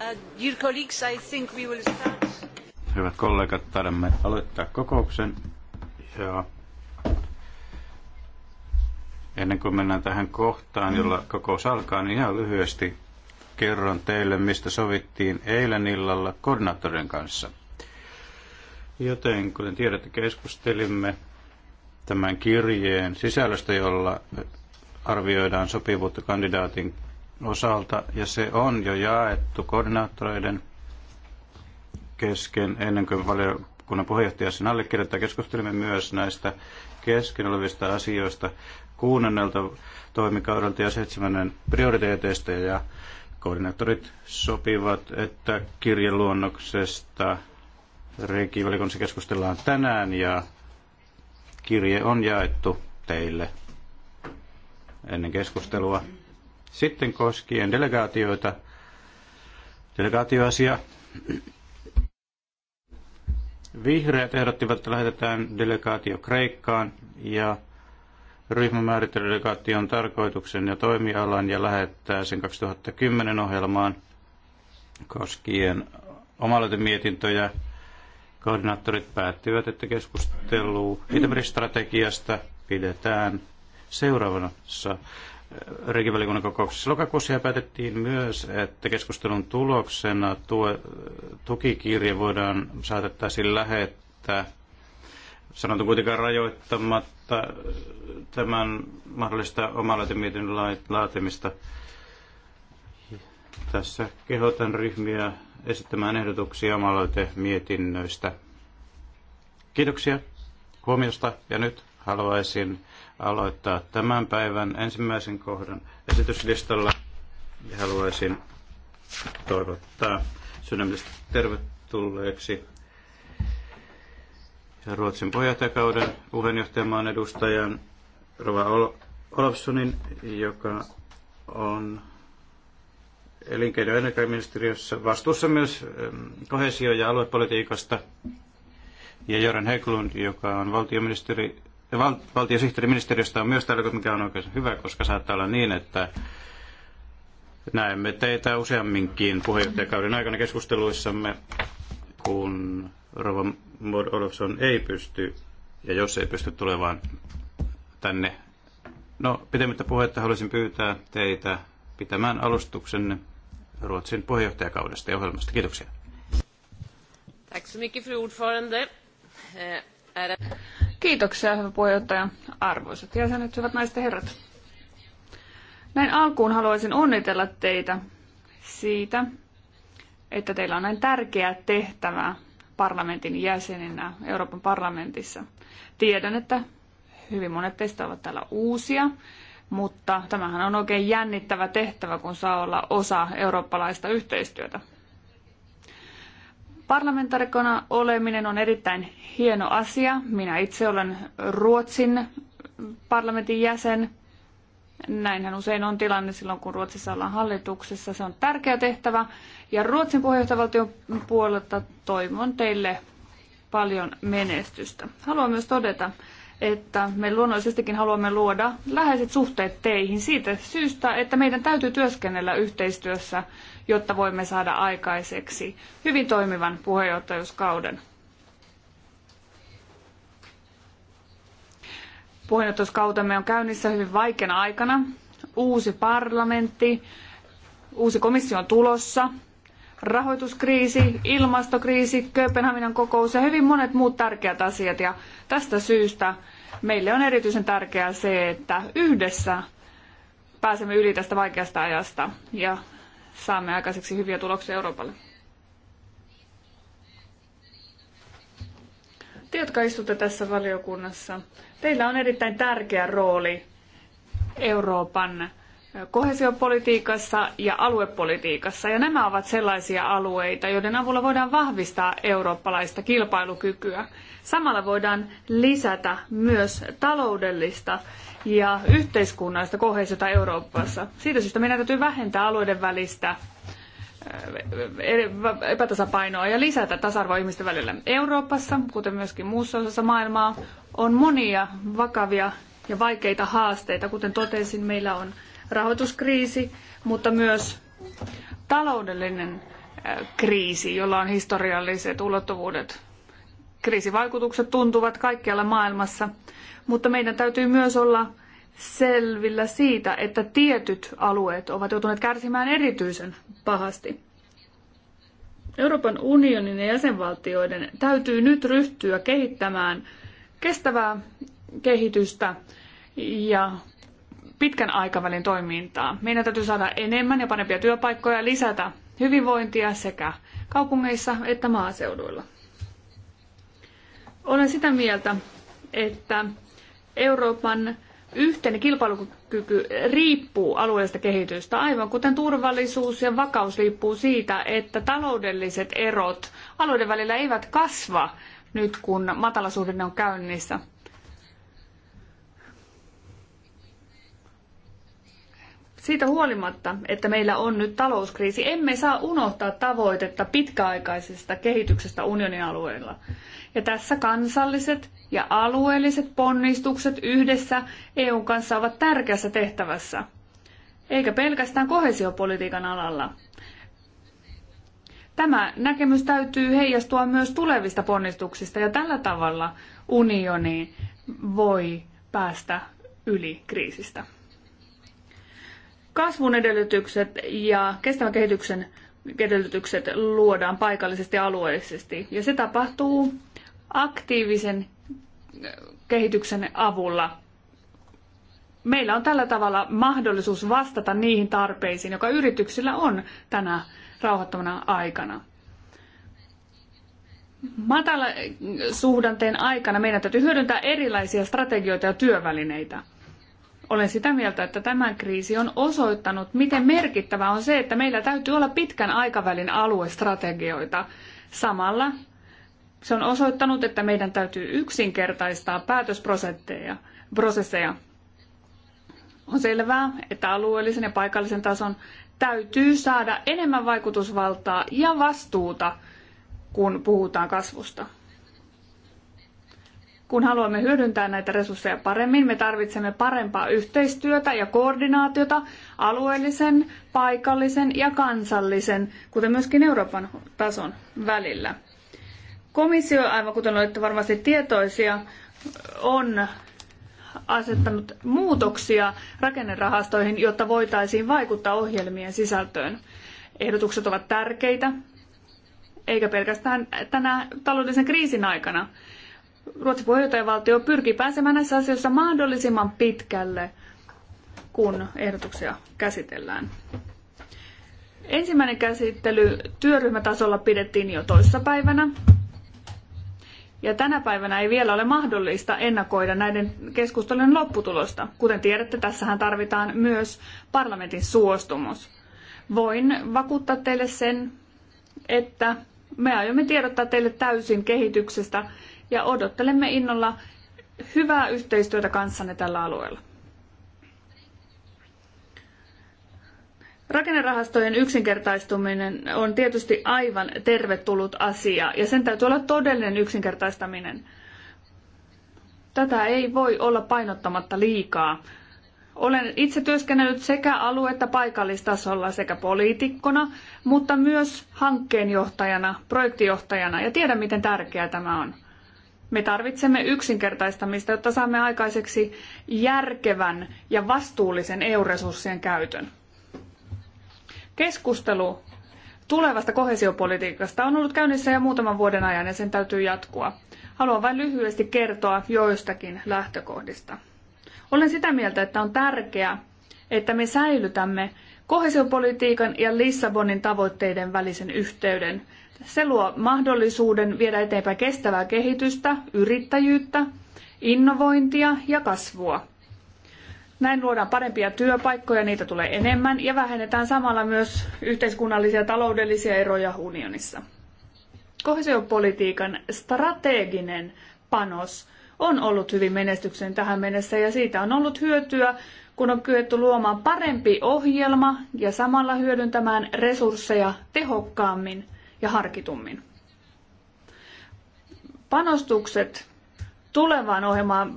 Uh, dear colleagues, I think we will start. Hyvät kollegat, taidamme aloittaa kokouksen. Ja ennen kuin mennään tähän kohtaan, jolla kokous alkaa, niin ihan lyhyesti kerron teille, mistä sovittiin eilen illalla koordinaattorin kanssa. Joten, kuten tiedätte, keskustelimme tämän kirjeen sisällöstä, jolla arvioidaan sopivuutta kandidaatin osalta, ja se on jo jaettu koordinaattoreiden kesken ennen kuin valiokunnan puheenjohtaja sen allekirjoittaa. Keskustelimme myös näistä kesken olevista asioista kuunnelta toimikaudelta ja seitsemännen prioriteeteista, ja koordinaattorit sopivat, että kirjeluonnoksesta reikivalikunnassa keskustellaan tänään, ja kirje on jaettu teille ennen keskustelua. Sitten koskien delegaatioita, delegaatioasia. Vihreät ehdottivat, että lähetetään delegaatio Kreikkaan ja ryhmä määritteli delegaation tarkoituksen ja toimialan ja lähettää sen 2010 ohjelmaan koskien omalaitemietintöjä. Koordinaattorit päättivät, että keskustelu Itämeri-strategiasta pidetään seuraavassa Regivaliokunnan kokouksessa lokakuussa ja päätettiin myös, että keskustelun tuloksena tuo tukikirje voidaan saatettaisiin lähettää sanotaan kuitenkaan rajoittamatta tämän mahdollista omalaitemietin laatimista. Tässä kehotan ryhmiä esittämään ehdotuksia omalaitemietinnöistä. Kiitoksia huomiosta ja nyt haluaisin aloittaa tämän päivän ensimmäisen kohdan esityslistalla. Ja haluaisin toivottaa sydämellisesti tervetulleeksi Ruotsin puheenjohtajakauden puheenjohtajamaan edustajan Rova Ol- Olofssonin, joka on elinkeino- ja energiaministeriössä vastuussa myös kohesio- ja aluepolitiikasta, ja Joran Heglund, joka on valtioministeri ja val- on myös täällä, mikä on oikein hyvä, koska saattaa olla niin, että näemme teitä useamminkin puheenjohtajakauden aikana keskusteluissamme, kun Rova Olofsson ei pysty, ja jos ei pysty tulemaan tänne. No, pitemmittä puhetta haluaisin pyytää teitä pitämään alustuksenne Ruotsin puheenjohtajakaudesta ja ohjelmasta. Kiitoksia. Tack så mycket, fru ordförande. Eh, Kiitoksia, hyvä puheenjohtaja. Arvoisat jäsenet, hyvät naiset ja herrat. Näin alkuun haluaisin onnitella teitä siitä, että teillä on näin tärkeää tehtävää parlamentin jäseninä Euroopan parlamentissa. Tiedän, että hyvin monet teistä ovat täällä uusia, mutta tämähän on oikein jännittävä tehtävä, kun saa olla osa eurooppalaista yhteistyötä. Parlamentarikona oleminen on erittäin hieno asia. Minä itse olen Ruotsin parlamentin jäsen. Näinhän usein on tilanne silloin, kun Ruotsissa ollaan hallituksessa. Se on tärkeä tehtävä. Ja Ruotsin puheenjohtajavaltion puolelta toivon teille paljon menestystä. Haluan myös todeta, että me luonnollisestikin haluamme luoda läheiset suhteet teihin siitä syystä, että meidän täytyy työskennellä yhteistyössä, jotta voimme saada aikaiseksi hyvin toimivan puheenjohtajuuskauden. Puheenjohtajuuskautemme on käynnissä hyvin vaikeana aikana. Uusi parlamentti, uusi komissio on tulossa rahoituskriisi, ilmastokriisi, Kööpenhaminan kokous ja hyvin monet muut tärkeät asiat. Ja tästä syystä meille on erityisen tärkeää se, että yhdessä pääsemme yli tästä vaikeasta ajasta ja saamme aikaiseksi hyviä tuloksia Euroopalle. Te, jotka istutte tässä valiokunnassa, teillä on erittäin tärkeä rooli Euroopan kohesiopolitiikassa ja aluepolitiikassa. Ja nämä ovat sellaisia alueita, joiden avulla voidaan vahvistaa eurooppalaista kilpailukykyä. Samalla voidaan lisätä myös taloudellista ja yhteiskunnallista kohesiota Euroopassa. Siitä syystä meidän täytyy vähentää alueiden välistä äh, epätasapainoa ja lisätä tasa-arvoa ihmisten välillä. Euroopassa, kuten myöskin muussa osassa maailmaa, on monia vakavia ja vaikeita haasteita. Kuten totesin, meillä on rahoituskriisi, mutta myös taloudellinen kriisi, jolla on historialliset ulottuvuudet. Kriisivaikutukset tuntuvat kaikkialla maailmassa, mutta meidän täytyy myös olla selvillä siitä, että tietyt alueet ovat joutuneet kärsimään erityisen pahasti. Euroopan unionin ja jäsenvaltioiden täytyy nyt ryhtyä kehittämään kestävää kehitystä ja pitkän aikavälin toimintaa. Meidän täytyy saada enemmän ja parempia työpaikkoja, lisätä hyvinvointia sekä kaupungeissa että maaseuduilla. Olen sitä mieltä, että Euroopan yhteinen kilpailukyky riippuu alueellisesta kehitystä, aivan kuten turvallisuus ja vakaus riippuu siitä, että taloudelliset erot alueiden välillä eivät kasva nyt, kun matalasuhdanne on käynnissä. siitä huolimatta, että meillä on nyt talouskriisi, emme saa unohtaa tavoitetta pitkäaikaisesta kehityksestä unionin alueella. Ja tässä kansalliset ja alueelliset ponnistukset yhdessä EUn kanssa ovat tärkeässä tehtävässä, eikä pelkästään koheesiopolitiikan alalla. Tämä näkemys täytyy heijastua myös tulevista ponnistuksista ja tällä tavalla unioni voi päästä yli kriisistä kasvun edellytykset ja kestävän kehityksen edellytykset luodaan paikallisesti ja alueellisesti. Ja se tapahtuu aktiivisen kehityksen avulla. Meillä on tällä tavalla mahdollisuus vastata niihin tarpeisiin, joka yrityksillä on tänä rauhattomana aikana. Matala suhdanteen aikana meidän täytyy hyödyntää erilaisia strategioita ja työvälineitä – olen sitä mieltä, että tämä kriisi on osoittanut, miten merkittävää on se, että meillä täytyy olla pitkän aikavälin aluestrategioita. Samalla se on osoittanut, että meidän täytyy yksinkertaistaa päätösprosesseja. On selvää, että alueellisen ja paikallisen tason täytyy saada enemmän vaikutusvaltaa ja vastuuta, kun puhutaan kasvusta kun haluamme hyödyntää näitä resursseja paremmin, me tarvitsemme parempaa yhteistyötä ja koordinaatiota alueellisen, paikallisen ja kansallisen, kuten myöskin Euroopan tason välillä. Komissio, aivan kuten olette varmasti tietoisia, on asettanut muutoksia rakennerahastoihin, jotta voitaisiin vaikuttaa ohjelmien sisältöön. Ehdotukset ovat tärkeitä, eikä pelkästään tänä taloudellisen kriisin aikana, Ruotsin puheenjohtajavaltio pyrkii pääsemään näissä asioissa mahdollisimman pitkälle, kun ehdotuksia käsitellään. Ensimmäinen käsittely työryhmätasolla pidettiin jo toissa päivänä. Ja tänä päivänä ei vielä ole mahdollista ennakoida näiden keskustelujen lopputulosta. Kuten tiedätte, tässähän tarvitaan myös parlamentin suostumus. Voin vakuuttaa teille sen, että me aiomme tiedottaa teille täysin kehityksestä ja odottelemme innolla hyvää yhteistyötä kanssanne tällä alueella. Rakennerahastojen yksinkertaistuminen on tietysti aivan tervetullut asia ja sen täytyy olla todellinen yksinkertaistaminen. Tätä ei voi olla painottamatta liikaa. Olen itse työskennellyt sekä alue- että paikallistasolla sekä poliitikkona, mutta myös hankkeenjohtajana, projektijohtajana ja tiedän miten tärkeää tämä on. Me tarvitsemme yksinkertaistamista, jotta saamme aikaiseksi järkevän ja vastuullisen EU-resurssien käytön. Keskustelu tulevasta koheesiopolitiikasta on ollut käynnissä jo muutaman vuoden ajan ja sen täytyy jatkua. Haluan vain lyhyesti kertoa joistakin lähtökohdista. Olen sitä mieltä, että on tärkeää, että me säilytämme koheesiopolitiikan ja Lissabonin tavoitteiden välisen yhteyden. Se luo mahdollisuuden viedä eteenpäin kestävää kehitystä, yrittäjyyttä, innovointia ja kasvua. Näin luodaan parempia työpaikkoja, niitä tulee enemmän ja vähennetään samalla myös yhteiskunnallisia ja taloudellisia eroja unionissa. Kohesiopolitiikan strateginen panos on ollut hyvin menestyksen tähän mennessä ja siitä on ollut hyötyä, kun on kyetty luomaan parempi ohjelma ja samalla hyödyntämään resursseja tehokkaammin – ja harkitummin. Panostukset tulevaan ohjelmaan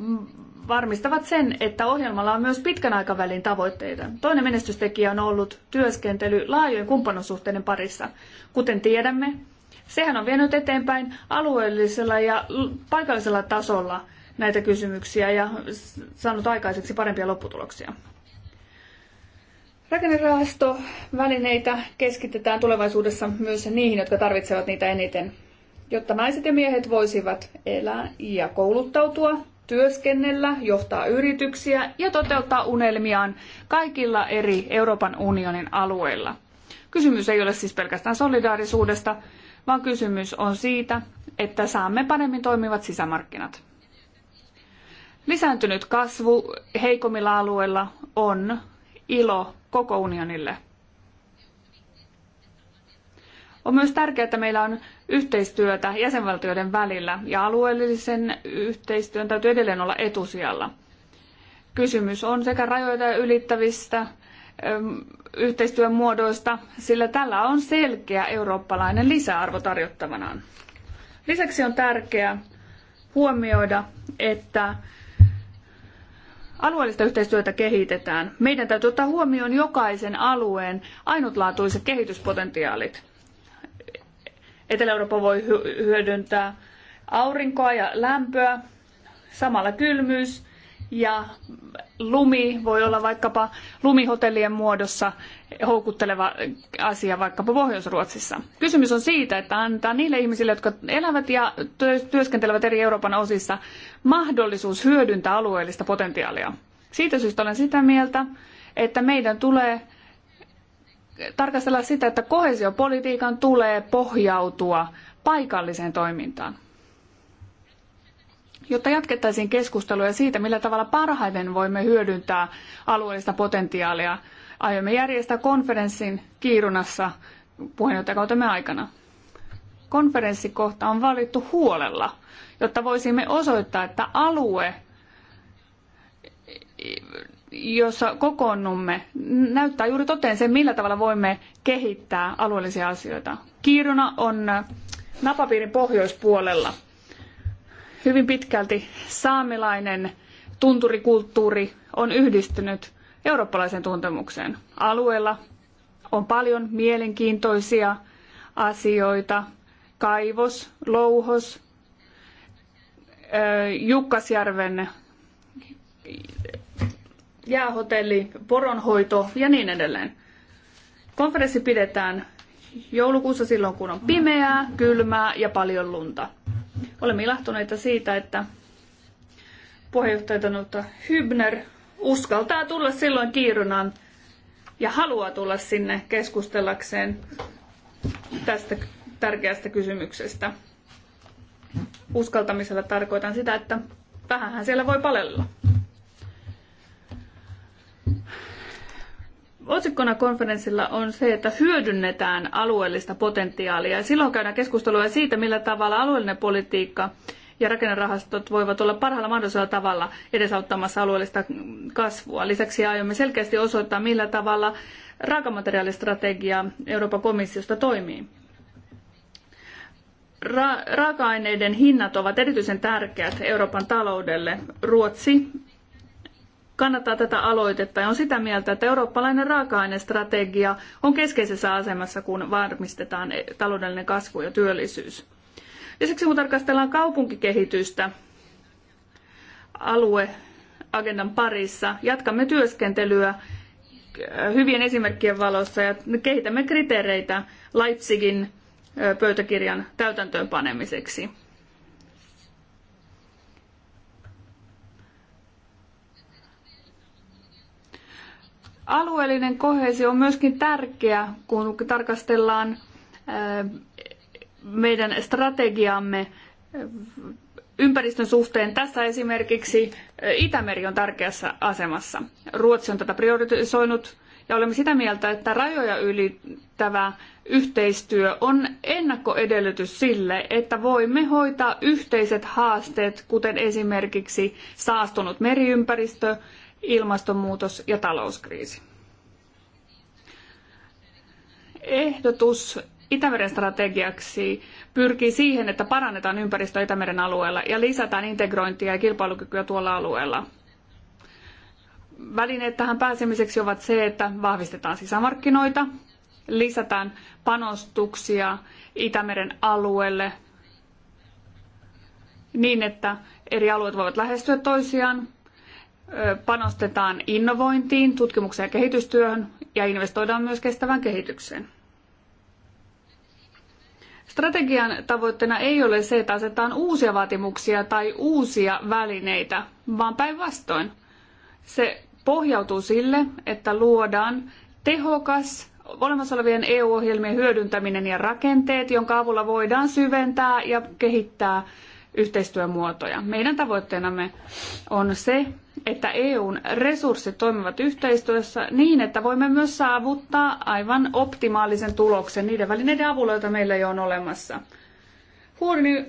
varmistavat sen, että ohjelmalla on myös pitkän aikavälin tavoitteita. Toinen menestystekijä on ollut työskentely laajojen kumppanuussuhteiden parissa. Kuten tiedämme, sehän on vienyt eteenpäin alueellisella ja paikallisella tasolla näitä kysymyksiä ja saanut aikaiseksi parempia lopputuloksia. Rakennerahastovälineitä keskitetään tulevaisuudessa myös niihin, jotka tarvitsevat niitä eniten, jotta naiset ja miehet voisivat elää ja kouluttautua, työskennellä, johtaa yrityksiä ja toteuttaa unelmiaan kaikilla eri Euroopan unionin alueilla. Kysymys ei ole siis pelkästään solidaarisuudesta, vaan kysymys on siitä, että saamme paremmin toimivat sisämarkkinat. Lisääntynyt kasvu heikommilla alueilla on ilo koko unionille. On myös tärkeää, että meillä on yhteistyötä jäsenvaltioiden välillä ja alueellisen yhteistyön täytyy edelleen olla etusijalla. Kysymys on sekä rajoja ylittävistä yhteistyön muodoista, sillä tällä on selkeä eurooppalainen lisäarvo tarjottavanaan. Lisäksi on tärkeää huomioida, että alueellista yhteistyötä kehitetään, meidän täytyy ottaa huomioon jokaisen alueen ainutlaatuiset kehityspotentiaalit. Etelä-Eurooppa voi hyödyntää aurinkoa ja lämpöä, samalla kylmyys ja lumi voi olla vaikkapa lumihotellien muodossa houkutteleva asia vaikkapa Pohjois-Ruotsissa. Kysymys on siitä, että antaa niille ihmisille, jotka elävät ja työskentelevät eri Euroopan osissa, mahdollisuus hyödyntää alueellista potentiaalia. Siitä syystä olen sitä mieltä, että meidän tulee tarkastella sitä, että koheesiopolitiikan tulee pohjautua paikalliseen toimintaan jotta jatkettaisiin keskustelua siitä, millä tavalla parhaiten voimme hyödyntää alueellista potentiaalia. Aiomme järjestää konferenssin Kiirunassa puheenjohtajakautemme aikana. Konferenssikohta on valittu huolella, jotta voisimme osoittaa, että alue, jossa kokoonnumme, näyttää juuri toteen sen, millä tavalla voimme kehittää alueellisia asioita. Kiiruna on napapiirin pohjoispuolella – hyvin pitkälti saamelainen tunturikulttuuri on yhdistynyt eurooppalaiseen tuntemukseen. Alueella on paljon mielenkiintoisia asioita. Kaivos, louhos, Jukkasjärven jäähotelli, poronhoito ja niin edelleen. Konferenssi pidetään joulukuussa silloin, kun on pimeää, kylmää ja paljon lunta. Olemme ilahtuneita siitä, että puheenjohtajatanutta Hybner uskaltaa tulla silloin kiirunaan ja haluaa tulla sinne keskustellakseen tästä tärkeästä kysymyksestä. Uskaltamisella tarkoitan sitä, että vähänhän siellä voi palella. Otsikkona konferenssilla on se, että hyödynnetään alueellista potentiaalia. Silloin käydään keskustelua siitä, millä tavalla alueellinen politiikka ja rakennerahastot voivat olla parhaalla mahdollisella tavalla edesauttamassa alueellista kasvua. Lisäksi aiomme selkeästi osoittaa, millä tavalla raakamateriaalistrategia Euroopan komissiosta toimii. Ra- raaka-aineiden hinnat ovat erityisen tärkeät Euroopan taloudelle. Ruotsi kannattaa tätä aloitetta ja on sitä mieltä, että eurooppalainen raaka-ainestrategia on keskeisessä asemassa, kun varmistetaan taloudellinen kasvu ja työllisyys. Lisäksi kun tarkastellaan kaupunkikehitystä alueagendan parissa, jatkamme työskentelyä hyvien esimerkkien valossa ja kehitämme kriteereitä Leipzigin pöytäkirjan täytäntöönpanemiseksi. Alueellinen kohesio on myöskin tärkeä, kun tarkastellaan meidän strategiamme ympäristön suhteen. Tässä esimerkiksi Itämeri on tärkeässä asemassa. Ruotsi on tätä priorisoinut ja olemme sitä mieltä, että rajoja ylittävä yhteistyö on ennakkoedellytys sille, että voimme hoitaa yhteiset haasteet, kuten esimerkiksi saastunut meriympäristö, ilmastonmuutos ja talouskriisi. Ehdotus Itämeren strategiaksi pyrkii siihen, että parannetaan ympäristöä Itämeren alueella ja lisätään integrointia ja kilpailukykyä tuolla alueella. Välineet tähän pääsemiseksi ovat se, että vahvistetaan sisämarkkinoita, lisätään panostuksia Itämeren alueelle niin, että eri alueet voivat lähestyä toisiaan, panostetaan innovointiin, tutkimukseen ja kehitystyöhön ja investoidaan myös kestävään kehitykseen. Strategian tavoitteena ei ole se, että asetetaan uusia vaatimuksia tai uusia välineitä, vaan päinvastoin. Se pohjautuu sille, että luodaan tehokas olemassa olevien EU-ohjelmien hyödyntäminen ja rakenteet, jonka avulla voidaan syventää ja kehittää yhteistyömuotoja. Meidän tavoitteenamme on se, että EUn resurssit toimivat yhteistyössä niin, että voimme myös saavuttaa aivan optimaalisen tuloksen niiden välineiden avulla, joita meillä jo on olemassa.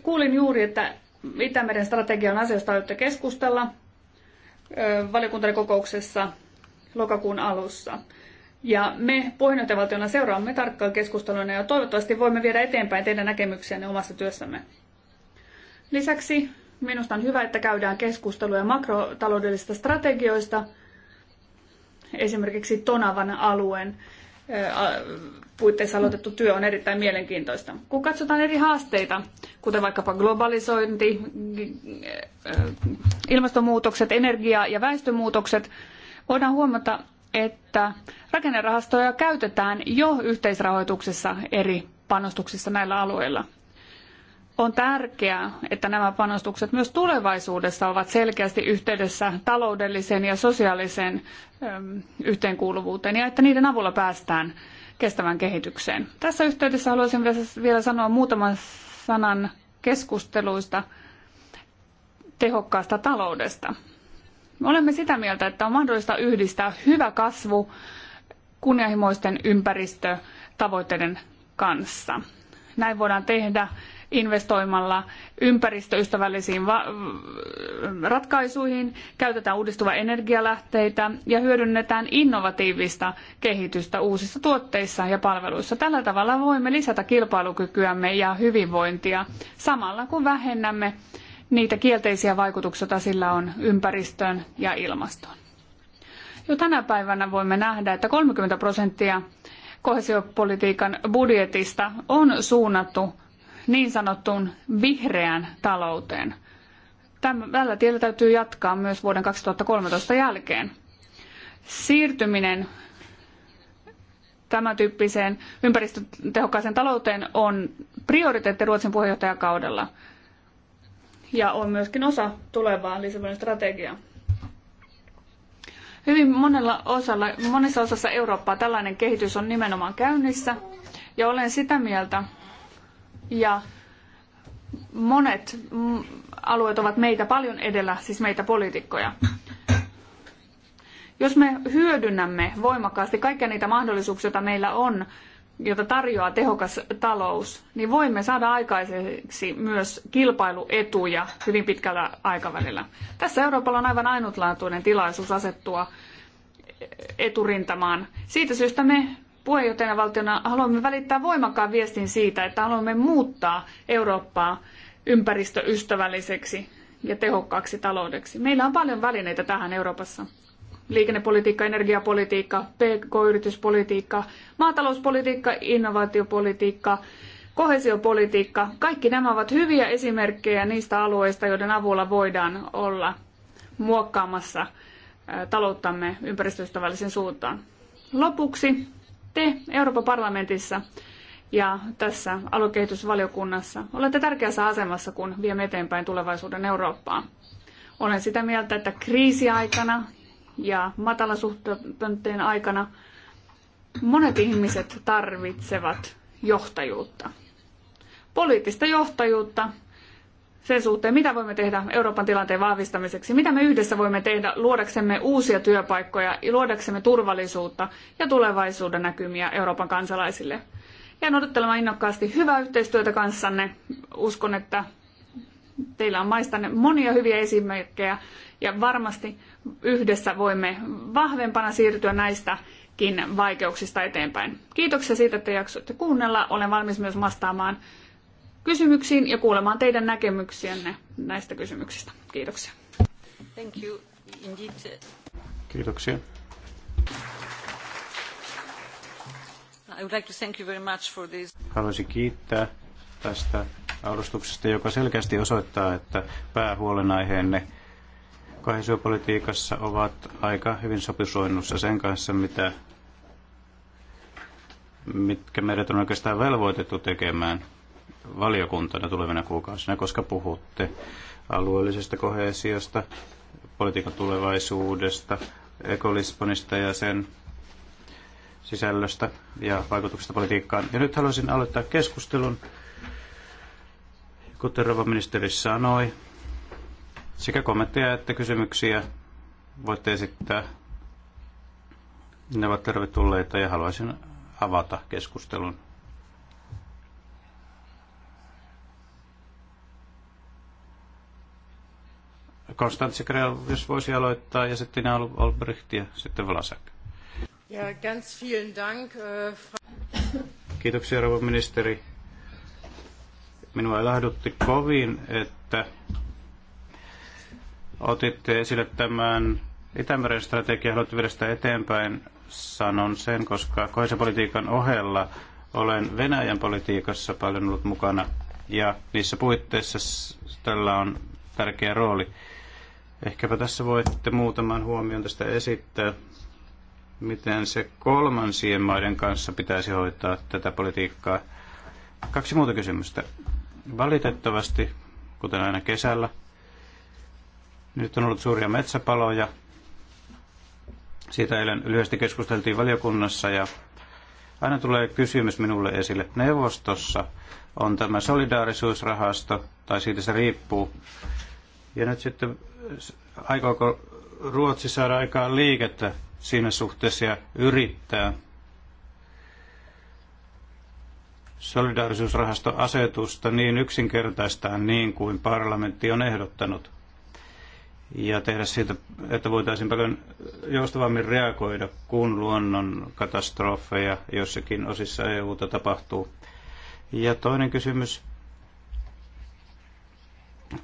kuulin juuri, että Itämeren strategian asioista aiotte keskustella valiokuntakokouksessa lokakuun alussa. Ja me puheenjohtajavaltiona seuraamme tarkkaan keskustelun ja toivottavasti voimme viedä eteenpäin teidän näkemyksiänne omassa työssämme. Lisäksi minusta on hyvä, että käydään keskusteluja makrotaloudellisista strategioista, esimerkiksi Tonavan alueen puitteissa aloitettu työ on erittäin mielenkiintoista. Kun katsotaan eri haasteita, kuten vaikkapa globalisointi, ilmastonmuutokset, energia- ja väestönmuutokset, voidaan huomata, että rakennerahastoja käytetään jo yhteisrahoituksessa eri panostuksissa näillä alueilla on tärkeää, että nämä panostukset myös tulevaisuudessa ovat selkeästi yhteydessä taloudelliseen ja sosiaaliseen ähm, yhteenkuuluvuuteen ja että niiden avulla päästään kestävään kehitykseen. Tässä yhteydessä haluaisin vielä sanoa muutaman sanan keskusteluista tehokkaasta taloudesta. Me olemme sitä mieltä, että on mahdollista yhdistää hyvä kasvu kunnianhimoisten ympäristötavoitteiden kanssa. Näin voidaan tehdä investoimalla ympäristöystävällisiin ratkaisuihin, käytetään uudistuvia energialähteitä ja hyödynnetään innovatiivista kehitystä uusissa tuotteissa ja palveluissa. Tällä tavalla voimme lisätä kilpailukykyämme ja hyvinvointia samalla kun vähennämme niitä kielteisiä vaikutuksia, joita sillä on ympäristöön ja ilmastoon. Jo tänä päivänä voimme nähdä, että 30 prosenttia koheesiopolitiikan budjetista on suunnattu niin sanottuun vihreään talouteen. Tällä tiellä täytyy jatkaa myös vuoden 2013 jälkeen. Siirtyminen tämän tyyppiseen ympäristötehokkaaseen talouteen on prioriteetti Ruotsin puheenjohtajakaudella ja on myöskin osa tulevaa Lissabonin strategiaa. Hyvin monella osalla, monessa osassa Eurooppaa tällainen kehitys on nimenomaan käynnissä ja olen sitä mieltä, ja monet alueet ovat meitä paljon edellä, siis meitä poliitikkoja. Jos me hyödynnämme voimakkaasti kaikkia niitä mahdollisuuksia, joita meillä on, jota tarjoaa tehokas talous, niin voimme saada aikaiseksi myös kilpailuetuja hyvin pitkällä aikavälillä. Tässä Euroopalla on aivan ainutlaatuinen tilaisuus asettua eturintamaan. Siitä syystä me puheenjohtajana valtiona haluamme välittää voimakkaan viestin siitä, että haluamme muuttaa Eurooppaa ympäristöystävälliseksi ja tehokkaaksi taloudeksi. Meillä on paljon välineitä tähän Euroopassa. Liikennepolitiikka, energiapolitiikka, pk-yrityspolitiikka, maatalouspolitiikka, innovaatiopolitiikka, koheesiopolitiikka. Kaikki nämä ovat hyviä esimerkkejä niistä alueista, joiden avulla voidaan olla muokkaamassa talouttamme ympäristöystävällisen suuntaan. Lopuksi te Euroopan parlamentissa ja tässä aluekehitysvaliokunnassa olette tärkeässä asemassa, kun viemme eteenpäin tulevaisuuden Eurooppaa. Olen sitä mieltä, että kriisiaikana ja matalasuhdanteen aikana monet ihmiset tarvitsevat johtajuutta. Poliittista johtajuutta, sen suhteen, mitä voimme tehdä Euroopan tilanteen vahvistamiseksi, mitä me yhdessä voimme tehdä luodaksemme uusia työpaikkoja, luodaksemme turvallisuutta ja tulevaisuuden näkymiä Euroopan kansalaisille. Jään odottelemaan innokkaasti hyvää yhteistyötä kanssanne. Uskon, että teillä on maistanne monia hyviä esimerkkejä ja varmasti yhdessä voimme vahvempana siirtyä näistäkin vaikeuksista eteenpäin. Kiitoksia siitä, että jaksoitte kuunnella. Olen valmis myös vastaamaan kysymyksiin ja kuulemaan teidän näkemyksiänne näistä kysymyksistä. Kiitoksia. Thank you indeed. Kiitoksia. I would like to thank you very much for this. Haluaisin kiittää tästä alustuksesta, joka selkeästi osoittaa, että päähuolenaiheenne kohesiopolitiikassa ovat aika hyvin sopisoinnussa sen kanssa, mitä, mitkä meidät on oikeastaan velvoitettu tekemään valiokuntana tulevina kuukausina, koska puhutte alueellisesta kohesiosta, politiikan tulevaisuudesta, ekolisponista ja sen sisällöstä ja vaikutuksesta politiikkaan. Ja nyt haluaisin aloittaa keskustelun, kuten rouva ministeri sanoi, sekä kommentteja että kysymyksiä voitte esittää. Ne ovat tervetulleita ja haluaisin avata keskustelun Konstantse Krell, jos voisi aloittaa, ja sitten Al Albrecht ja sitten Vlasak. Ja, ganz vielen Dank, äh, Kiitoksia, rouva ministeri. Minua ilahdutti kovin, että otitte esille tämän Itämeren strategian haluatte viedä sitä eteenpäin. Sanon sen, koska kohesiopolitiikan ohella olen Venäjän politiikassa paljon ollut mukana ja niissä puitteissa tällä on tärkeä rooli. Ehkäpä tässä voitte muutaman huomion tästä esittää, miten se kolmansien maiden kanssa pitäisi hoitaa tätä politiikkaa. Kaksi muuta kysymystä. Valitettavasti, kuten aina kesällä, nyt on ollut suuria metsäpaloja. Siitä eilen lyhyesti keskusteltiin valiokunnassa ja aina tulee kysymys minulle esille. Neuvostossa on tämä solidaarisuusrahasto, tai siitä se riippuu, ja nyt sitten aikooko Ruotsi saada aikaan liikettä siinä suhteessa ja yrittää solidaarisuusrahastoasetusta niin yksinkertaistaan niin kuin parlamentti on ehdottanut ja tehdä siitä, että voitaisiin paljon joustavammin reagoida, kun luonnon katastrofeja jossakin osissa EUta tapahtuu. Ja toinen kysymys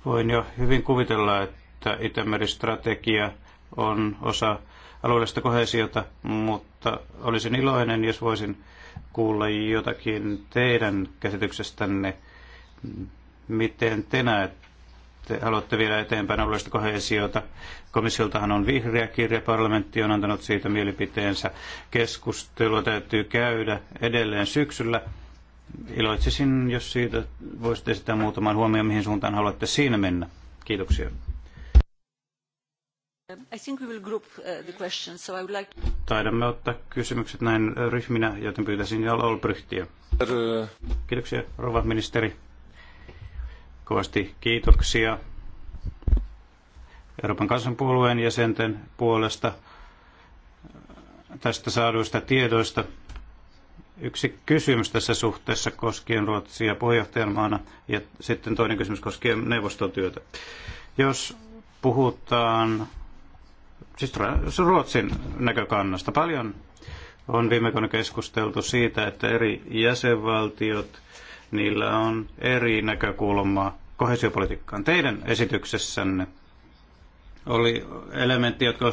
Voin jo hyvin kuvitella, että Itämeri-strategia on osa alueellista kohesiota, mutta olisin iloinen, jos voisin kuulla jotakin teidän käsityksestänne, miten te näette, haluatte vielä eteenpäin alueellista kohesiota. Komissioltahan on vihreä kirja, parlamentti on antanut siitä mielipiteensä. Keskustelua täytyy käydä edelleen syksyllä. Iloitsisin, jos siitä voisitte esittää muutaman huomioon, mihin suuntaan haluatte siinä mennä. Kiitoksia. I think we will group uh, the questions, so I would like... Taidamme ottaa kysymykset näin ryhminä, joten pyytäisin Jal Olbryhtiä. Kiitoksia, rouva ministeri. Kovasti kiitoksia Euroopan kansanpuolueen jäsenten puolesta tästä saaduista tiedoista yksi kysymys tässä suhteessa koskien Ruotsia maana ja sitten toinen kysymys koskien neuvostotyötä. Jos puhutaan siis Ruotsin näkökannasta, paljon on viime vuonna keskusteltu siitä, että eri jäsenvaltiot, niillä on eri näkökulma kohesiopolitiikkaan. Teidän esityksessänne oli elementti, jotka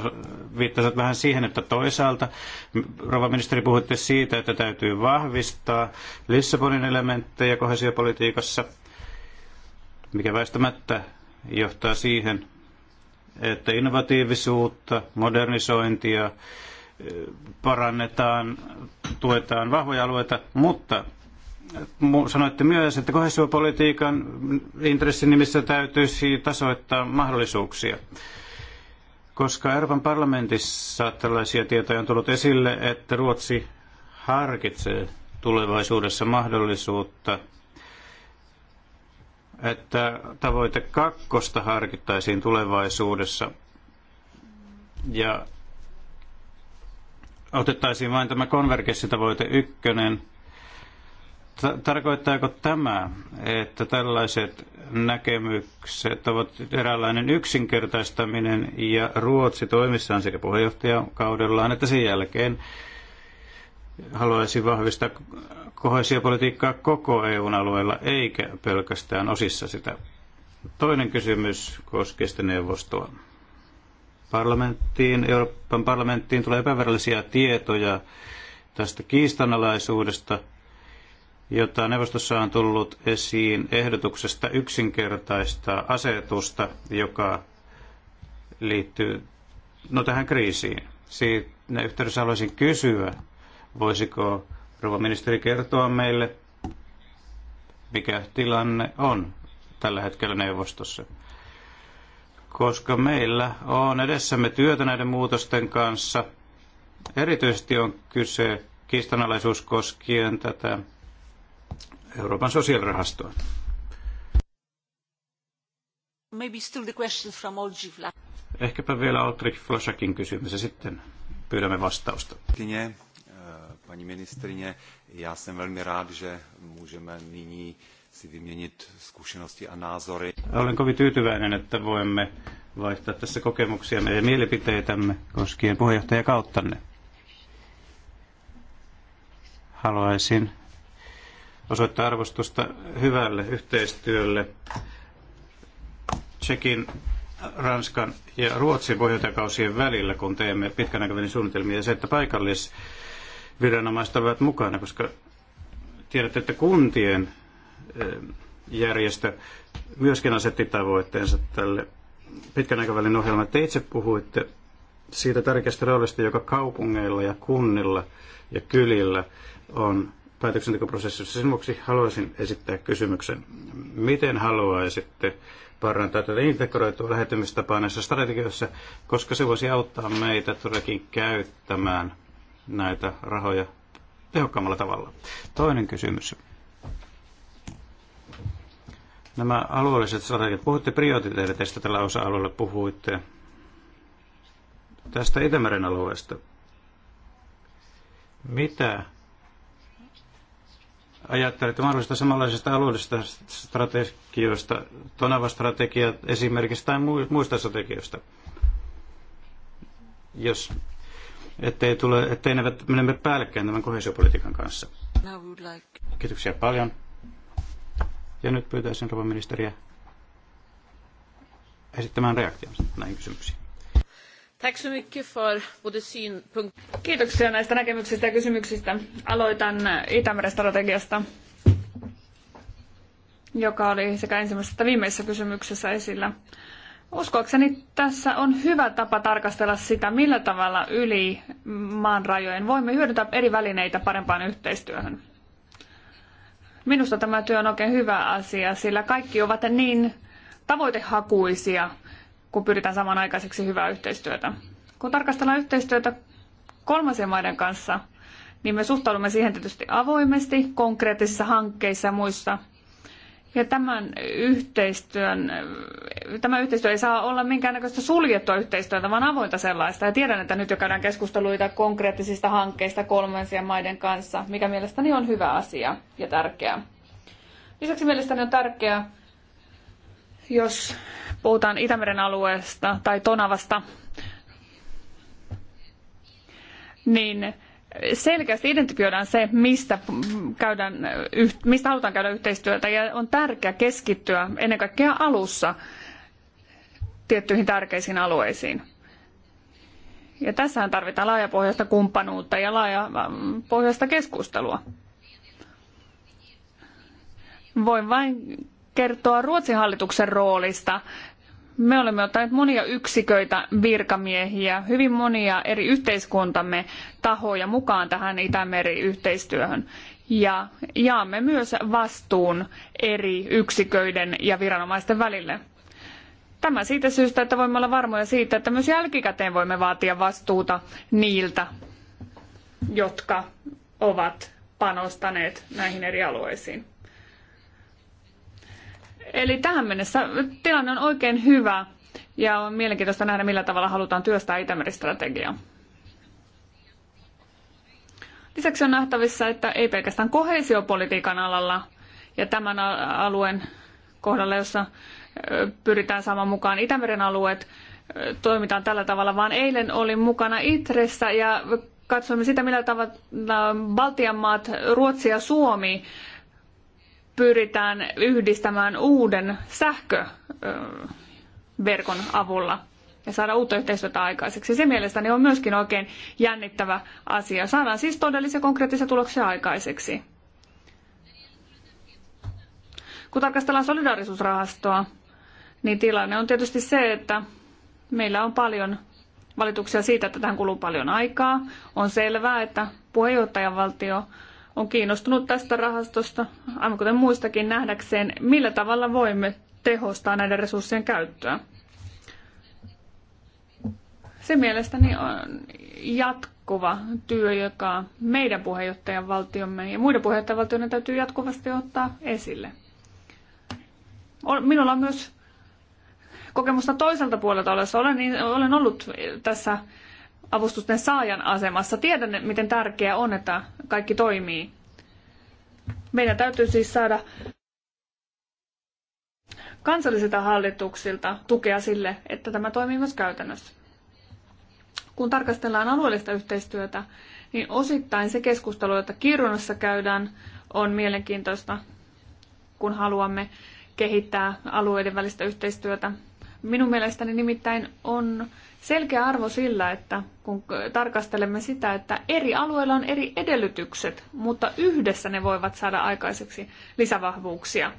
viittasivat vähän siihen, että toisaalta, rouva ministeri, puhuitte siitä, että täytyy vahvistaa Lissabonin elementtejä kohesiopolitiikassa, mikä väistämättä johtaa siihen, että innovatiivisuutta, modernisointia eh, parannetaan, tuetaan vahvoja alueita, mutta sanoitte myös, että kohesiopolitiikan intressin nimissä täytyisi tasoittaa mahdollisuuksia. Koska Euroopan parlamentissa tällaisia tietoja on tullut esille, että Ruotsi harkitsee tulevaisuudessa mahdollisuutta, että tavoite kakkosta harkittaisiin tulevaisuudessa ja otettaisiin vain tämä konvergenssitavoite ykkönen – Tarkoittaako tämä, että tällaiset näkemykset ovat eräänlainen yksinkertaistaminen ja Ruotsi toimissaan sekä puheenjohtajakaudellaan että sen jälkeen haluaisi vahvistaa kohesiopolitiikkaa koko EUn alueella eikä pelkästään osissa sitä. Toinen kysymys koskee sitä neuvostoa. Parlamenttiin, Euroopan parlamenttiin tulee epävirallisia tietoja tästä kiistanalaisuudesta – jota neuvostossa on tullut esiin ehdotuksesta yksinkertaista asetusta, joka liittyy no, tähän kriisiin. Siinä yhteydessä haluaisin kysyä, voisiko rouva ministeri kertoa meille, mikä tilanne on tällä hetkellä neuvostossa. Koska meillä on edessämme työtä näiden muutosten kanssa, erityisesti on kyse kiistanalaisuus koskien tätä Euroopan sosiaalirahastoon. Maybe still the question from Ehkäpä vielä Oltrich Flasakin kysymys ja sitten pyydämme vastausta. Kynie, eh, paní ministrině, já jsem velmi rád, že můžeme nyní si vyměnit zkušenosti a názory. Olen kovin tyytyväinen, että voimme vaihtaa tässä kokemuksia meidän mielipiteitämme koskien puheenjohtajakauttanne. Haluaisin osoittaa arvostusta hyvälle yhteistyölle Tsekin, Ranskan ja Ruotsin pohjoitakausien välillä, kun teemme pitkän aikavälin suunnitelmia, ja se, että paikallisviranomaiset ovat mukana, koska tiedätte, että kuntien eh, järjestö myöskin asetti tavoitteensa tälle pitkän aikavälin ohjelmalle. Te itse puhuitte siitä tärkeästä roolista, joka kaupungeilla ja kunnilla ja kylillä on päätöksentekoprosessissa. Sen vuoksi haluaisin esittää kysymyksen, miten haluaisitte parantaa tätä integroitua lähetymistapaa näissä strategioissa, koska se voisi auttaa meitä todellakin käyttämään näitä rahoja tehokkaammalla tavalla. Toinen kysymys. Nämä alueelliset strategiat, puhutte prioriteeteista tällä osa-alueella, puhuitte tästä Itämeren alueesta. Mitä ajattelette mahdollisista samanlaisista alueellisista strategioista, Tonava-strategia esimerkiksi tai muista strategioista, jos ettei, tule, ettei ne menemme päällekkäin tämän kohesiopolitiikan kanssa. Kiitoksia paljon. Ja nyt pyytäisin rouva ministeriä esittämään reaktionsa näihin kysymyksiin. Kiitoksia näistä näkemyksistä ja kysymyksistä. Aloitan Itämeren-strategiasta, joka oli sekä ensimmäisessä että viimeisessä kysymyksessä esillä. Uskoakseni tässä on hyvä tapa tarkastella sitä, millä tavalla yli maan rajojen voimme hyödyntää eri välineitä parempaan yhteistyöhön. Minusta tämä työ on oikein hyvä asia, sillä kaikki ovat niin tavoitehakuisia – kun pyritään saamaan aikaiseksi hyvää yhteistyötä. Kun tarkastellaan yhteistyötä kolmansien maiden kanssa, niin me suhtaudumme siihen tietysti avoimesti konkreettisissa hankkeissa ja muissa. Ja tämän yhteistyön, tämä yhteistyö ei saa olla minkäännäköistä suljettua yhteistyötä, vaan avointa sellaista. Ja tiedän, että nyt jo käydään keskusteluita konkreettisista hankkeista kolmansien maiden kanssa, mikä mielestäni on hyvä asia ja tärkeää. Lisäksi mielestäni on tärkeää, jos puhutaan Itämeren alueesta tai Tonavasta, niin selkeästi identifioidaan se, mistä, käydään, mistä halutaan käydä yhteistyötä ja on tärkeää keskittyä ennen kaikkea alussa tiettyihin tärkeisiin alueisiin. Ja tässähän tarvitaan laajapohjaista kumppanuutta ja laajapohjaista keskustelua. Voin vain kertoa Ruotsin hallituksen roolista. Me olemme ottaneet monia yksiköitä, virkamiehiä, hyvin monia eri yhteiskuntamme tahoja mukaan tähän Itämeri-yhteistyöhön. Ja jaamme myös vastuun eri yksiköiden ja viranomaisten välille. Tämä siitä syystä, että voimme olla varmoja siitä, että myös jälkikäteen voimme vaatia vastuuta niiltä, jotka ovat panostaneet näihin eri alueisiin. Eli tähän mennessä tilanne on oikein hyvä ja on mielenkiintoista nähdä, millä tavalla halutaan työstää Itämeri-strategiaa. Lisäksi on nähtävissä, että ei pelkästään kohesiopolitiikan alalla ja tämän alueen kohdalla, jossa pyritään saamaan mukaan Itämeren alueet, toimitaan tällä tavalla, vaan eilen olin mukana Itressä ja katsoimme sitä, millä tavalla Baltian maat, Ruotsi ja Suomi pyritään yhdistämään uuden sähköverkon avulla ja saada uutta yhteistyötä aikaiseksi. Se mielestäni on myöskin oikein jännittävä asia. Saadaan siis todellisia konkreettisia tuloksia aikaiseksi. Kun tarkastellaan solidaarisuusrahastoa, niin tilanne on tietysti se, että meillä on paljon valituksia siitä, että tähän kuluu paljon aikaa. On selvää, että puheenjohtajavaltio on kiinnostunut tästä rahastosta, aivan kuten muistakin, nähdäkseen, millä tavalla voimme tehostaa näiden resurssien käyttöä. Se mielestäni on jatkuva työ, joka meidän puheenjohtajan valtiomme ja muiden puheenjohtajavaltioiden täytyy jatkuvasti ottaa esille. Minulla on myös kokemusta toiselta puolelta olessa. Olen, niin- olen ollut tässä avustusten saajan asemassa. Tiedän, miten tärkeää on, että kaikki toimii. Meidän täytyy siis saada kansallisilta hallituksilta tukea sille, että tämä toimii myös käytännössä. Kun tarkastellaan alueellista yhteistyötä, niin osittain se keskustelu, jota Kirunassa käydään, on mielenkiintoista, kun haluamme kehittää alueiden välistä yhteistyötä Minun mielestäni nimittäin on selkeä arvo sillä, että kun tarkastelemme sitä, että eri alueilla on eri edellytykset, mutta yhdessä ne voivat saada aikaiseksi lisävahvuuksia.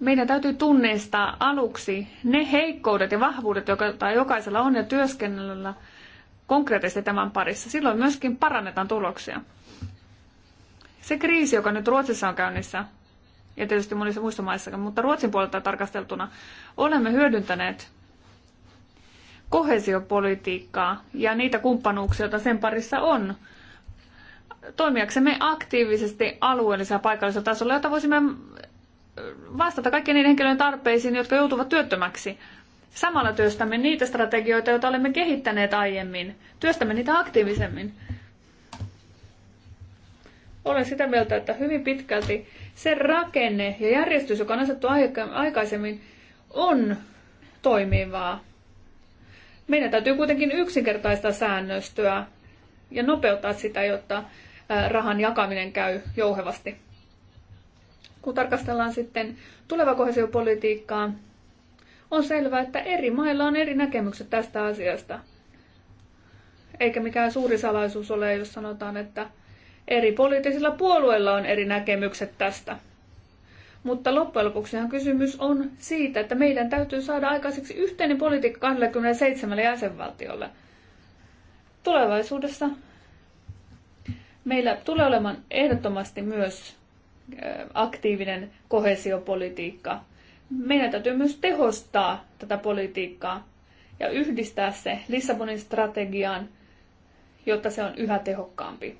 Meidän täytyy tunnistaa aluksi ne heikkoudet ja vahvuudet, joita jokaisella on ja työskennellä konkreettisesti tämän parissa. Silloin myöskin parannetaan tuloksia. Se kriisi, joka nyt Ruotsissa on käynnissä, ja tietysti monissa muissa maissa, mutta Ruotsin puolelta tarkasteltuna olemme hyödyntäneet kohesiopolitiikkaa ja niitä kumppanuuksia, joita sen parissa on, toimijaksemme aktiivisesti alueellisella ja paikallisella tasolla, jotta voisimme äh, vastata kaikkien niiden henkilöiden tarpeisiin, jotka joutuvat työttömäksi. Samalla työstämme niitä strategioita, joita olemme kehittäneet aiemmin. Työstämme niitä aktiivisemmin. Olen sitä mieltä, että hyvin pitkälti se rakenne ja järjestys, joka on asettu aikaisemmin, on toimivaa. Meidän täytyy kuitenkin yksinkertaista säännöstöä ja nopeuttaa sitä, jotta rahan jakaminen käy jouhevasti. Kun tarkastellaan sitten tuleva kohesiopolitiikkaa, on selvää, että eri mailla on eri näkemykset tästä asiasta. Eikä mikään suuri salaisuus ole, jos sanotaan, että Eri poliittisilla puolueilla on eri näkemykset tästä. Mutta loppujen lopuksihan kysymys on siitä, että meidän täytyy saada aikaiseksi yhteinen politiikka 27 jäsenvaltiolle. Tulevaisuudessa meillä tulee olemaan ehdottomasti myös aktiivinen kohesiopolitiikka. Meidän täytyy myös tehostaa tätä politiikkaa ja yhdistää se Lissabonin strategiaan, jotta se on yhä tehokkaampi.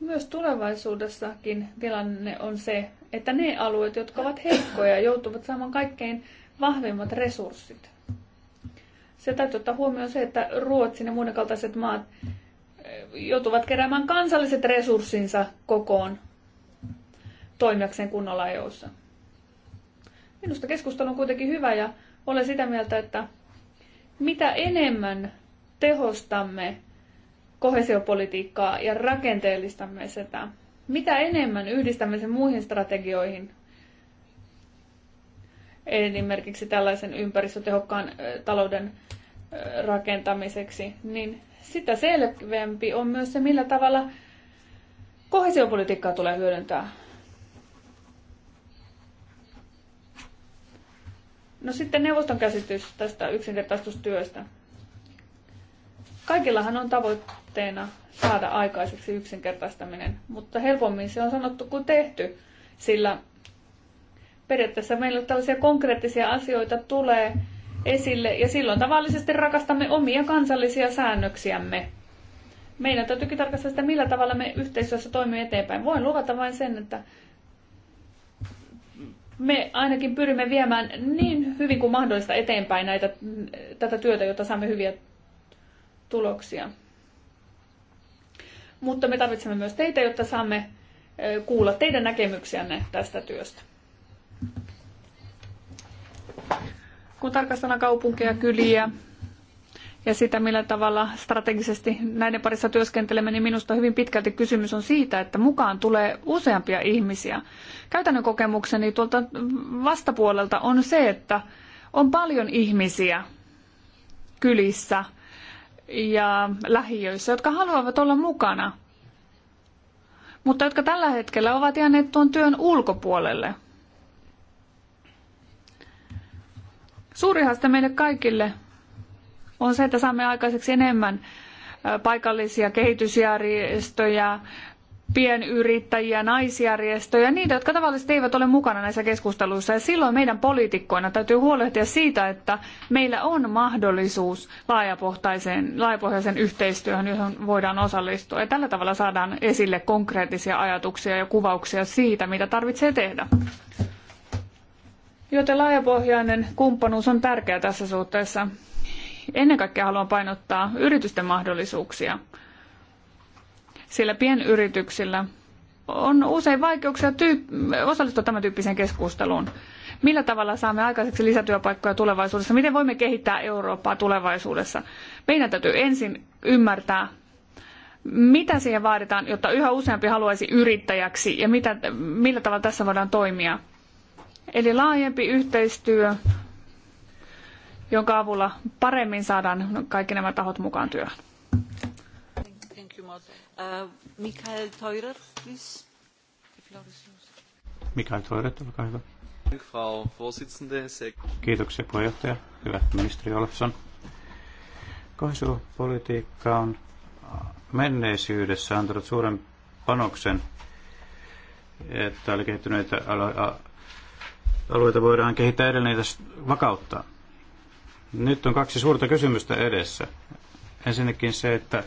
Myös tulevaisuudessakin tilanne on se, että ne alueet, jotka ovat heikkoja, joutuvat saamaan kaikkein vahvimmat resurssit. Se täytyy ottaa huomioon se, että Ruotsin ja muiden kaltaiset maat eh, joutuvat keräämään kansalliset resurssinsa kokoon toimijakseen kunnolla EUssa. Minusta keskustelu on kuitenkin hyvä ja olen sitä mieltä, että mitä enemmän tehostamme kohesiopolitiikkaa ja rakenteellistamme sitä. Mitä enemmän yhdistämme sen muihin strategioihin, esimerkiksi tällaisen ympäristötehokkaan talouden rakentamiseksi, niin sitä selvempi on myös se, millä tavalla kohesiopolitiikkaa tulee hyödyntää. No sitten neuvoston käsitys tästä yksinkertaistustyöstä. Kaikillahan on tavoitteet tavoitteena saada aikaiseksi yksinkertaistaminen, mutta helpommin se on sanottu kuin tehty, sillä periaatteessa meillä tällaisia konkreettisia asioita tulee esille ja silloin tavallisesti rakastamme omia kansallisia säännöksiämme. Meidän täytyykin tarkastella sitä, millä tavalla me yhteisössä toimimme eteenpäin. Voin luvata vain sen, että me ainakin pyrimme viemään niin hyvin kuin mahdollista eteenpäin näitä, tätä työtä, jotta saamme hyviä tuloksia mutta me tarvitsemme myös teitä, jotta saamme kuulla teidän näkemyksiänne tästä työstä. Kun tarkastellaan kaupunkeja, kyliä ja sitä, millä tavalla strategisesti näiden parissa työskentelemme, niin minusta hyvin pitkälti kysymys on siitä, että mukaan tulee useampia ihmisiä. Käytännön kokemukseni tuolta vastapuolelta on se, että on paljon ihmisiä kylissä – ja lähiöissä, jotka haluavat olla mukana, mutta jotka tällä hetkellä ovat jääneet tuon työn ulkopuolelle. Suuri haaste meille kaikille on se, että saamme aikaiseksi enemmän paikallisia kehitysjärjestöjä, pienyrittäjiä, naisjärjestöjä, niitä, jotka tavallisesti eivät ole mukana näissä keskusteluissa. Ja silloin meidän poliitikkoina täytyy huolehtia siitä, että meillä on mahdollisuus laajapohtaiseen, laajapohjaiseen yhteistyöhön, johon voidaan osallistua. Ja tällä tavalla saadaan esille konkreettisia ajatuksia ja kuvauksia siitä, mitä tarvitsee tehdä. Joten laajapohjainen kumppanuus on tärkeä tässä suhteessa. Ennen kaikkea haluan painottaa yritysten mahdollisuuksia sillä pienyrityksillä on usein vaikeuksia tyyp- osallistua tämän tyyppiseen keskusteluun. Millä tavalla saamme aikaiseksi lisätyöpaikkoja tulevaisuudessa? Miten voimme kehittää Eurooppaa tulevaisuudessa? Meidän täytyy ensin ymmärtää, mitä siihen vaaditaan, jotta yhä useampi haluaisi yrittäjäksi ja mitä, millä tavalla tässä voidaan toimia. Eli laajempi yhteistyö, jonka avulla paremmin saadaan kaikki nämä tahot mukaan työhön. Uh, Mikael Teurer, please. Mikael Teurer, olkaa hyvä. Frau Vorsitzende. Kiitoksia puheenjohtaja. Hyvä ministeri Olafsson. Kohesiopolitiikka on menneisyydessä antanut suuren panoksen, että oli kehittyneitä alueita voidaan kehittää edelleen tässä vakauttaa. Nyt on kaksi suurta kysymystä edessä. Ensinnäkin se, että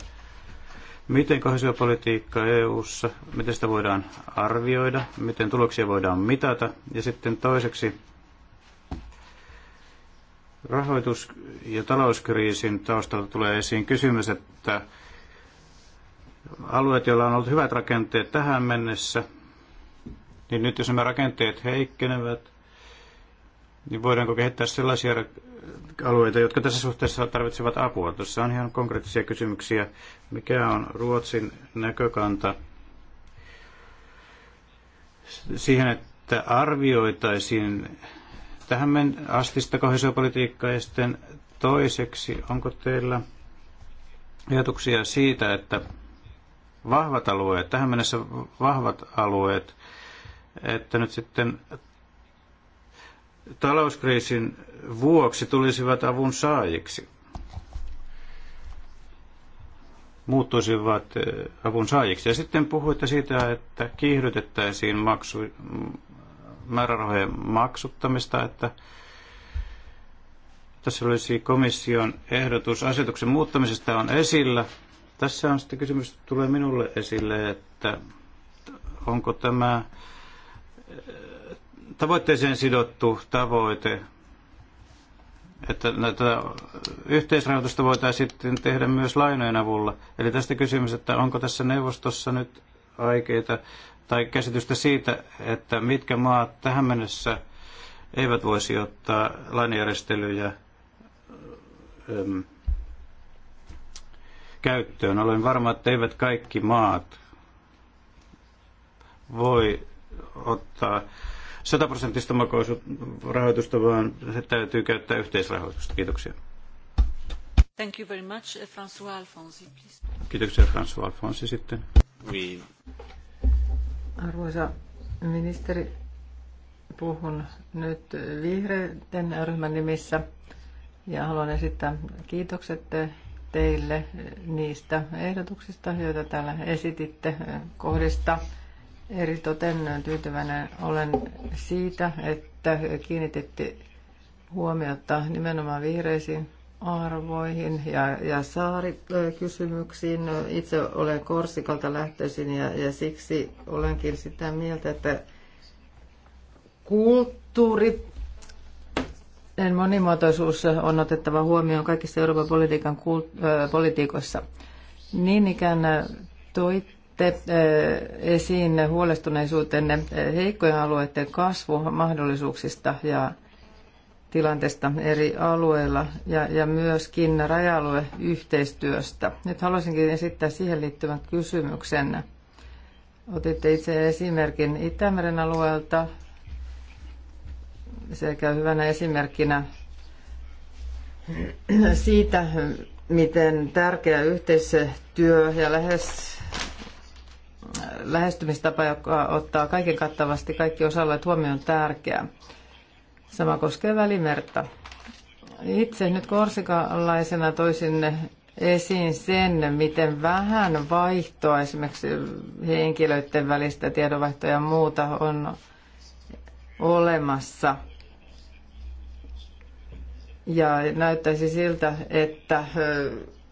Miten kohesiopolitiikka EU-ssa, miten sitä voidaan arvioida, miten tuloksia voidaan mitata ja sitten toiseksi rahoitus- ja talouskriisin taustalta tulee esiin kysymys, että alueet, joilla on ollut hyvät rakenteet tähän mennessä, niin nyt jos nämä rakenteet heikkenevät, niin voidaanko kehittää sellaisia alueita, jotka tässä suhteessa tarvitsevat apua. Tuossa on ihan konkreettisia kysymyksiä. Mikä on Ruotsin näkökanta siihen, että arvioitaisiin tähän men astista kohesiopolitiikkaa ja sitten toiseksi, onko teillä ajatuksia siitä, että vahvat alueet, tähän mennessä vahvat alueet, että nyt sitten talouskriisin vuoksi tulisivat avun saajiksi. Muuttuisivat eh, avun saajiksi. Ja sitten puhuitte siitä, että kiihdytettäisiin maksu, määrärahojen maksuttamista, että tässä olisi komission ehdotus asetuksen muuttamisesta on esillä. Tässä on sitten kysymys, tulee minulle esille, että onko tämä tavoitteeseen sidottu tavoite, että näitä yhteisrahoitusta voitaisiin sitten tehdä myös lainojen avulla. Eli tästä kysymys, että onko tässä neuvostossa nyt aikeita tai käsitystä siitä, että mitkä maat tähän mennessä eivät voisi ottaa lainajärjestelyjä ähm, käyttöön. Olen varma, että eivät kaikki maat voi ottaa sataprosenttista rahoitusta, vaan se täytyy käyttää yhteisrahoitusta. Kiitoksia. Thank you very much. Eh, François Alfonsi, please. Kiitoksia François Alfonsi sitten. Oui. Arvoisa ministeri, puhun nyt vihreiden ryhmän nimissä ja haluan esittää kiitokset teille niistä ehdotuksista, joita täällä esititte kohdista – Eritoten tyytyväinen olen siitä, että kiinnititte huomiota nimenomaan vihreisiin arvoihin ja, ja saarikysymyksiin. Itse olen Korsikalta lähtöisin ja, ja siksi olenkin sitä mieltä, että kulttuuri monimuotoisuus on otettava huomioon kaikissa Euroopan politiikan kult, politiikoissa. Niin ikään toi Nostitte esiin huolestuneisuutenne heikkojen alueiden kasvumahdollisuuksista ja tilanteesta eri alueilla ja, ja myöskin raja-alueyhteistyöstä. Nyt haluaisinkin esittää siihen liittyvän kysymyksen. Otitte itse esimerkin Itämeren alueelta sekä hyvänä esimerkkinä siitä, miten tärkeä yhteistyö ja lähes lähestymistapa, joka ottaa kaiken kattavasti kaikki osalleet huomioon tärkeää. Sama koskee välimerta. Itse nyt korsikalaisena toisin esiin sen, miten vähän vaihtoa esimerkiksi henkilöiden välistä tiedonvaihtoja ja muuta on olemassa. Ja näyttäisi siltä, että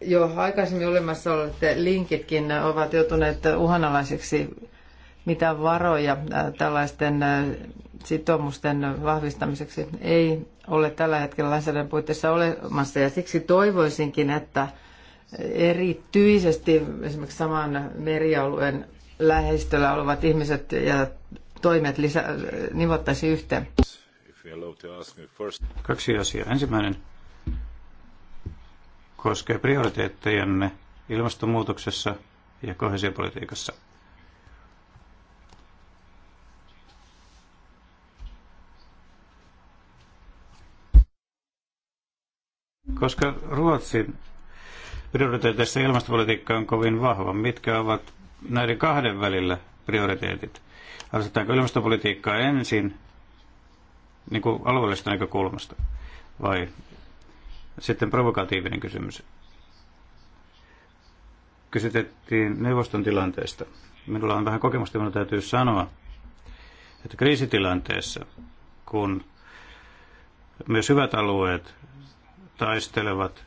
jo aikaisemmin olemassa olevat linkitkin ovat joutuneet uhanalaisiksi, mitä varoja äh, tällaisten äh, sitoumusten vahvistamiseksi ei ole tällä hetkellä lainsäädännön puitteissa olemassa. Ja siksi toivoisinkin, että erityisesti esimerkiksi saman merialueen läheistöllä olevat ihmiset ja toimet lisä, nivottaisi yhteen. Kaksi asiaa. Ensimmäinen koskee prioriteettejanne ilmastonmuutoksessa ja kohesiopolitiikassa. Koska Ruotsin prioriteeteissa ilmastopolitiikka on kovin vahva, mitkä ovat näiden kahden välillä prioriteetit? Asetetaanko ilmastopolitiikkaa ensin niin kuin alueellisesta näkökulmasta vai sitten provokatiivinen kysymys. Kysytettiin neuvoston tilanteesta. Minulla on vähän kokemusta, minun täytyy sanoa, että kriisitilanteessa, kun myös hyvät alueet taistelevat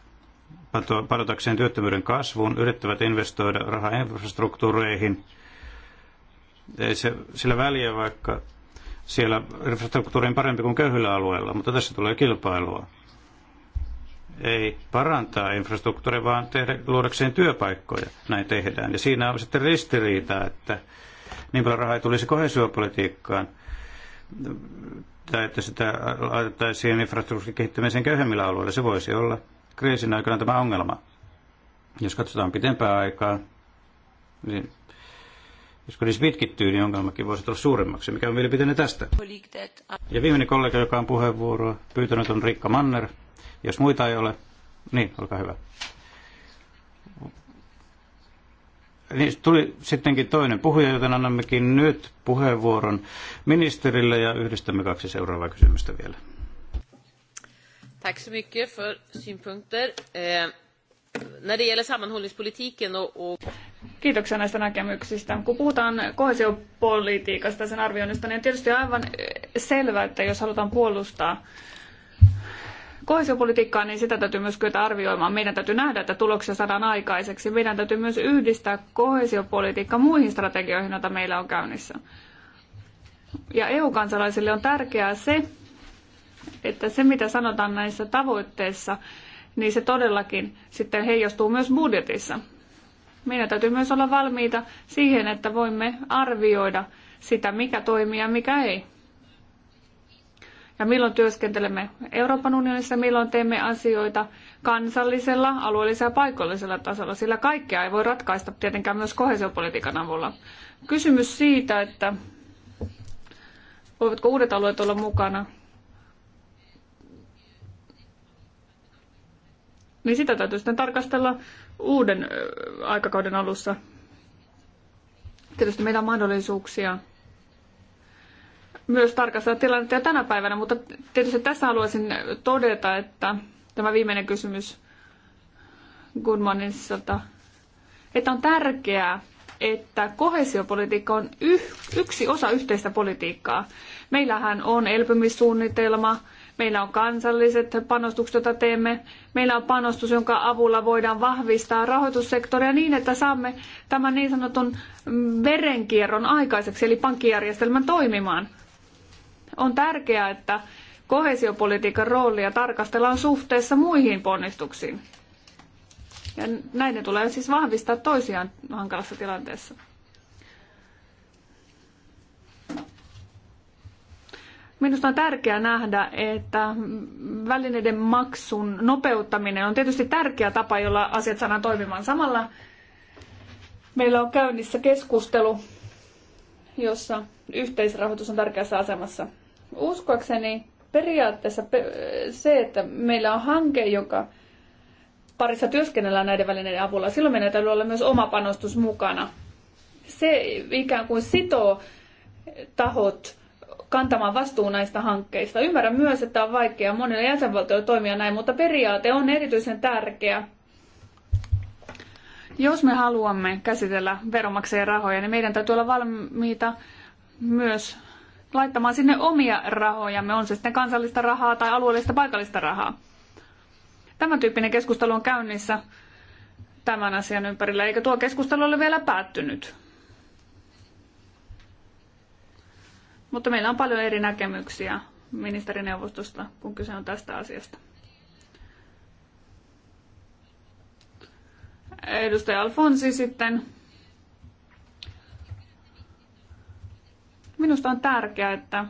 parantakseen työttömyyden kasvuun, yrittävät investoida rahaa infrastruktuureihin. Ei se, sillä väliä, vaikka siellä infrastruktuuri on parempi kuin köyhillä alueilla, mutta tässä tulee kilpailua ei parantaa infrastruktuuria, vaan tehdä, luodakseen työpaikkoja. Näin tehdään. Ja siinä on sitten ristiriita, että niin paljon rahaa ei tulisi kohesiopolitiikkaan, tai että sitä laitettaisiin infrastruktuurin kehittämiseen köyhemmillä alueilla. Se voisi olla kriisin aikana tämä ongelma. Jos katsotaan pitempää aikaa, niin jos kriisi pitkittyy, niin ongelmakin voisi tulla suuremmaksi. Mikä on mielipiteeni tästä? Ja viimeinen kollega, joka on puheenvuoroa pyytänyt, on Riikka Manner. Jos muita ei ole, niin, olkaa hyvä. Niin, tuli sittenkin toinen puhuja, joten annammekin nyt puheenvuoron ministerille ja yhdistämme kaksi seuraavaa kysymystä vielä. Tack så mycket för synpunkter. Eh, när det gäller sammanhållningspolitiken och... Kiitoksia näistä näkemyksistä. Kun puhutaan kohesiopolitiikasta sen arvioinnista, niin on tietysti aivan eh, selvää, että jos halutaan puolustaa kohesiopolitiikkaa, niin sitä täytyy myös kyetä arvioimaan. Meidän täytyy nähdä, että tuloksia saadaan aikaiseksi. Meidän täytyy myös yhdistää kohesiopolitiikka muihin strategioihin, joita meillä on käynnissä. Ja EU-kansalaisille on tärkeää se, että se mitä sanotaan näissä tavoitteissa, niin se todellakin sitten heijastuu myös budjetissa. Meidän täytyy myös olla valmiita siihen, että voimme arvioida sitä, mikä toimii ja mikä ei ja milloin työskentelemme Euroopan unionissa, milloin teemme asioita kansallisella, alueellisella ja paikallisella tasolla, sillä kaikkea ei voi ratkaista tietenkään myös kohesiopolitiikan avulla. Kysymys siitä, että voivatko uudet alueet olla mukana, niin sitä täytyy sitten tarkastella uuden aikakauden alussa. Tietysti meillä on mahdollisuuksia myös tarkastella tilannetta jo tänä päivänä, mutta tietysti tässä haluaisin todeta, että tämä viimeinen kysymys Goodmaninsilta, että on tärkeää, että kohesiopolitiikka on yksi osa yhteistä politiikkaa. Meillähän on elpymissuunnitelma, meillä on kansalliset panostukset, joita teemme, meillä on panostus, jonka avulla voidaan vahvistaa rahoitussektoria niin, että saamme tämän niin sanotun verenkierron aikaiseksi, eli pankkijärjestelmän toimimaan – on tärkeää, että koheesiopolitiikan roolia tarkastellaan suhteessa muihin ponnistuksiin. Ja näin ne tulee siis vahvistaa toisiaan hankalassa tilanteessa. Minusta on tärkeää nähdä, että välineiden maksun nopeuttaminen on tietysti tärkeä tapa, jolla asiat saadaan toimimaan. Samalla meillä on käynnissä keskustelu, jossa yhteisrahoitus on tärkeässä asemassa. Uskoakseni periaatteessa se, että meillä on hanke, joka parissa työskennellään näiden välineiden avulla, silloin meidän täytyy olla myös oma panostus mukana. Se ikään kuin sitoo tahot kantamaan vastuun näistä hankkeista. Ymmärrän myös, että on vaikeaa monille jäsenvaltioille toimia näin, mutta periaate on erityisen tärkeä. Jos me haluamme käsitellä veronmaksajien rahoja, niin meidän täytyy olla valmiita myös laittamaan sinne omia rahojamme, on se sitten kansallista rahaa tai alueellista paikallista rahaa. Tämän tyyppinen keskustelu on käynnissä tämän asian ympärillä, eikä tuo keskustelu ole vielä päättynyt. Mutta meillä on paljon eri näkemyksiä ministerineuvostosta, kun kyse on tästä asiasta. Edustaja Alfonsi sitten Minusta on tärkeää, että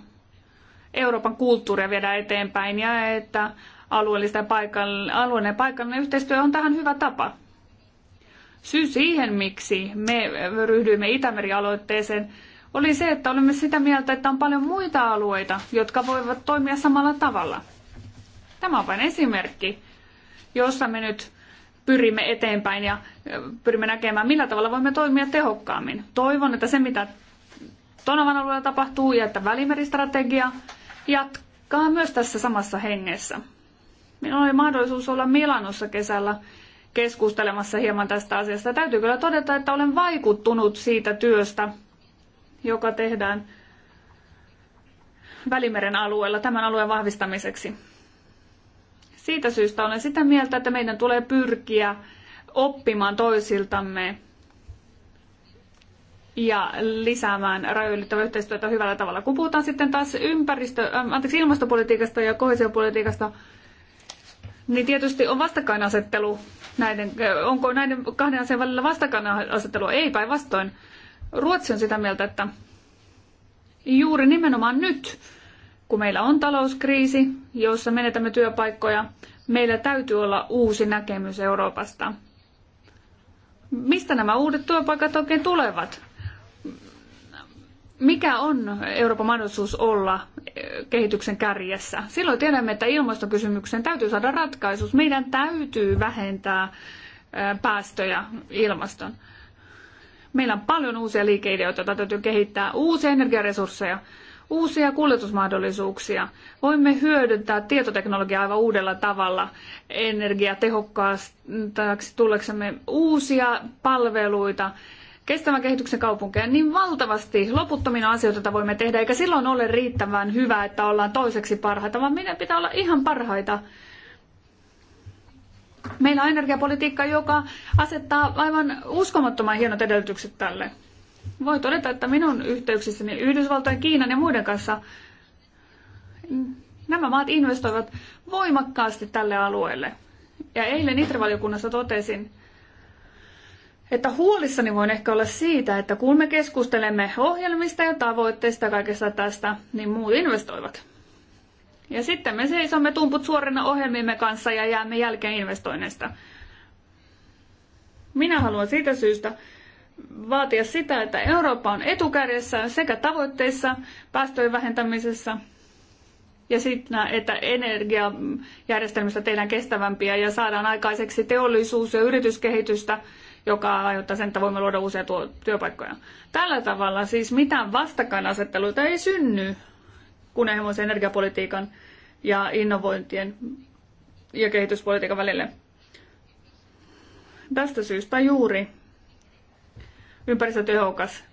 Euroopan kulttuuria viedään eteenpäin ja että alueellista ja paikallinen, alueellinen ja paikallinen yhteistyö on tähän hyvä tapa. Syy siihen, miksi me ryhdyimme Itämeri-aloitteeseen, oli se, että olemme sitä mieltä, että on paljon muita alueita, jotka voivat toimia samalla tavalla. Tämä on vain esimerkki, jossa me nyt pyrimme eteenpäin ja pyrimme näkemään, millä tavalla voimme toimia tehokkaammin. Toivon, että se mitä Tonavan alueella tapahtuu ja että välimeristrategia jatkaa myös tässä samassa hengessä. Minulla oli mahdollisuus olla Milanossa kesällä keskustelemassa hieman tästä asiasta. Täytyy kyllä todeta, että olen vaikuttunut siitä työstä, joka tehdään Välimeren alueella tämän alueen vahvistamiseksi. Siitä syystä olen sitä mieltä, että meidän tulee pyrkiä oppimaan toisiltamme ja lisäämään rajoittavaa yhteistyötä hyvällä tavalla. Kun puhutaan sitten taas ympäristö, ähm, anteeksi, ilmastopolitiikasta ja kohesiopolitiikasta, niin tietysti on vastakkainasettelu. Näiden, äh, onko näiden kahden asian välillä vastakkainasettelu Ei, päinvastoin. Ruotsi on sitä mieltä, että juuri nimenomaan nyt, kun meillä on talouskriisi, jossa menetämme työpaikkoja, meillä täytyy olla uusi näkemys Euroopasta. Mistä nämä uudet työpaikat oikein tulevat? mikä on Euroopan mahdollisuus olla eh, kehityksen kärjessä. Silloin tiedämme, että ilmastokysymykseen täytyy saada ratkaisu. Meidän täytyy vähentää eh, päästöjä ilmaston. Meillä on paljon uusia liikeideoita, joita täytyy kehittää, uusia energiaresursseja, uusia kuljetusmahdollisuuksia. Voimme hyödyntää tietoteknologiaa aivan uudella tavalla energiatehokkaaksi tulleksemme uusia palveluita, kestävän kehityksen kaupunkeja niin valtavasti loputtomina asioita, joita voimme tehdä, eikä silloin ole riittävän hyvä, että ollaan toiseksi parhaita, vaan meidän pitää olla ihan parhaita. Meillä on energiapolitiikka, joka asettaa aivan uskomattoman hienot edellytykset tälle. Voi todeta, että minun yhteyksissäni Yhdysvaltojen, Kiinan ja muiden kanssa nämä maat investoivat voimakkaasti tälle alueelle. Ja eilen Itrivaliokunnassa totesin, että huolissani voin ehkä olla siitä, että kun me keskustelemme ohjelmista ja tavoitteista ja kaikesta tästä, niin muut investoivat. Ja sitten me seisomme tumput suorina ohjelmimme kanssa ja jäämme jälkeen investoinneista. Minä haluan siitä syystä vaatia sitä, että Eurooppa on etukärjessä sekä tavoitteissa, päästöjen vähentämisessä ja siinä, että energiajärjestelmistä tehdään kestävämpiä ja saadaan aikaiseksi teollisuus- ja yrityskehitystä – joka aiheuttaa sen, että voimme luoda uusia tuo, työpaikkoja. Tällä tavalla siis mitään vastakkainasetteluita ei synny kunnianhimoisen energiapolitiikan ja innovointien ja kehityspolitiikan välille. Tästä syystä juuri ympäristötehokas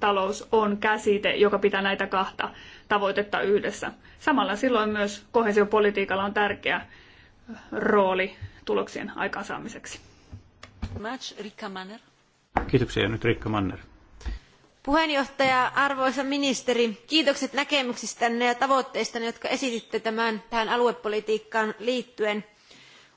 talous on käsite, joka pitää näitä kahta tavoitetta yhdessä. Samalla silloin myös kohesiopolitiikalla on tärkeä rooli tuloksien aikaansaamiseksi. Kiitoksia nyt Rikka Manner. Puheenjohtaja, arvoisa ministeri, kiitokset näkemyksistänne ja tavoitteistanne, jotka esititte tämän, tähän aluepolitiikkaan liittyen.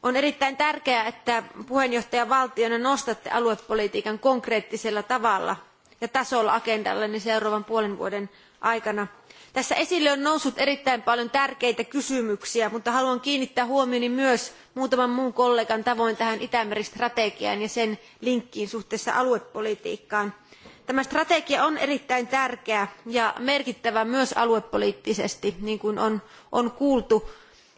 On erittäin tärkeää, että puheenjohtajavaltiona nostatte aluepolitiikan konkreettisella tavalla ja tasolla agendallenne seuraavan puolen vuoden aikana – tässä esille on noussut erittäin paljon tärkeitä kysymyksiä, mutta haluan kiinnittää huomioni myös muutaman muun kollegan tavoin tähän Itämeri-strategiaan ja sen linkkiin suhteessa aluepolitiikkaan. Tämä strategia on erittäin tärkeä ja merkittävä myös aluepoliittisesti, niin kuin on, on kuultu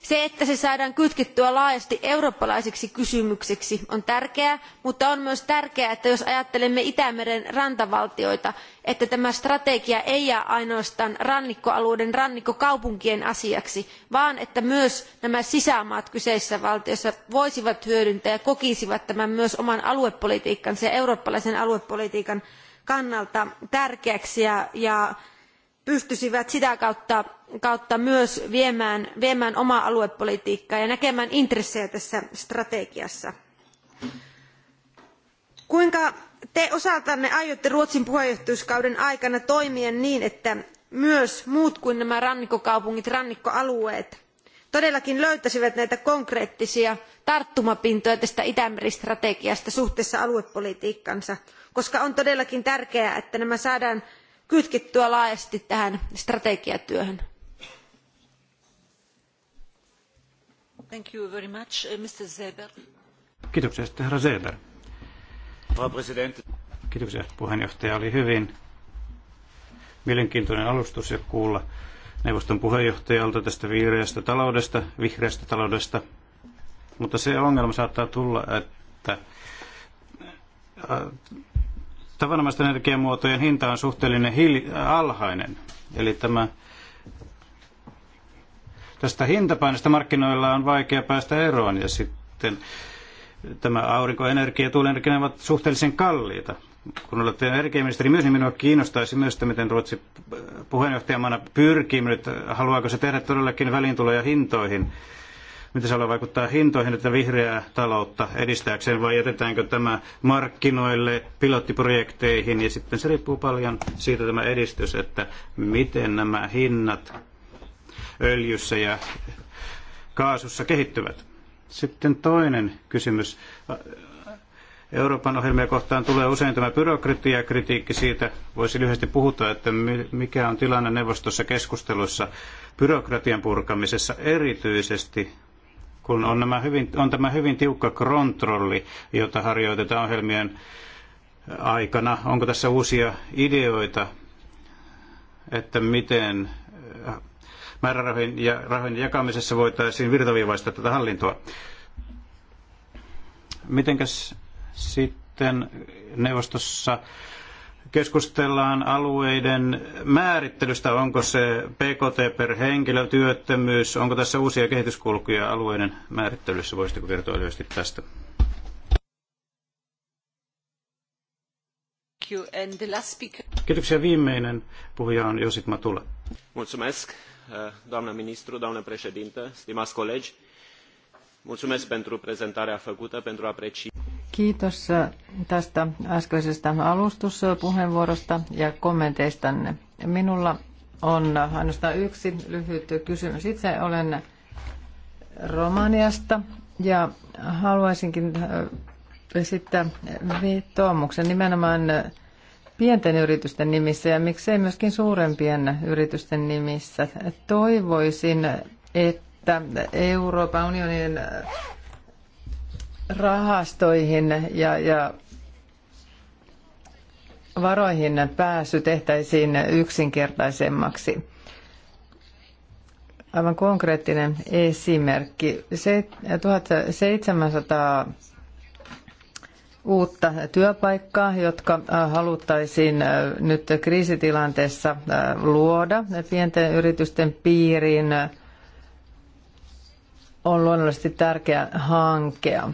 se että se saadaan kytkettyä laajasti eurooppalaiseksi kysymykseksi on tärkeää mutta on myös tärkeää että jos ajattelemme itämeren rantavaltioita että tämä strategia ei jää ainoastaan rannikkoalueiden rannikkokaupunkien asiaksi vaan että myös nämä sisämaat kyseisissä valtioissa voisivat hyödyntää ja kokisivat tämän myös oman aluepolitiikkansa ja eurooppalaisen aluepolitiikan kannalta tärkeäksi ja, ja pystyisivät sitä kautta, myös viemään, omaa aluepolitiikkaa ja näkemään intressejä tässä strategiassa. Kuinka te osaltanne aiotte Ruotsin puheenjohtajuuskauden aikana toimia niin, että myös muut kuin nämä rannikkokaupungit, rannikkoalueet todellakin löytäisivät näitä konkreettisia tarttumapintoja tästä itämeri strategiasta suhteessa aluepolitiikkaansa koska on todellakin tärkeää että nämä saadaan kytkettyä laajasti tähän strategiatyöhön. Thank you very much, uh, Mr. Kiitoksia, Kiitoksia, puheenjohtaja. Oli hyvin mielenkiintoinen alustus ja kuulla neuvoston puheenjohtajalta tästä vihreästä taloudesta, vihreästä taloudesta. Mutta se ongelma saattaa tulla, että äh, tavanomaisten energiamuotojen hinta on suhteellinen hiili- alhainen. Eli tämä, tästä hintapainosta markkinoilla on vaikea päästä eroon ja sitten tämä aurinkoenergia ja tuulienergia ovat suhteellisen kalliita. Kun olette energiaministeri myös, niin minua kiinnostaisi myös, että miten Ruotsi puheenjohtajamana pyrkii nyt, haluaako se tehdä todellakin väliintuloja hintoihin miten se vaikuttaa hintoihin, että vihreää taloutta edistääkseen, vai jätetäänkö tämä markkinoille, pilottiprojekteihin, ja sitten se riippuu paljon siitä tämä edistys, että miten nämä hinnat öljyssä ja kaasussa kehittyvät. Sitten toinen kysymys. Euroopan ohjelmia kohtaan tulee usein tämä byrokratia kritiikki siitä. Voisi lyhyesti puhuta, että mikä on tilanne neuvostossa keskustelussa byrokratian purkamisessa erityisesti kun on, nämä hyvin, on tämä hyvin tiukka kontrolli, jota harjoitetaan ohjelmien aikana. Onko tässä uusia ideoita, että miten äh, määrärahojen ja rahojen jakamisessa voitaisiin virtaviivaistaa tätä hallintoa? Mitenkäs sitten neuvostossa keskustellaan alueiden määrittelystä, onko se PKT per henkilö, työttömyys, onko tässä uusia kehityskulkuja alueiden määrittelyssä, voisitteko kertoa lyhyesti tästä? Kiitoksia. Viimeinen puhuja on Josip Matula. Mulțumesc, eh, doamnă ministru, doamnă președintă, stimați colegi. Mulțumesc pentru prezentarea făcută, pentru apreciere. Kiitos äh, tästä äskeisestä alustuspuheenvuorosta ja kommenteistanne. Minulla on ainoastaan yksi lyhyt kysymys. Itse olen Romaniasta ja haluaisinkin äh, esittää viittoomuksen nimenomaan pienten yritysten nimissä ja miksei myöskin suurempien yritysten nimissä. Toivoisin, että Euroopan unionin rahastoihin ja, ja varoihin pääsy tehtäisiin yksinkertaisemmaksi. Aivan konkreettinen esimerkki. 1700 uutta työpaikkaa, jotka haluttaisiin nyt kriisitilanteessa luoda pienten yritysten piiriin, on luonnollisesti tärkeä hankea.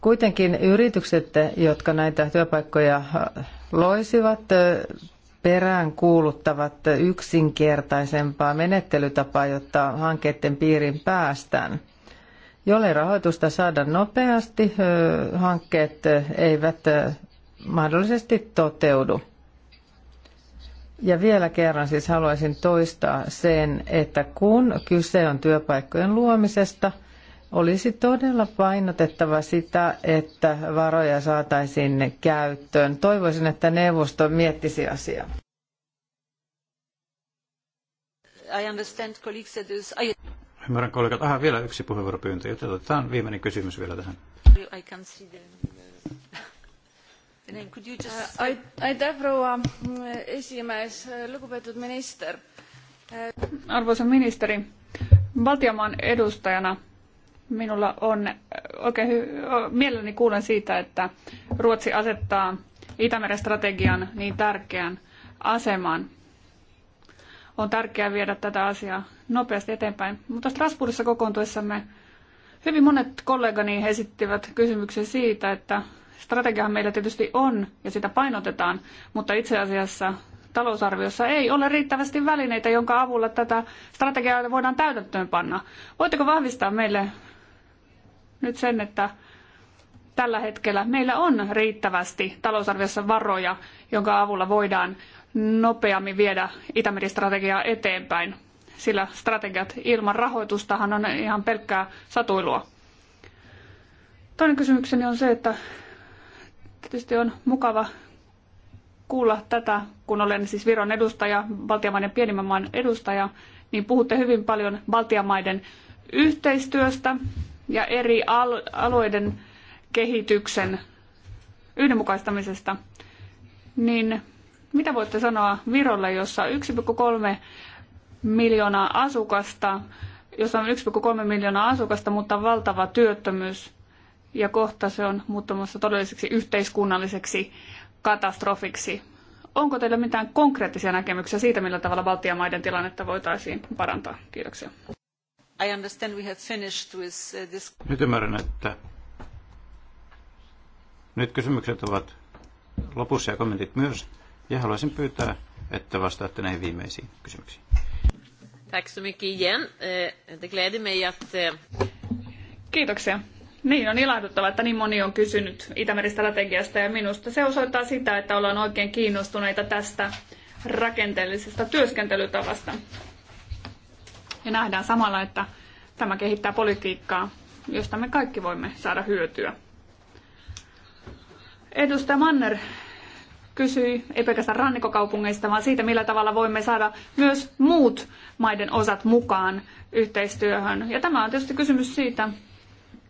Kuitenkin yritykset, jotka näitä työpaikkoja äh, loisivat, äh, perään kuuluttavat yksinkertaisempaa menettelytapaa, jotta hankkeiden piiriin päästään. Jolle rahoitusta saada nopeasti, äh, hankkeet eivät mahdollisesti toteudu. Ja vielä kerran siis haluaisin toistaa sen, että kun kyse on työpaikkojen luomisesta – olisi todella painotettava sitä, että varoja saataisiin käyttöön. Toivoisin, että neuvosto miettisi asiaa. I understand colleagues that is... Ymmärrän kollegat. Aha, vielä yksi puheenvuoropyyntö, joten otetaan viimeinen kysymys vielä tähän. I can see the... Aitäh, mm, esimies, minister. Arvoisa ministeri, valtiomaan edustajana Minulla on äh, oikein hy- mielelläni kuulen siitä, että Ruotsi asettaa Itämeren strategian niin tärkeän asemaan. On tärkeää viedä tätä asiaa nopeasti eteenpäin. Mutta Strasbourgissa kokoontuessamme hyvin monet kollegani esittivät kysymyksen siitä, että strategiahan meillä tietysti on ja sitä painotetaan, mutta itse asiassa talousarviossa ei ole riittävästi välineitä, jonka avulla tätä strategiaa voidaan täytäntöön panna. Voitteko vahvistaa meille nyt sen, että tällä hetkellä meillä on riittävästi talousarviossa varoja, jonka avulla voidaan nopeammin viedä Itämeri-strategiaa eteenpäin, sillä strategiat ilman rahoitustahan on ihan pelkkää satuilua. Toinen kysymykseni on se, että tietysti on mukava kuulla tätä, kun olen siis Viron edustaja, Baltiamaiden pienimmän maan edustaja, niin puhutte hyvin paljon Baltiamaiden yhteistyöstä ja eri alueiden kehityksen yhdenmukaistamisesta, niin mitä voitte sanoa Virolle, jossa on 1,3 miljoonaa asukasta, jossa on 1,3 miljoonaa asukasta, mutta valtava työttömyys ja kohta se on muuttumassa todelliseksi yhteiskunnalliseksi katastrofiksi. Onko teillä mitään konkreettisia näkemyksiä siitä, millä tavalla Baltian maiden tilannetta voitaisiin parantaa? Kiitoksia. I understand we have finished with uh, this. Nyt ymmärrän, että nyt kysymykset ovat lopussa ja kommentit myös. Ja haluaisin pyytää, että vastaatte näihin viimeisiin kysymyksiin. Tack så mycket igen. Eh, det gläder mig att... Eh, Kiitoksia. Niin, on ilahduttavaa, että niin moni on kysynyt Itämeri-strategiasta ja minusta se osoittaa sitä, että ollaan oikein kiinnostuneita tästä rakenteellisesta työskentelytavasta. Ja nähdään samalla, että tämä kehittää politiikkaa, josta me kaikki voimme saada hyötyä. Edustaja Manner kysyi ei pelkästään rannikokaupungeista, vaan siitä, millä tavalla voimme saada myös muut maiden osat mukaan yhteistyöhön. Ja tämä on tietysti kysymys siitä,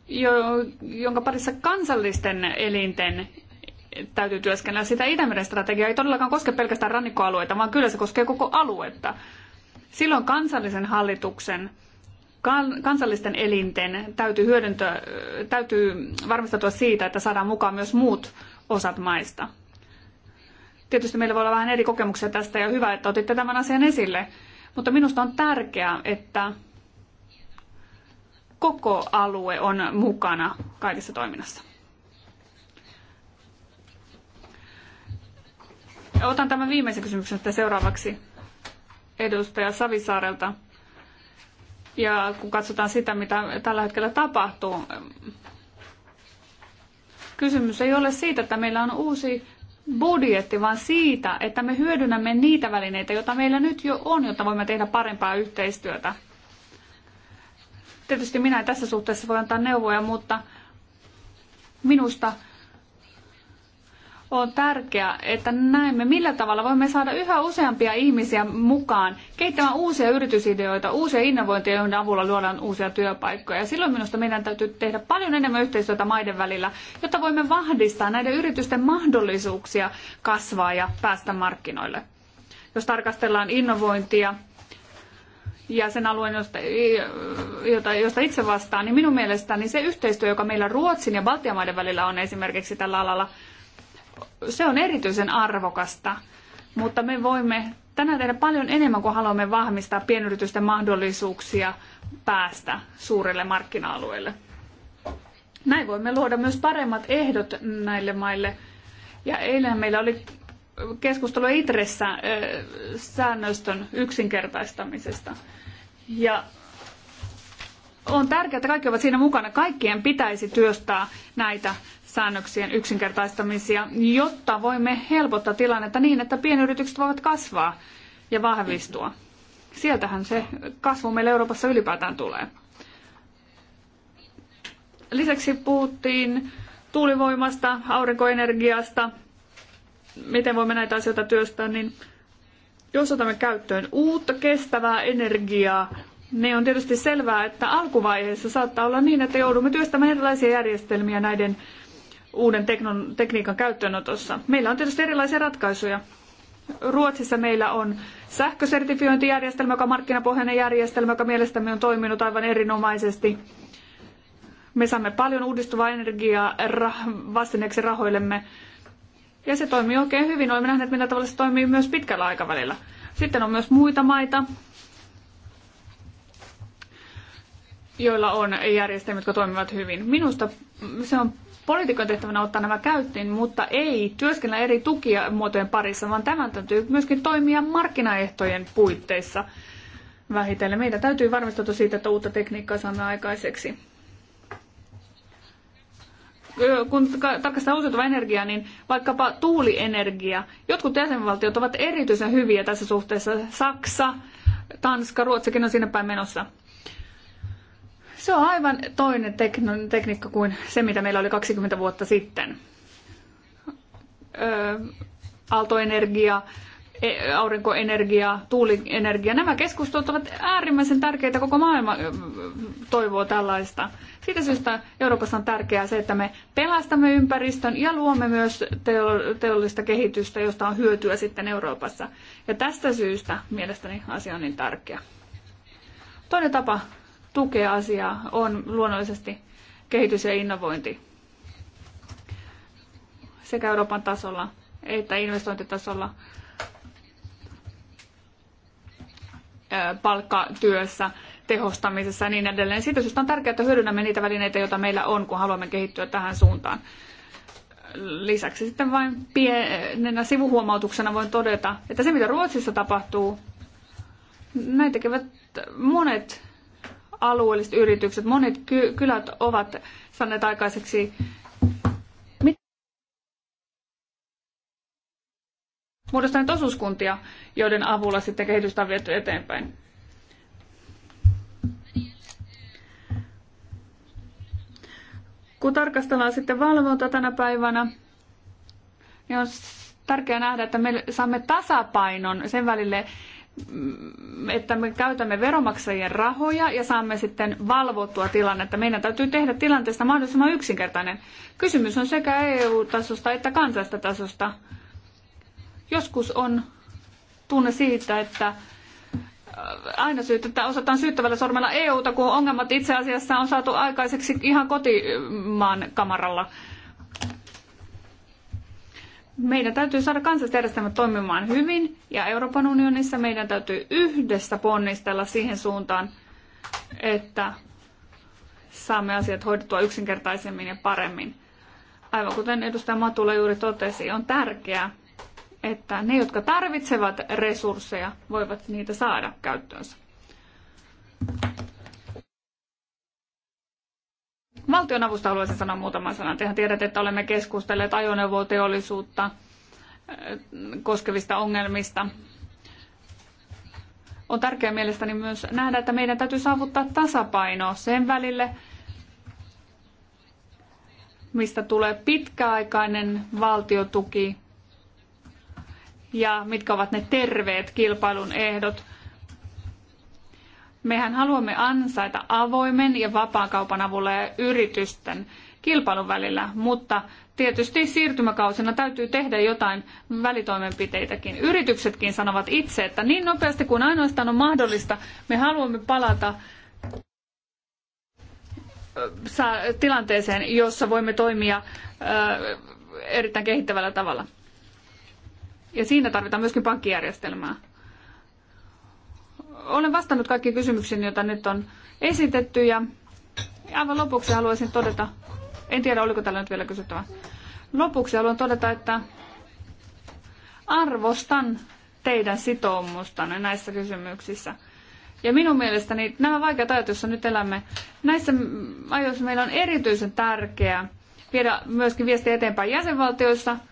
jo, jonka parissa kansallisten elinten täytyy työskennellä. Sitä Itämeren strategia ei todellakaan koske pelkästään rannikkoalueita, vaan kyllä se koskee koko aluetta. Silloin kansallisen hallituksen kansallisten elinten täytyy, hyödyntää täytyy varmistautua siitä, että saadaan mukaan myös muut osat maista. Tietysti meillä voi olla vähän eri kokemuksia tästä ja hyvä, että otitte tämän asian esille, mutta minusta on tärkeää, että koko alue on mukana kaikessa toiminnassa. Otan tämän viimeisen kysymyksen sitten seuraavaksi edustaja Savisaarelta. Ja kun katsotaan sitä, mitä tällä hetkellä tapahtuu, kysymys ei ole siitä, että meillä on uusi budjetti, vaan siitä, että me hyödynnämme niitä välineitä, joita meillä nyt jo on, jotta voimme tehdä parempaa yhteistyötä. Tietysti minä tässä suhteessa voi antaa neuvoja, mutta minusta on tärkeää, että näemme, millä tavalla voimme saada yhä useampia ihmisiä mukaan kehittämään uusia yritysideoita, uusia innovointeja, joiden avulla luodaan uusia työpaikkoja. Silloin minusta meidän täytyy tehdä paljon enemmän yhteistyötä maiden välillä, jotta voimme vahvistaa näiden yritysten mahdollisuuksia kasvaa ja päästä markkinoille. Jos tarkastellaan innovointia, ja sen alueen, josta, josta itse vastaan, niin minun mielestäni se yhteistyö, joka meillä Ruotsin ja Baltian maiden välillä on esimerkiksi tällä alalla, se on erityisen arvokasta, mutta me voimme tänään tehdä paljon enemmän, kun haluamme vahvistaa pienyritysten mahdollisuuksia päästä suurelle markkina alueelle Näin voimme luoda myös paremmat ehdot näille maille. Ja eilen meillä oli keskustelu Itressä säännöstön yksinkertaistamisesta. Ja on tärkeää, että kaikki ovat siinä mukana. Kaikkien pitäisi työstää näitä säännöksien yksinkertaistamisia, jotta voimme helpottaa tilannetta niin, että pienyritykset voivat kasvaa ja vahvistua. Sieltähän se kasvu meille Euroopassa ylipäätään tulee. Lisäksi puhuttiin tuulivoimasta, aurinkoenergiasta, miten voimme näitä asioita työstää, niin jos otamme käyttöön uutta kestävää energiaa, niin on tietysti selvää, että alkuvaiheessa saattaa olla niin, että joudumme työstämään erilaisia järjestelmiä näiden uuden teknon, tekniikan käyttöönotossa. Meillä on tietysti erilaisia ratkaisuja. Ruotsissa meillä on sähkösertifiointijärjestelmä, joka on markkinapohjainen järjestelmä, joka mielestämme on toiminut aivan erinomaisesti. Me saamme paljon uudistuvaa energiaa vastineeksi rahoillemme. Ja se toimii oikein hyvin. Olemme nähneet, millä tavalla se toimii myös pitkällä aikavälillä. Sitten on myös muita maita, joilla on järjestelmät, jotka toimivat hyvin. Minusta se on Poliitikon tehtävänä ottaa nämä käyttöön, mutta ei työskennellä eri tukimuotojen parissa, vaan tämän täytyy myöskin toimia markkinaehtojen puitteissa vähitellen. Meidän täytyy varmistautua siitä, että uutta tekniikkaa saamme aikaiseksi. Kun tarkastetaan uusiutuvaa energiaa, niin vaikkapa tuulienergia. Jotkut jäsenvaltiot ovat erityisen hyviä tässä suhteessa. Saksa, Tanska, Ruotsikin on sinne päin menossa. Se on aivan toinen tekno- tekniikka kuin se, mitä meillä oli 20 vuotta sitten. Öö, aaltoenergia, e- aurinkoenergia, tuulienergia. Nämä keskustelut ovat äärimmäisen tärkeitä. Koko maailma toivoo tällaista. Siitä syystä Euroopassa on tärkeää se, että me pelastamme ympäristön ja luomme myös teollista kehitystä, josta on hyötyä sitten Euroopassa. Ja tästä syystä mielestäni asia on niin tärkeä. Toinen tapa tukea asiaa on luonnollisesti kehitys ja innovointi sekä Euroopan tasolla että investointitasolla palkkatyössä, tehostamisessa ja niin edelleen. Siitä syystä on tärkeää, että hyödynnämme niitä välineitä, joita meillä on, kun haluamme kehittyä tähän suuntaan. Lisäksi sitten vain pienenä sivuhuomautuksena voin todeta, että se mitä Ruotsissa tapahtuu, näin tekevät monet alueelliset yritykset, monet ky- kylät ovat saaneet aikaiseksi muodostaneet osuuskuntia, joiden avulla sitten kehitystä on viety eteenpäin. Kun tarkastellaan sitten valvonta tänä päivänä, niin on tärkeää nähdä, että me saamme tasapainon sen välille, että me käytämme veromaksajien rahoja ja saamme sitten valvottua tilannetta. Meidän täytyy tehdä tilanteesta mahdollisimman yksinkertainen. Kysymys on sekä EU-tasosta että kansallista tasosta. Joskus on tunne siitä, että äh, aina syytettä, osataan syyttävällä sormella EUta, kun ongelmat itse asiassa on saatu aikaiseksi ihan kotimaan kamaralla meidän täytyy saada kansalliset järjestelmät toimimaan hyvin ja Euroopan unionissa meidän täytyy yhdessä ponnistella siihen suuntaan, että saamme asiat hoidettua yksinkertaisemmin ja paremmin. Aivan kuten edustaja Matula juuri totesi, on tärkeää, että ne, jotka tarvitsevat resursseja, voivat niitä saada käyttöönsä. Valtionavusta haluaisin sanoa muutaman sanan. Tehän tiedät, että olemme keskustelleet ajoneuvoteollisuutta eh, koskevista ongelmista. On tärkeää mielestäni myös nähdä, että meidän täytyy saavuttaa tasapaino sen välille, mistä tulee pitkäaikainen valtiotuki ja mitkä ovat ne terveet kilpailun ehdot – Mehän haluamme ansaita avoimen ja vapaakaupan avulla ja yritysten kilpailun välillä, mutta tietysti siirtymäkausina täytyy tehdä jotain välitoimenpiteitäkin. Yrityksetkin sanovat itse, että niin nopeasti kuin ainoastaan on mahdollista, me haluamme palata äh, tilanteeseen, jossa voimme toimia äh, erittäin kehittävällä tavalla. Ja siinä tarvitaan myöskin pankkijärjestelmää olen vastannut kaikkiin kysymyksiin, joita nyt on esitetty ja aivan lopuksi haluaisin todeta, en tiedä oliko tällä nyt vielä kysyttävää, lopuksi haluan todeta, että arvostan teidän sitoumustanne näissä kysymyksissä. Ja minun mielestäni nämä vaikeat ajat, joissa nyt elämme, näissä ajoissa meillä on erityisen tärkeää viedä myöskin viestiä eteenpäin jäsenvaltioissa –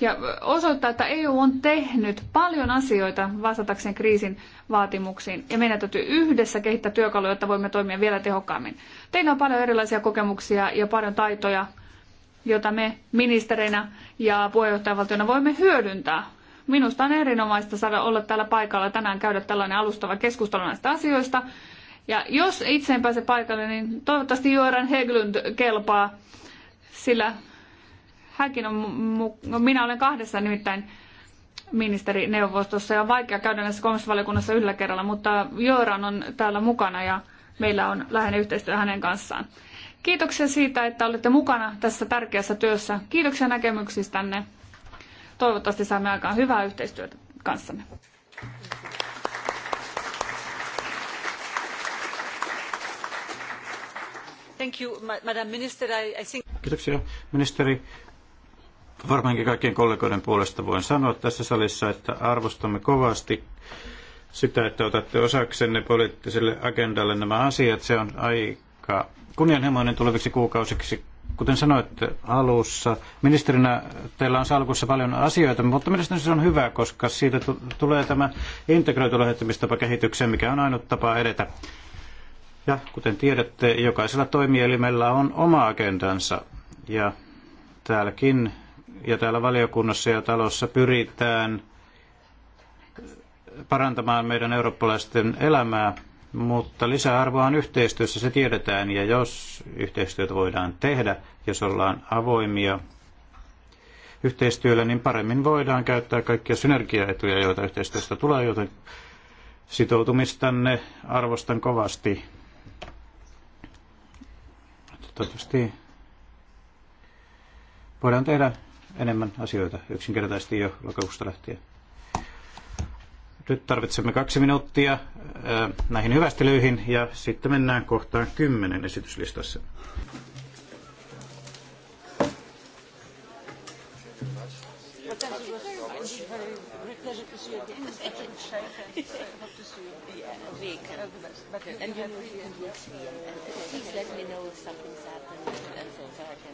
ja osoittaa, että EU on tehnyt paljon asioita vastatakseen kriisin vaatimuksiin. Ja meidän täytyy yhdessä kehittää työkaluja, jotta voimme toimia vielä tehokkaammin. Teillä on paljon erilaisia kokemuksia ja paljon taitoja, joita me ministerinä ja puheenjohtajavaltiona voimme hyödyntää. Minusta on erinomaista saada olla täällä paikalla tänään käydä tällainen alustava keskustelu näistä asioista. Ja jos itse en pääse paikalle, niin toivottavasti Joeran Heglund kelpaa, sillä hänkin on, no minä olen kahdessa nimittäin ministerineuvostossa ja on vaikea käydä näissä kolmessa valiokunnassa yhdellä kerralla, mutta Jooran on täällä mukana ja meillä on läheinen yhteistyö hänen kanssaan. Kiitoksia siitä, että olette mukana tässä tärkeässä työssä. Kiitoksia näkemyksistänne. Toivottavasti saamme aikaan hyvää yhteistyötä kanssanne. Thank you, Madam Minister. I, I think... Kiitoksia, ministeri varmaankin kaikkien kollegoiden puolesta voin sanoa tässä salissa, että arvostamme kovasti sitä, että otatte osaksenne poliittiselle agendalle nämä asiat. Se on aika kunnianhimoinen tuleviksi kuukausiksi. Kuten sanoitte alussa, ministerinä teillä on salkussa paljon asioita, mutta mielestäni se on hyvä, koska siitä tulee tämä integroitu lähettämistapa kehitykseen, mikä on ainut tapa edetä. Ja kuten tiedätte, jokaisella toimielimellä on oma agendansa. Ja täälläkin ja täällä valiokunnassa ja talossa pyritään parantamaan meidän eurooppalaisten elämää, mutta lisäarvoa on yhteistyössä, se tiedetään, ja jos yhteistyötä voidaan tehdä, jos ollaan avoimia yhteistyöllä, niin paremmin voidaan käyttää kaikkia synergiaetuja, joita yhteistyöstä tulee, joten sitoutumistanne arvostan kovasti. Toivottavasti voidaan tehdä enemmän asioita yksinkertaisesti jo lokakuusta lähtien. Nyt tarvitsemme kaksi minuuttia äh, näihin hyvästelyihin ja sitten mennään kohtaan kymmenen esityslistassa. And you, can see and, please let me know if something's happened and so, so I can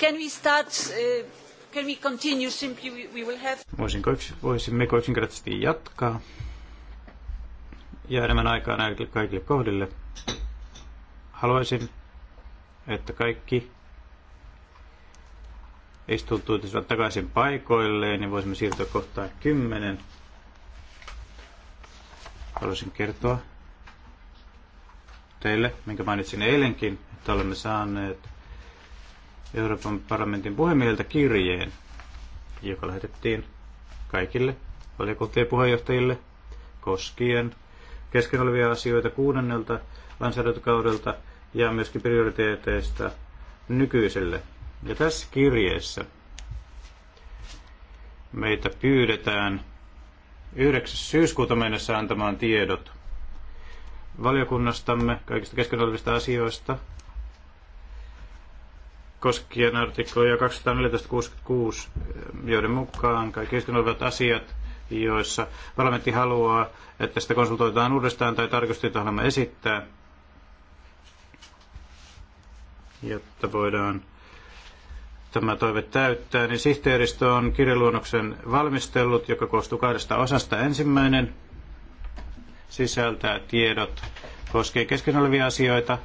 Can we start, uh, can we continue simply we, will have... Voisinko yks, voisimmeko yksinkertaisesti jatkaa? Jää enemmän aikaa näille kaikille kohdille. Haluaisin, että kaikki istuutuisivat takaisin paikoilleen, niin voisimme siirtyä kohtaan kymmenen. Haluaisin kertoa teille, minkä mainitsin eilenkin, että olemme saaneet Euroopan parlamentin puhemieheltä kirjeen, joka lähetettiin kaikille valiokuntien puheenjohtajille koskien kesken olevia asioita kuudennelta lainsäädäntökaudelta ja myöskin prioriteeteista nykyiselle. Ja tässä kirjeessä meitä pyydetään 9. syyskuuta mennessä antamaan tiedot valiokunnastamme kaikista kesken olevista asioista koskien artikloja 214.66, joiden mukaan kaikki olevat asiat, joissa parlamentti haluaa, että sitä konsultoidaan uudestaan tai tarkistetaan, haluamme esittää, jotta voidaan tämä toive täyttää, niin sihteeristö on kirjeluonnoksen valmistellut, joka koostuu kahdesta osasta. Ensimmäinen sisältää tiedot koskien kesken olevia asioita,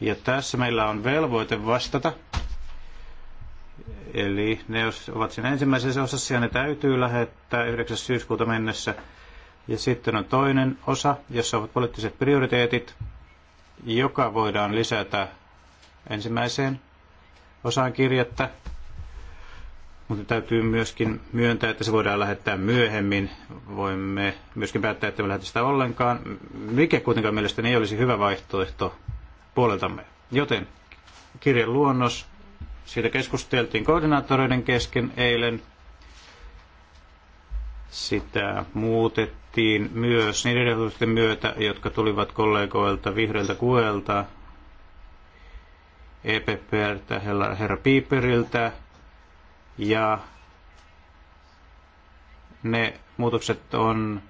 ja tässä meillä on velvoite vastata. Eli ne jos ovat siinä ensimmäisessä osassa ja ne täytyy lähettää 9. syyskuuta mennessä. Ja sitten on toinen osa, jossa ovat poliittiset prioriteetit, joka voidaan lisätä ensimmäiseen osaan kirjettä. Mutta täytyy myöskin myöntää, että se voidaan lähettää myöhemmin. Voimme myöskin päättää, että me lähetä sitä ollenkaan, mikä kuitenkaan mielestäni ei olisi hyvä vaihtoehto puoleltamme. Joten kirjan luonnos siitä keskusteltiin koordinaattoreiden kesken eilen. Sitä muutettiin myös niiden ehdotusten myötä, jotka tulivat kollegoilta vihreiltä kuelta, EPPltä, herra Piiperiltä ja ne muutokset on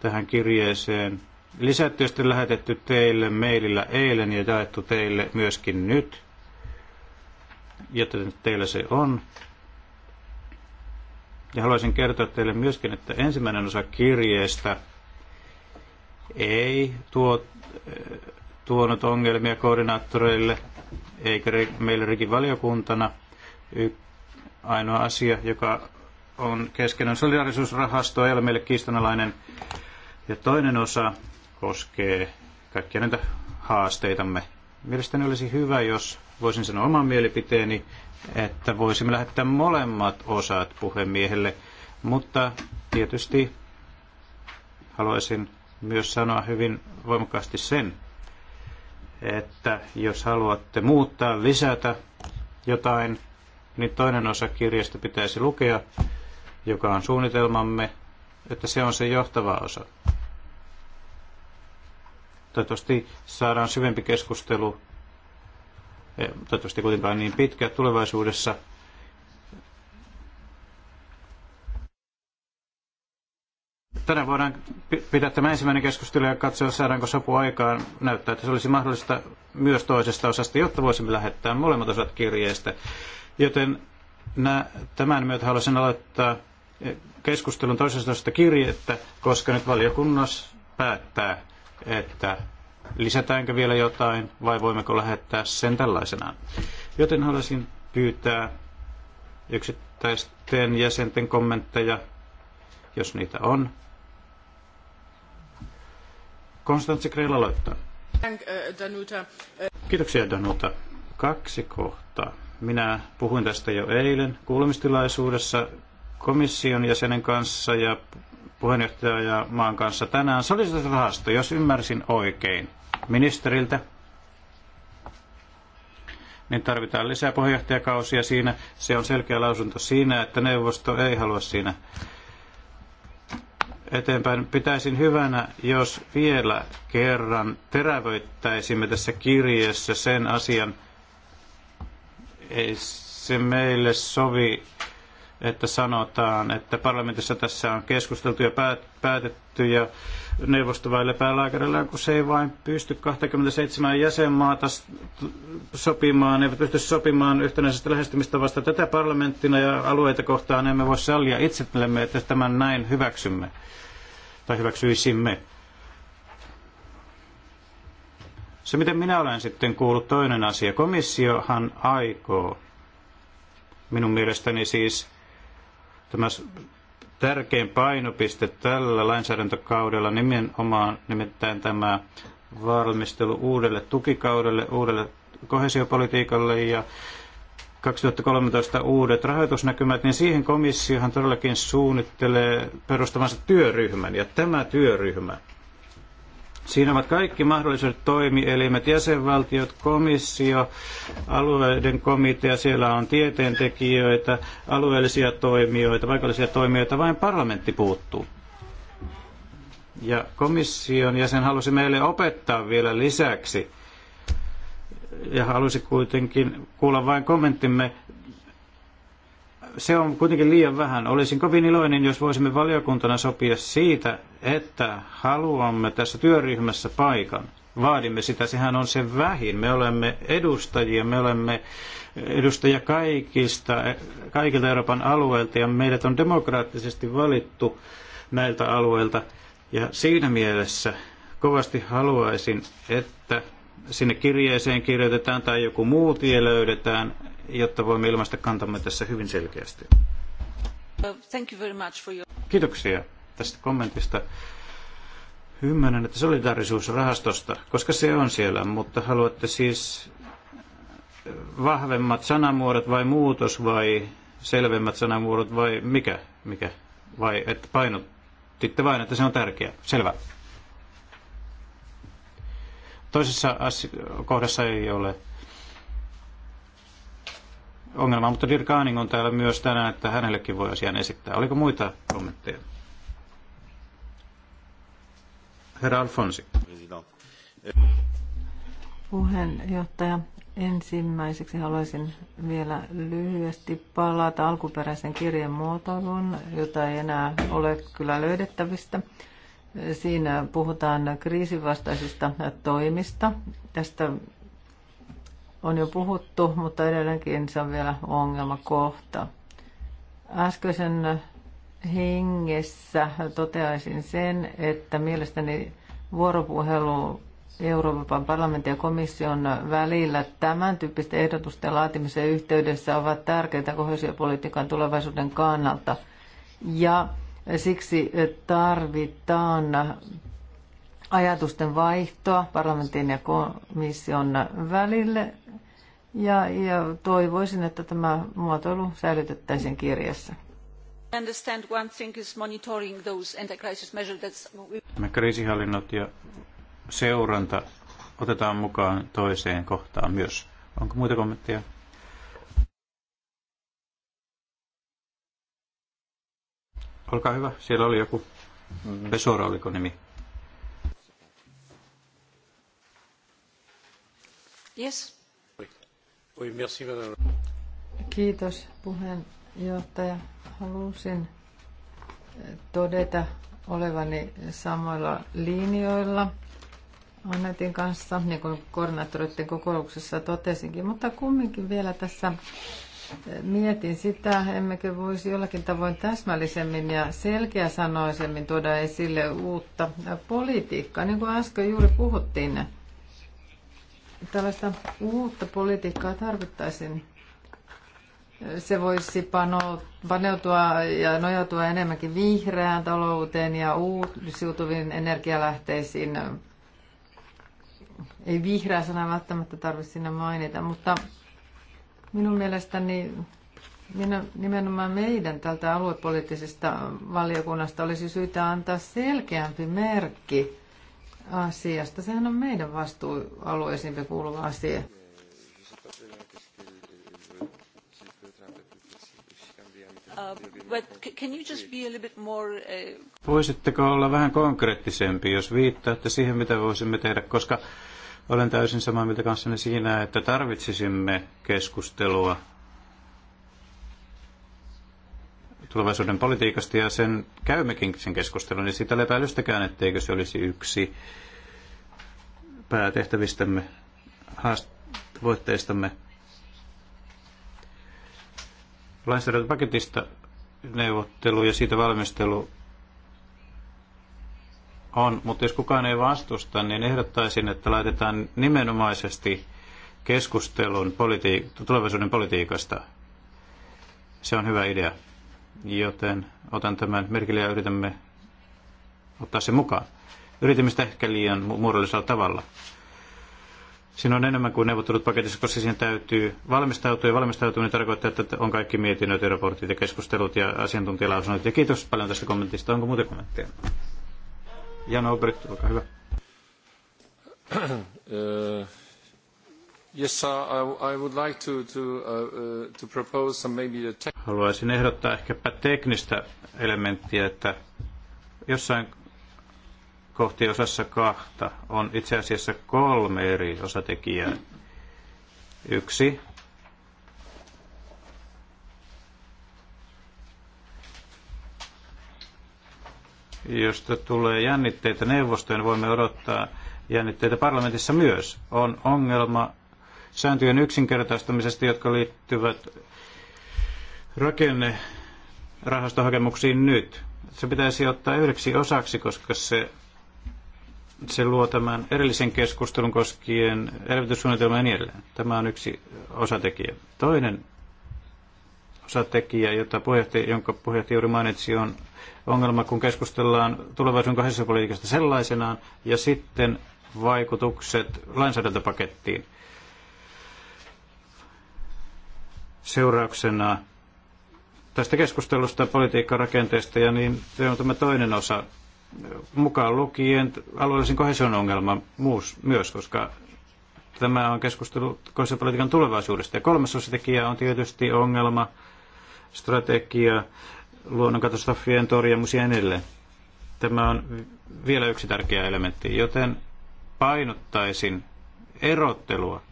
tähän kirjeeseen Lisätty lähetetty teille meilillä eilen ja jaettu teille myöskin nyt, joten teillä se on. Ja haluaisin kertoa teille myöskin, että ensimmäinen osa kirjeestä ei tuo, eh, tuonut ongelmia koordinaattoreille eikä meille valiokuntana. Y- ainoa asia, joka on keskeinen solidarisuusrahasto, ei ole meille kiistanalainen. Ja toinen osa koskee kaikkia näitä haasteitamme. Mielestäni olisi hyvä, jos voisin sanoa oman mielipiteeni, että voisimme lähettää molemmat osat puhemiehelle, mutta tietysti haluaisin myös sanoa hyvin voimakkaasti sen, että jos haluatte muuttaa, lisätä jotain, niin toinen osa kirjasta pitäisi lukea, joka on suunnitelmamme, että se on se johtava osa. Toivottavasti saadaan syvempi keskustelu, eh, toivottavasti kuitenkaan niin pitkä tulevaisuudessa. Tänään voidaan pitää tämä ensimmäinen keskustelu ja katsoa, saadaanko sopu aikaan. Näyttää, että se olisi mahdollista myös toisesta osasta, jotta voisimme lähettää molemmat osat kirjeestä. Joten nä, tämän myötä haluaisin aloittaa eh, keskustelun toisesta osasta kirjettä, koska nyt valiokunnassa päättää että lisätäänkö vielä jotain vai voimmeko lähettää sen tällaisenaan. Joten haluaisin pyytää yksittäisten jäsenten kommentteja, jos niitä on. Konstantsi Kreila aloittaa. Uh, uh, Kiitoksia Danuta. Kaksi kohtaa. Minä puhuin tästä jo eilen kuulemistilaisuudessa komission jäsenen kanssa ja puheenjohtaja maan kanssa tänään solidaarisuusrahasto, jos ymmärsin oikein ministeriltä, niin tarvitaan lisää puheenjohtajakausia siinä. Se on selkeä lausunto siinä, että neuvosto ei halua siinä eteenpäin. Pitäisin hyvänä, jos vielä kerran terävöittäisimme tässä kirjeessä sen asian, ei se meille sovi että sanotaan, että parlamentissa tässä on keskusteltu ja päätetty ja neuvosto vai kun se ei vain pysty 27 jäsenmaata sopimaan, eivät pysty sopimaan yhtenäisestä lähestymistavasta tätä parlamenttina ja alueita kohtaan emme voi sallia itsellemme, että tämän näin hyväksymme tai hyväksyisimme. Se, miten minä olen sitten kuullut toinen asia, komissiohan aikoo minun mielestäni siis Tämä tärkein painopiste tällä lainsäädäntökaudella nimenomaan nimittäin tämä valmistelu uudelle tukikaudelle, uudelle kohesiopolitiikalle ja 2013 uudet rahoitusnäkymät, niin siihen komissiohan todellakin suunnittelee perustamansa työryhmän. Ja tämä työryhmä Siinä ovat kaikki mahdolliset toimielimet, jäsenvaltiot, komissio, alueiden komitea, siellä on tieteentekijöitä, alueellisia toimijoita, paikallisia toimijoita, vain parlamentti puuttuu. Ja komission jäsen halusi meille opettaa vielä lisäksi, ja halusi kuitenkin kuulla vain kommenttimme se on kuitenkin liian vähän. Olisin kovin iloinen, jos voisimme valiokuntana sopia siitä, että haluamme tässä työryhmässä paikan. Vaadimme sitä, sehän on se vähin. Me olemme edustajia, me olemme edustajia kaikista, kaikilta Euroopan alueilta ja meidät on demokraattisesti valittu näiltä alueilta. Ja siinä mielessä kovasti haluaisin, että sinne kirjeeseen kirjoitetaan tai joku muu tie löydetään, jotta voimme ilmaista kantamme tässä hyvin selkeästi. Kiitoksia tästä kommentista. Ymmärrän, että solidaarisuusrahastosta, koska se on siellä, mutta haluatte siis vahvemmat sanamuodot vai muutos vai selvemmät sanamuodot vai mikä, mikä? Vai että painotitte vain, että se on tärkeää. Selvä. Toisessa kohdassa ei ole ongelma, mutta Dirk Aaning on täällä myös tänään, että hänellekin voi asian esittää. Oliko muita kommentteja? Herra Alfonsi. Puheenjohtaja, ensimmäiseksi haluaisin vielä lyhyesti palata alkuperäisen kirjan muotoiluun, jota ei enää ole kyllä löydettävistä. Siinä puhutaan kriisivastaisista toimista. Tästä on jo puhuttu, mutta edelleenkin se on vielä ongelmakohta. Äskeisen hengessä toteaisin sen, että mielestäni vuoropuhelu Euroopan parlamentin ja komission välillä tämän tyyppisten ehdotusten laatimisen yhteydessä ovat tärkeitä kohesiopolitiikan tulevaisuuden kannalta. Ja Siksi tarvitaan ajatusten vaihtoa parlamentin ja komission välille. Ja, ja toivoisin, että tämä muotoilu säilytettäisiin kirjassa. Nämä kriisihallinnot ja seuranta otetaan mukaan toiseen kohtaan myös. Onko muita kommentteja? Olkaa hyvä, siellä oli joku. Mm-hmm. Pesora, oliko nimi? Yes. Kiitos puheenjohtaja. Halusin todeta olevani samoilla linjoilla Annetin kanssa, niin kuin koordinaattoreiden kokouksessa totesinkin, mutta kumminkin vielä tässä Mietin sitä, emmekö voisi jollakin tavoin täsmällisemmin ja selkeäsanoisemmin tuoda esille uutta politiikkaa. Niin kuin äsken juuri puhuttiin, tällaista uutta politiikkaa tarvittaisiin. Se voisi paneutua ja nojautua enemmänkin vihreään talouteen ja uusiutuviin energialähteisiin. Ei vihreä sana välttämättä tarvitse sinne mainita, mutta Minun mielestäni minä, nimenomaan meidän tältä aluepoliittisesta valiokunnasta olisi syytä antaa selkeämpi merkki asiasta. Sehän on meidän vastuualueisiimme kuuluva asia. Uh, uh, Voisitteko olla vähän konkreettisempi, jos viittaatte siihen, mitä voisimme tehdä, koska olen täysin samaa mieltä kanssanne siinä, että tarvitsisimme keskustelua tulevaisuuden politiikasta ja sen käymmekin sen keskustelun, niin siitä lepäilystäkään, etteikö se olisi yksi päätehtävistämme, haastavoitteistamme. Lainsäädäntöpaketista neuvottelu ja siitä valmistelu on, mutta jos kukaan ei vastusta, niin ehdottaisin, että laitetaan nimenomaisesti keskustelun politi- tulevaisuuden politiikasta. Se on hyvä idea, joten otan tämän merkille ja yritämme ottaa sen mukaan. Yritimme sitä ehkä liian muodollisella tavalla. Siinä on enemmän kuin neuvottelut paketissa, koska siihen täytyy valmistautua. Ja valmistautuminen tarkoittaa, että on kaikki mietinnöt ja raportit ja keskustelut ja asiantuntijalausunnot. Ja kiitos paljon tästä kommentista. Onko muuta kommentteja? Jan Obrecht, olkaa hyvä. Haluaisin ehdottaa ehkäpä teknistä elementtiä, että jossain kohti osassa kahta on itse asiassa kolme eri osatekijää. Yksi josta tulee jännitteitä neuvostojen, voimme odottaa jännitteitä parlamentissa myös. On ongelma sääntöjen yksinkertaistamisesta, jotka liittyvät rakennerahastohakemuksiin rahastohakemuksiin nyt. Se pitäisi ottaa yhdeksi osaksi, koska se, se luo tämän erillisen keskustelun koskien elvytyssuunnitelmaa ja niin edelleen. Tämä on yksi osatekijä. Toinen tekijä, jota puheenjohtaja, jonka puheenjohtaja juuri mainitsi, on ongelma, kun keskustellaan tulevaisuuden kahdessa politiikasta sellaisenaan ja sitten vaikutukset lainsäädäntöpakettiin. Seurauksena tästä keskustelusta politiikkarakenteesta ja niin se on tämä toinen osa mukaan lukien alueellisen kohesion ongelma muus, myös, koska tämä on keskustelu kohesiopolitiikan tulevaisuudesta. Ja kolmas osatekijä on tietysti ongelma, strategia, luonnonkatastrofien torjumus ja niin edelleen. Tämä on vielä yksi tärkeä elementti, joten painottaisin erottelua.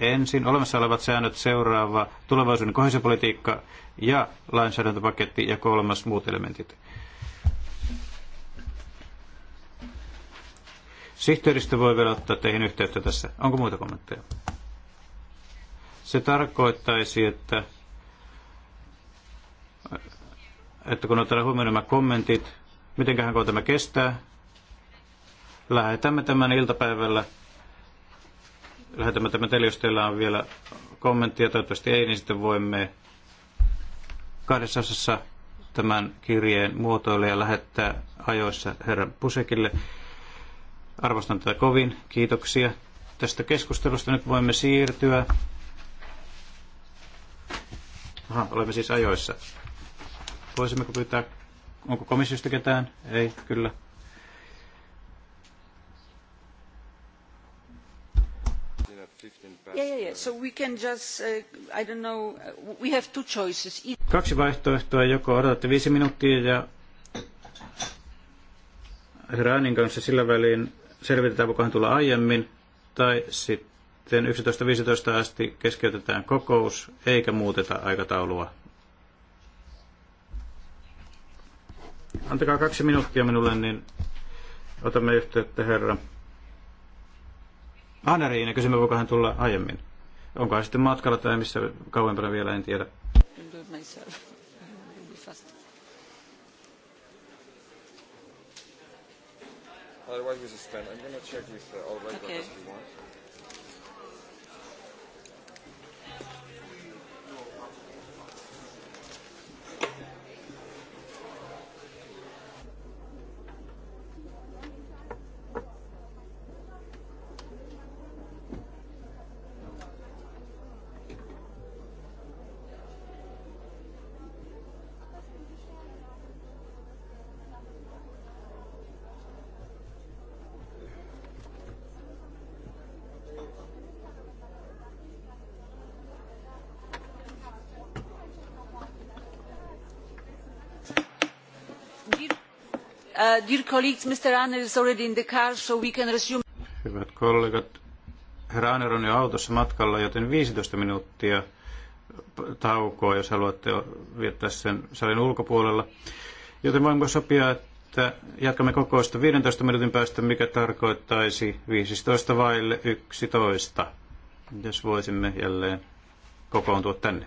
Ensin olemassa olevat säännöt, seuraava tulevaisuuden kohesiopolitiikka ja lainsäädäntöpaketti ja kolmas muut elementit. Sihteeristö voi vielä ottaa teihin yhteyttä tässä. Onko muita kommentteja? Se tarkoittaisi, että että kun otetaan huomioon nämä kommentit, mitenköhän tämä kestää, lähetämme tämän iltapäivällä. Lähetämme tämän teille, jos teillä on vielä kommenttia, toivottavasti ei, niin sitten voimme kahdessa osassa tämän kirjeen muotoille ja lähettää ajoissa herran Pusekille. Arvostan tätä kovin. Kiitoksia tästä keskustelusta. Nyt voimme siirtyä. Aha, olemme siis ajoissa. Voisimmeko pyytää, onko komissiosta ketään? Ei, kyllä. Uh, uh, e- Kaksi vaihtoehtoa, joko odotatte viisi minuuttia ja Ranin kanssa sillä välin selvitetään, voiko hän tulla aiemmin, tai sitten 11.15 asti keskeytetään kokous eikä muuteta aikataulua. Antakaa kaksi minuuttia minulle, niin otamme yhteyttä herra Anneriin ja kysymme, voiko hän tulla aiemmin. Onko hän sitten matkalla tai missä kauempana vielä, en tiedä. Otherwise we suspend. I'm going to check with uh, all regulars okay. if you want. Uh, dear colleagues, Mr. Anner is already in the car, so we can resume. Hyvät kollegat, herra Anner on jo autossa matkalla, joten 15 minuuttia taukoa, jos haluatte viettää sen salin ulkopuolella. Joten voinko sopia, että jatkamme kokousta 15 minuutin päästä, mikä tarkoittaisi 15 vaille 11, jos voisimme jälleen kokoontua tänne.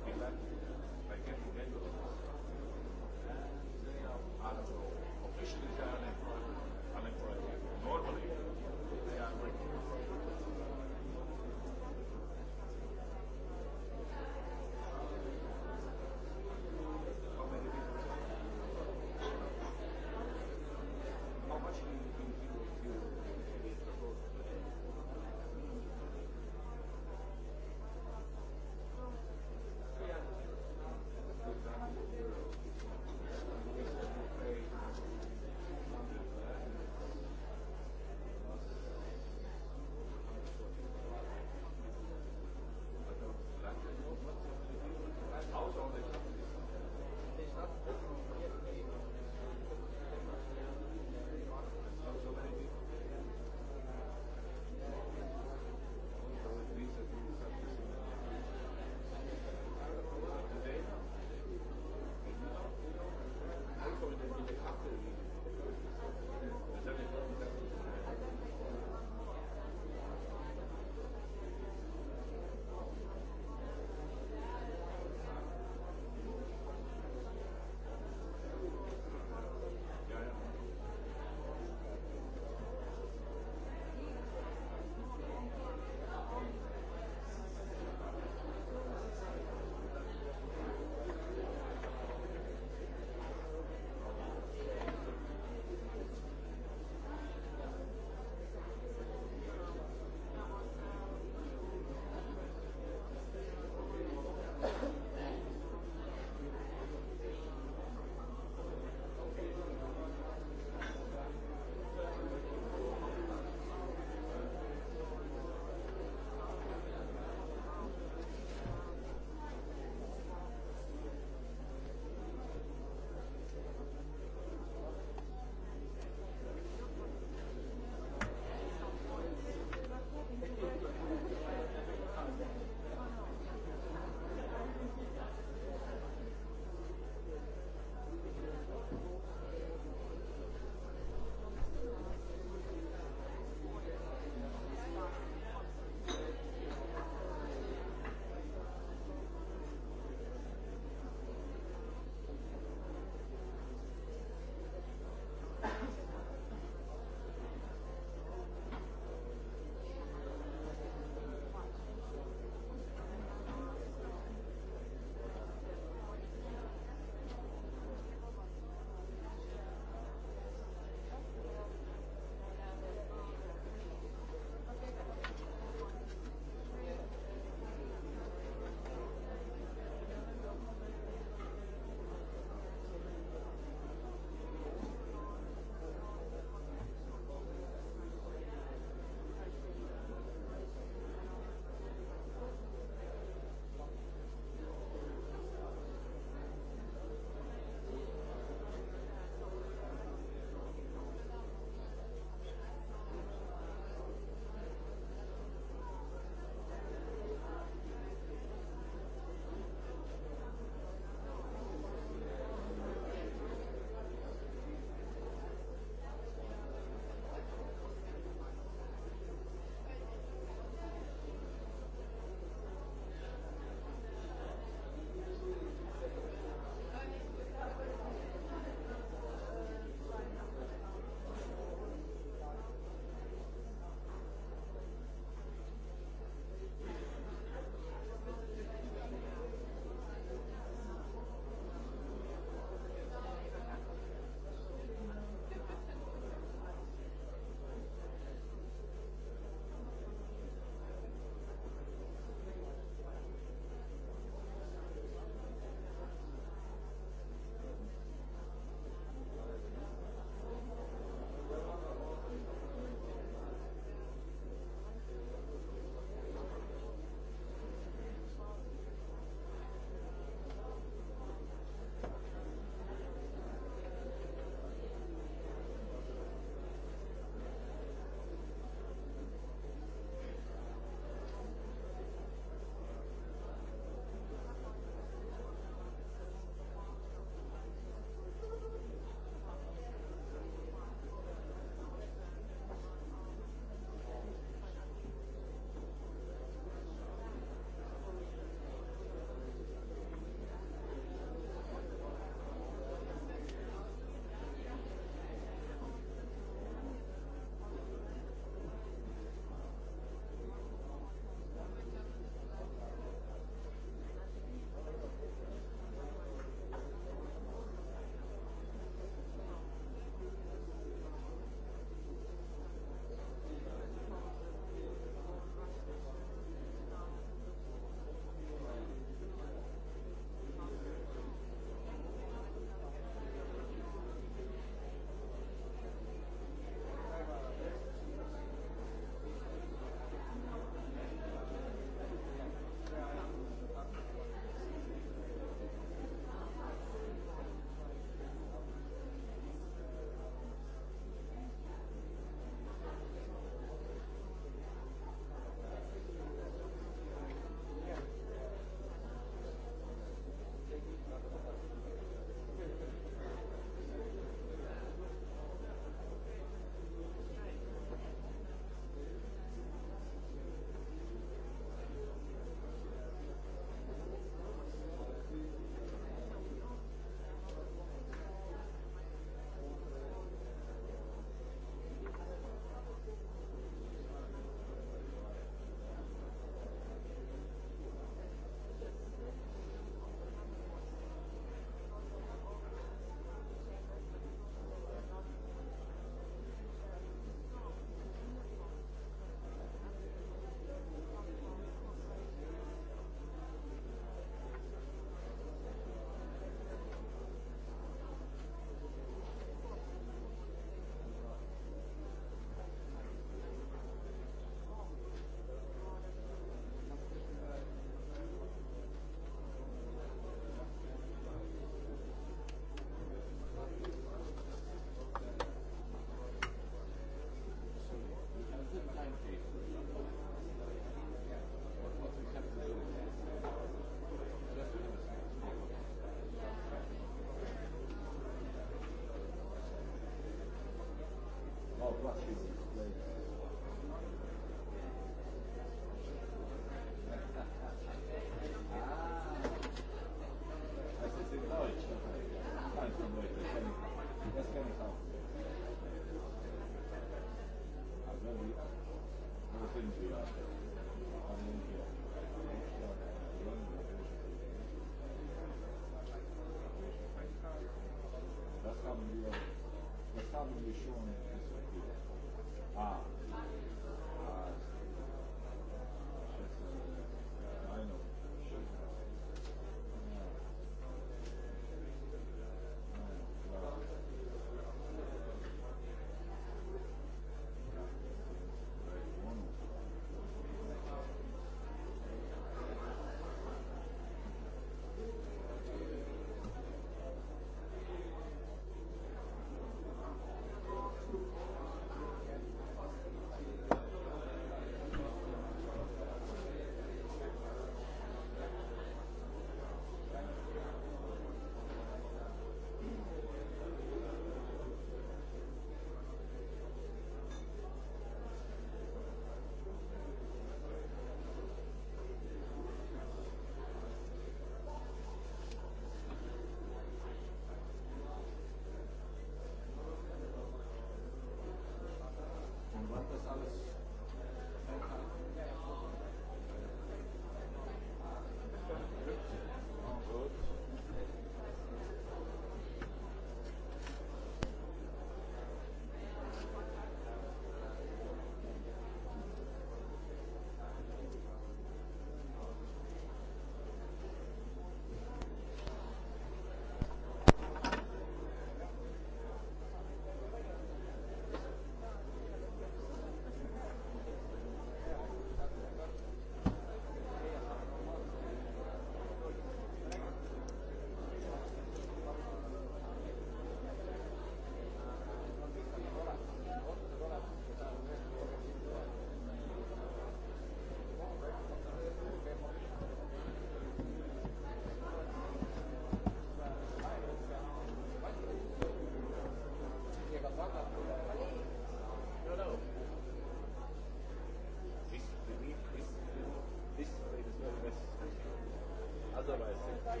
It's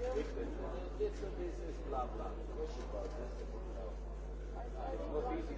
a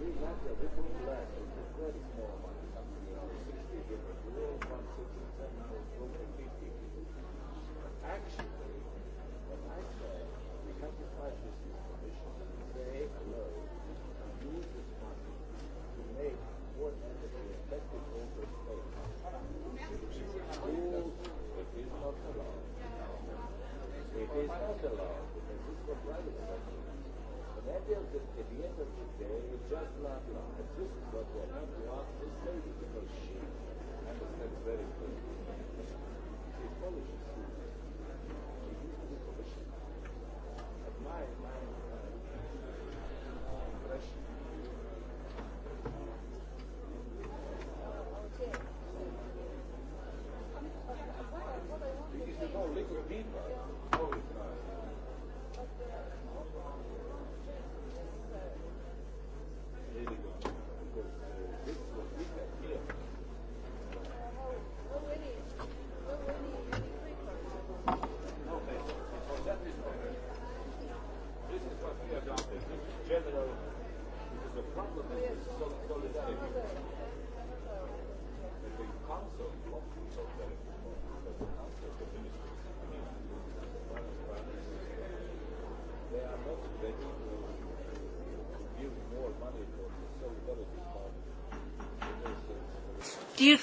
Thank you.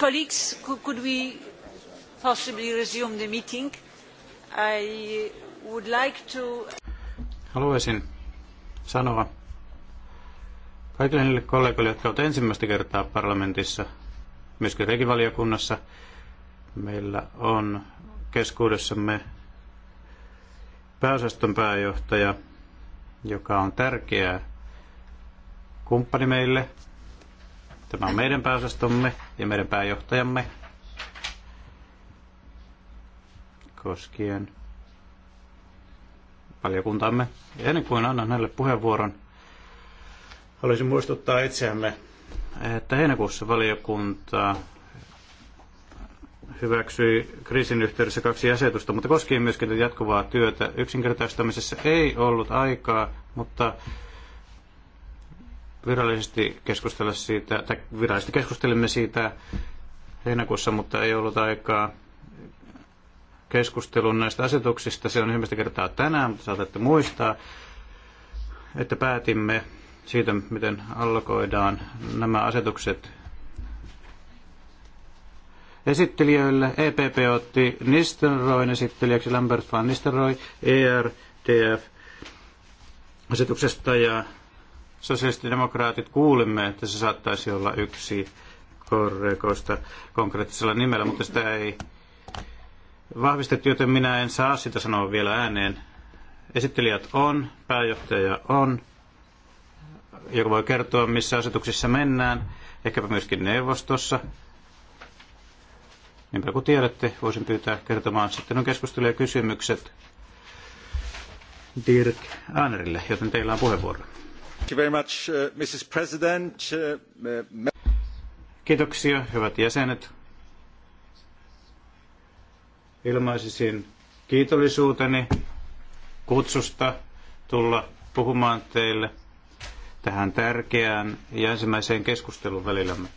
colleagues, could we possibly resume the meeting? I would like to... Haluaisin sanoa kaikille niille kollegoille, jotka ovat ensimmäistä kertaa parlamentissa, myöskin regivaliokunnassa, meillä on keskuudessamme pääosaston pääjohtaja, joka on tärkeä kumppani meille, Tämä on meidän pääosastomme ja meidän pääjohtajamme koskien valiokuntamme. Ja ennen kuin annan hänelle puheenvuoron, haluaisin muistuttaa itseämme, että heinäkuussa valiokunta hyväksyi kriisin yhteydessä kaksi asetusta, mutta koskien myöskin jatkuvaa työtä. Yksinkertaistamisessa ei ollut aikaa, mutta virallisesti keskustella siitä, tai virallisesti keskustelimme siitä heinäkuussa, mutta ei ollut aikaa keskustelun näistä asetuksista. Se on ensimmäistä kertaa tänään, mutta saatatte muistaa, että päätimme siitä, miten allokoidaan nämä asetukset esittelijöille. EPP otti Nisteroin esittelijäksi Lambert van Nistelrooy ERTF asetuksesta ja sosialistidemokraatit kuulimme, että se saattaisi olla yksi korrekoista konkreettisella nimellä, mutta sitä ei vahvistettu, joten minä en saa sitä sanoa vielä ääneen. Esittelijät on, pääjohtaja on, joka voi kertoa, missä asetuksissa mennään, ehkäpä myöskin neuvostossa. Niinpä kuin tiedätte, voisin pyytää kertomaan. Sitten on keskustelu ja kysymykset Dirk Anerille, joten teillä on puheenvuoro. Uh, uh, uh, Kiitoksia, hyvät jäsenet. Ilmaisisin kiitollisuuteni kutsusta tulla puhumaan teille tähän tärkeään ja ensimmäiseen keskustelun välillämme.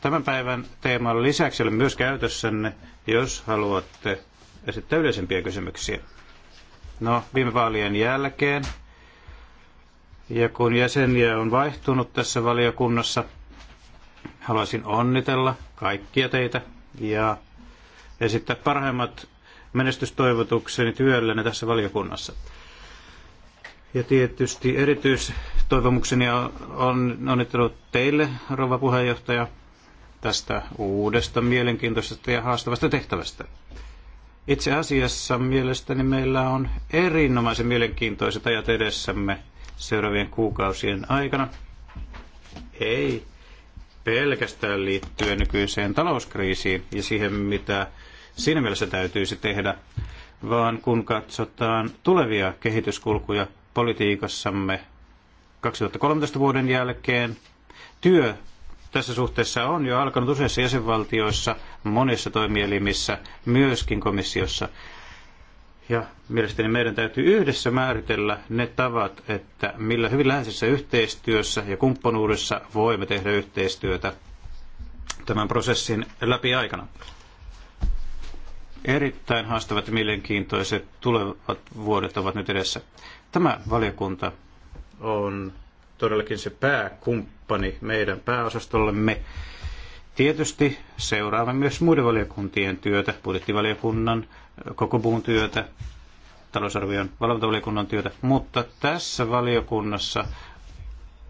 Tämän päivän teeman lisäksi olen myös käytössänne, jos haluatte esittää yleisempiä kysymyksiä. No, viime vaalien jälkeen ja kun jäseniä on vaihtunut tässä valiokunnassa, haluaisin onnitella kaikkia teitä ja esittää parhaimmat menestystoivotukseni työllenne tässä valiokunnassa. Ja tietysti erityistoivomukseni on, on onnittelut teille, rouva puheenjohtaja, tästä uudesta, mielenkiintoisesta ja haastavasta tehtävästä. Itse asiassa mielestäni meillä on erinomaisen mielenkiintoiset ajat edessämme – seuraavien kuukausien aikana. Ei pelkästään liittyen nykyiseen talouskriisiin ja siihen, mitä siinä mielessä täytyisi tehdä, vaan kun katsotaan tulevia kehityskulkuja politiikassamme 2013 vuoden jälkeen, työ tässä suhteessa on jo alkanut useissa jäsenvaltioissa, monissa toimielimissä, myöskin komissiossa. Ja mielestäni meidän täytyy yhdessä määritellä ne tavat, että millä hyvin läheisessä yhteistyössä ja kumppanuudessa voimme tehdä yhteistyötä tämän prosessin läpi aikana. Erittäin haastavat ja mielenkiintoiset tulevat vuodet ovat nyt edessä. Tämä valiokunta on todellakin se pääkumppani meidän pääosastollemme. Tietysti seuraamme myös muiden valiokuntien työtä, budjettivaliokunnan, koko puun työtä, talousarvion valvontavaliokunnan työtä, mutta tässä valiokunnassa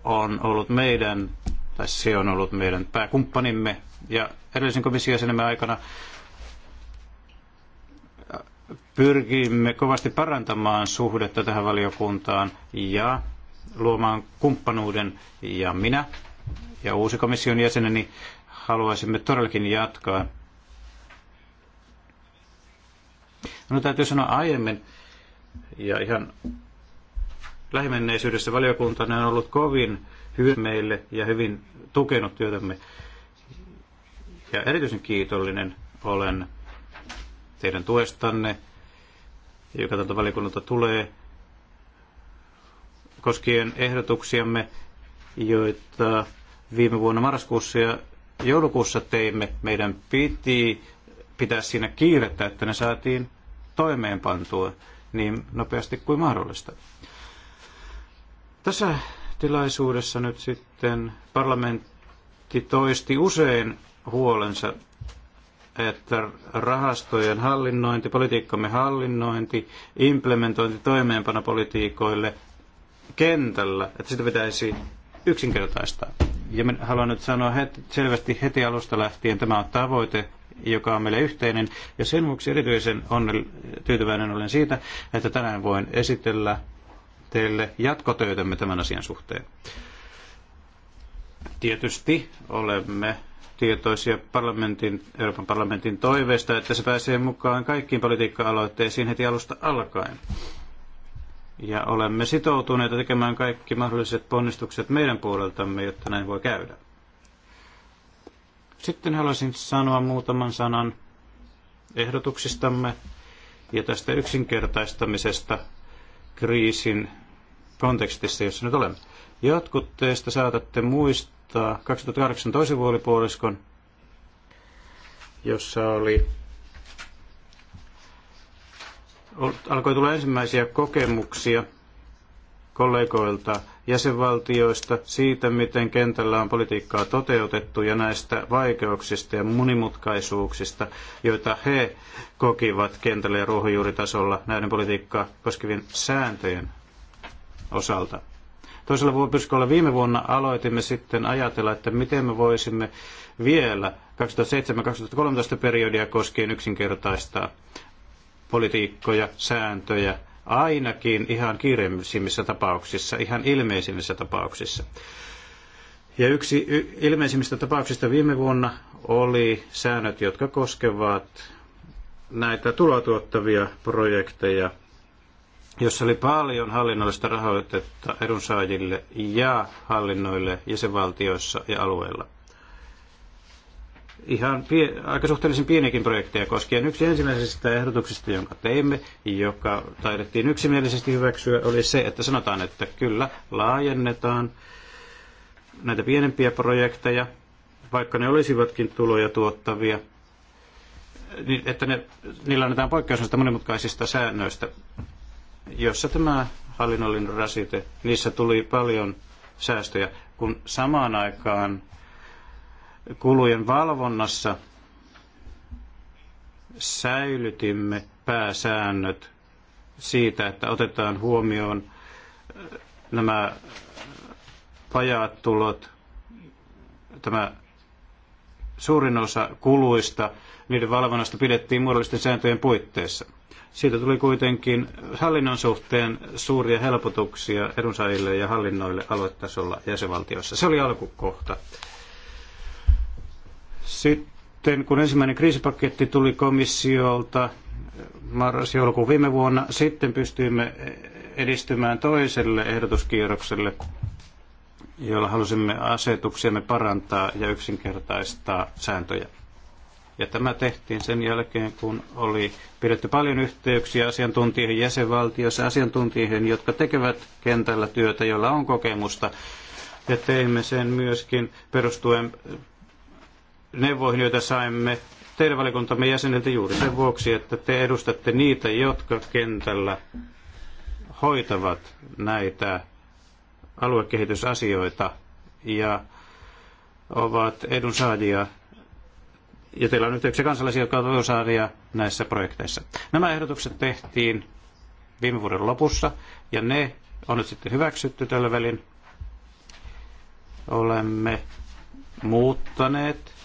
on ollut meidän, tai se on ollut meidän pääkumppanimme, ja edellisen komissiojäsenemme aikana pyrkimme kovasti parantamaan suhdetta tähän valiokuntaan ja luomaan kumppanuuden, ja minä ja uusi komission jäseneni haluaisimme todellakin jatkaa Minun täytyy sanoa aiemmin, ja ihan lähimenneisyydessä valiokunta on ollut kovin hyvä meille ja hyvin tukenut työtämme. Ja erityisen kiitollinen olen teidän tuestanne, joka tältä valiokunnalta tulee, koskien ehdotuksiamme, joita viime vuonna marraskuussa ja joulukuussa teimme. Meidän piti pitää siinä kiirettä, että ne saatiin toimeenpantua niin nopeasti kuin mahdollista. Tässä tilaisuudessa nyt sitten parlamentti toisti usein huolensa, että rahastojen hallinnointi, politiikkamme hallinnointi, implementointi toimeenpanopolitiikoille kentällä, että sitä pitäisi yksinkertaistaa. Ja minä haluan nyt sanoa heti, selvästi heti alusta lähtien, tämä on tavoite, joka on meille yhteinen. Ja sen vuoksi erityisen onnel, tyytyväinen olen siitä, että tänään voin esitellä teille jatkotöitämme tämän asian suhteen. Tietysti olemme tietoisia parlamentin, Euroopan parlamentin toiveesta, että se pääsee mukaan kaikkiin politiikka-aloitteisiin heti alusta alkaen. Ja olemme sitoutuneet tekemään kaikki mahdolliset ponnistukset meidän puoleltamme, jotta näin voi käydä. Sitten haluaisin sanoa muutaman sanan ehdotuksistamme ja tästä yksinkertaistamisesta kriisin kontekstissa, jossa nyt olemme. Jotkut teistä saatatte muistaa 2018 toisen vuolipuoliskon, jossa oli alkoi tulla ensimmäisiä kokemuksia kollegoilta jäsenvaltioista siitä, miten kentällä on politiikkaa toteutettu ja näistä vaikeuksista ja monimutkaisuuksista, joita he kokivat kentällä ja ruohonjuuritasolla näiden politiikkaa koskevien sääntöjen osalta. Toisella vuopiskolla viime vuonna aloitimme sitten ajatella, että miten me voisimme vielä 2007-2013 periodia koskien yksinkertaistaa politiikkoja, sääntöjä, ainakin ihan kiireellisimmissä tapauksissa, ihan ilmeisimmissä tapauksissa. Ja yksi ilmeisimmistä tapauksista viime vuonna oli säännöt, jotka koskevat näitä tulotuottavia projekteja, jossa oli paljon hallinnollista rahoitetta edunsaajille ja hallinnoille jäsenvaltioissa ja alueilla ihan pie, aika suhteellisen pienikin projekteja koskien. Yksi ensimmäisistä ehdotuksista, jonka teimme, joka taidettiin yksimielisesti hyväksyä, oli se, että sanotaan, että kyllä laajennetaan näitä pienempiä projekteja, vaikka ne olisivatkin tuloja tuottavia, niin että ne, niillä annetaan poikkeus näistä monimutkaisista säännöistä, jossa tämä hallinnollinen rasite, niissä tuli paljon säästöjä, kun samaan aikaan kulujen valvonnassa säilytimme pääsäännöt siitä, että otetaan huomioon äh, nämä vajaat tulot, tämä suurin osa kuluista, niiden valvonnasta pidettiin muodollisten sääntöjen puitteissa. Siitä tuli kuitenkin hallinnon suhteen suuria helpotuksia edunsaajille ja hallinnoille aluetasolla jäsenvaltiossa. Se oli alkukohta. Sitten kun ensimmäinen kriisipaketti tuli komissiolta eh, marras-joulukuun viime vuonna, sitten pystyimme edistymään toiselle ehdotuskierrokselle, jolla halusimme asetuksiamme parantaa ja yksinkertaistaa sääntöjä. Ja tämä tehtiin sen jälkeen, kun oli pidetty paljon yhteyksiä asiantuntijoihin jäsenvaltioissa, asiantuntijoihin, jotka tekevät kentällä työtä, joilla on kokemusta. Ja teimme sen myöskin perustuen neuvoihin, joita saimme teidän valikuntamme jäseniltä juuri sen vuoksi, että te edustatte niitä, jotka kentällä hoitavat näitä aluekehitysasioita ja ovat edunsaajia ja teillä on nyt yksi kansalaisia, jotka ovat edunsaajia näissä projekteissa. Nämä ehdotukset tehtiin viime vuoden lopussa ja ne on nyt sitten hyväksytty tällä välin. Olemme muuttaneet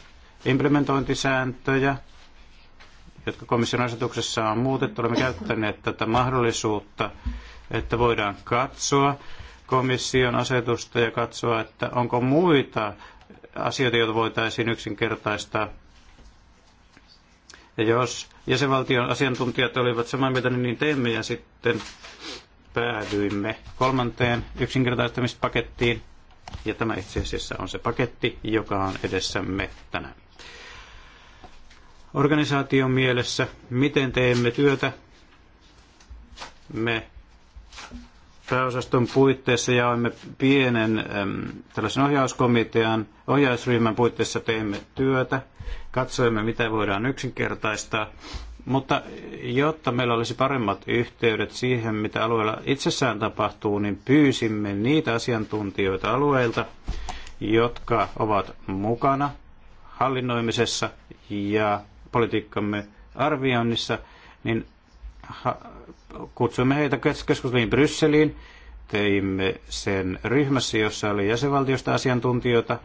implementointisääntöjä, jotka komission asetuksessa on muutettu. Olemme käyttäneet tätä mahdollisuutta, että voidaan katsoa komission asetusta ja katsoa, että onko muita asioita, joita voitaisiin yksinkertaistaa. Ja jos jäsenvaltion asiantuntijat olivat samaa mieltä, niin, niin ja sitten päädyimme kolmanteen yksinkertaistamispakettiin. Ja tämä itse asiassa on se paketti, joka on edessämme tänään organisaation mielessä, miten teemme työtä. Me pääosaston puitteissa jaoimme pienen äm, tällaisen ohjauskomitean, ohjausryhmän puitteissa teemme työtä, katsoimme mitä voidaan yksinkertaistaa, mutta jotta meillä olisi paremmat yhteydet siihen, mitä alueella itsessään tapahtuu, niin pyysimme niitä asiantuntijoita alueilta, jotka ovat mukana hallinnoimisessa ja politiikkamme arvioinnissa, niin kutsuimme heitä keskustelin Brysseliin. Teimme sen ryhmässä, jossa oli jäsenvaltiosta asiantuntijoita.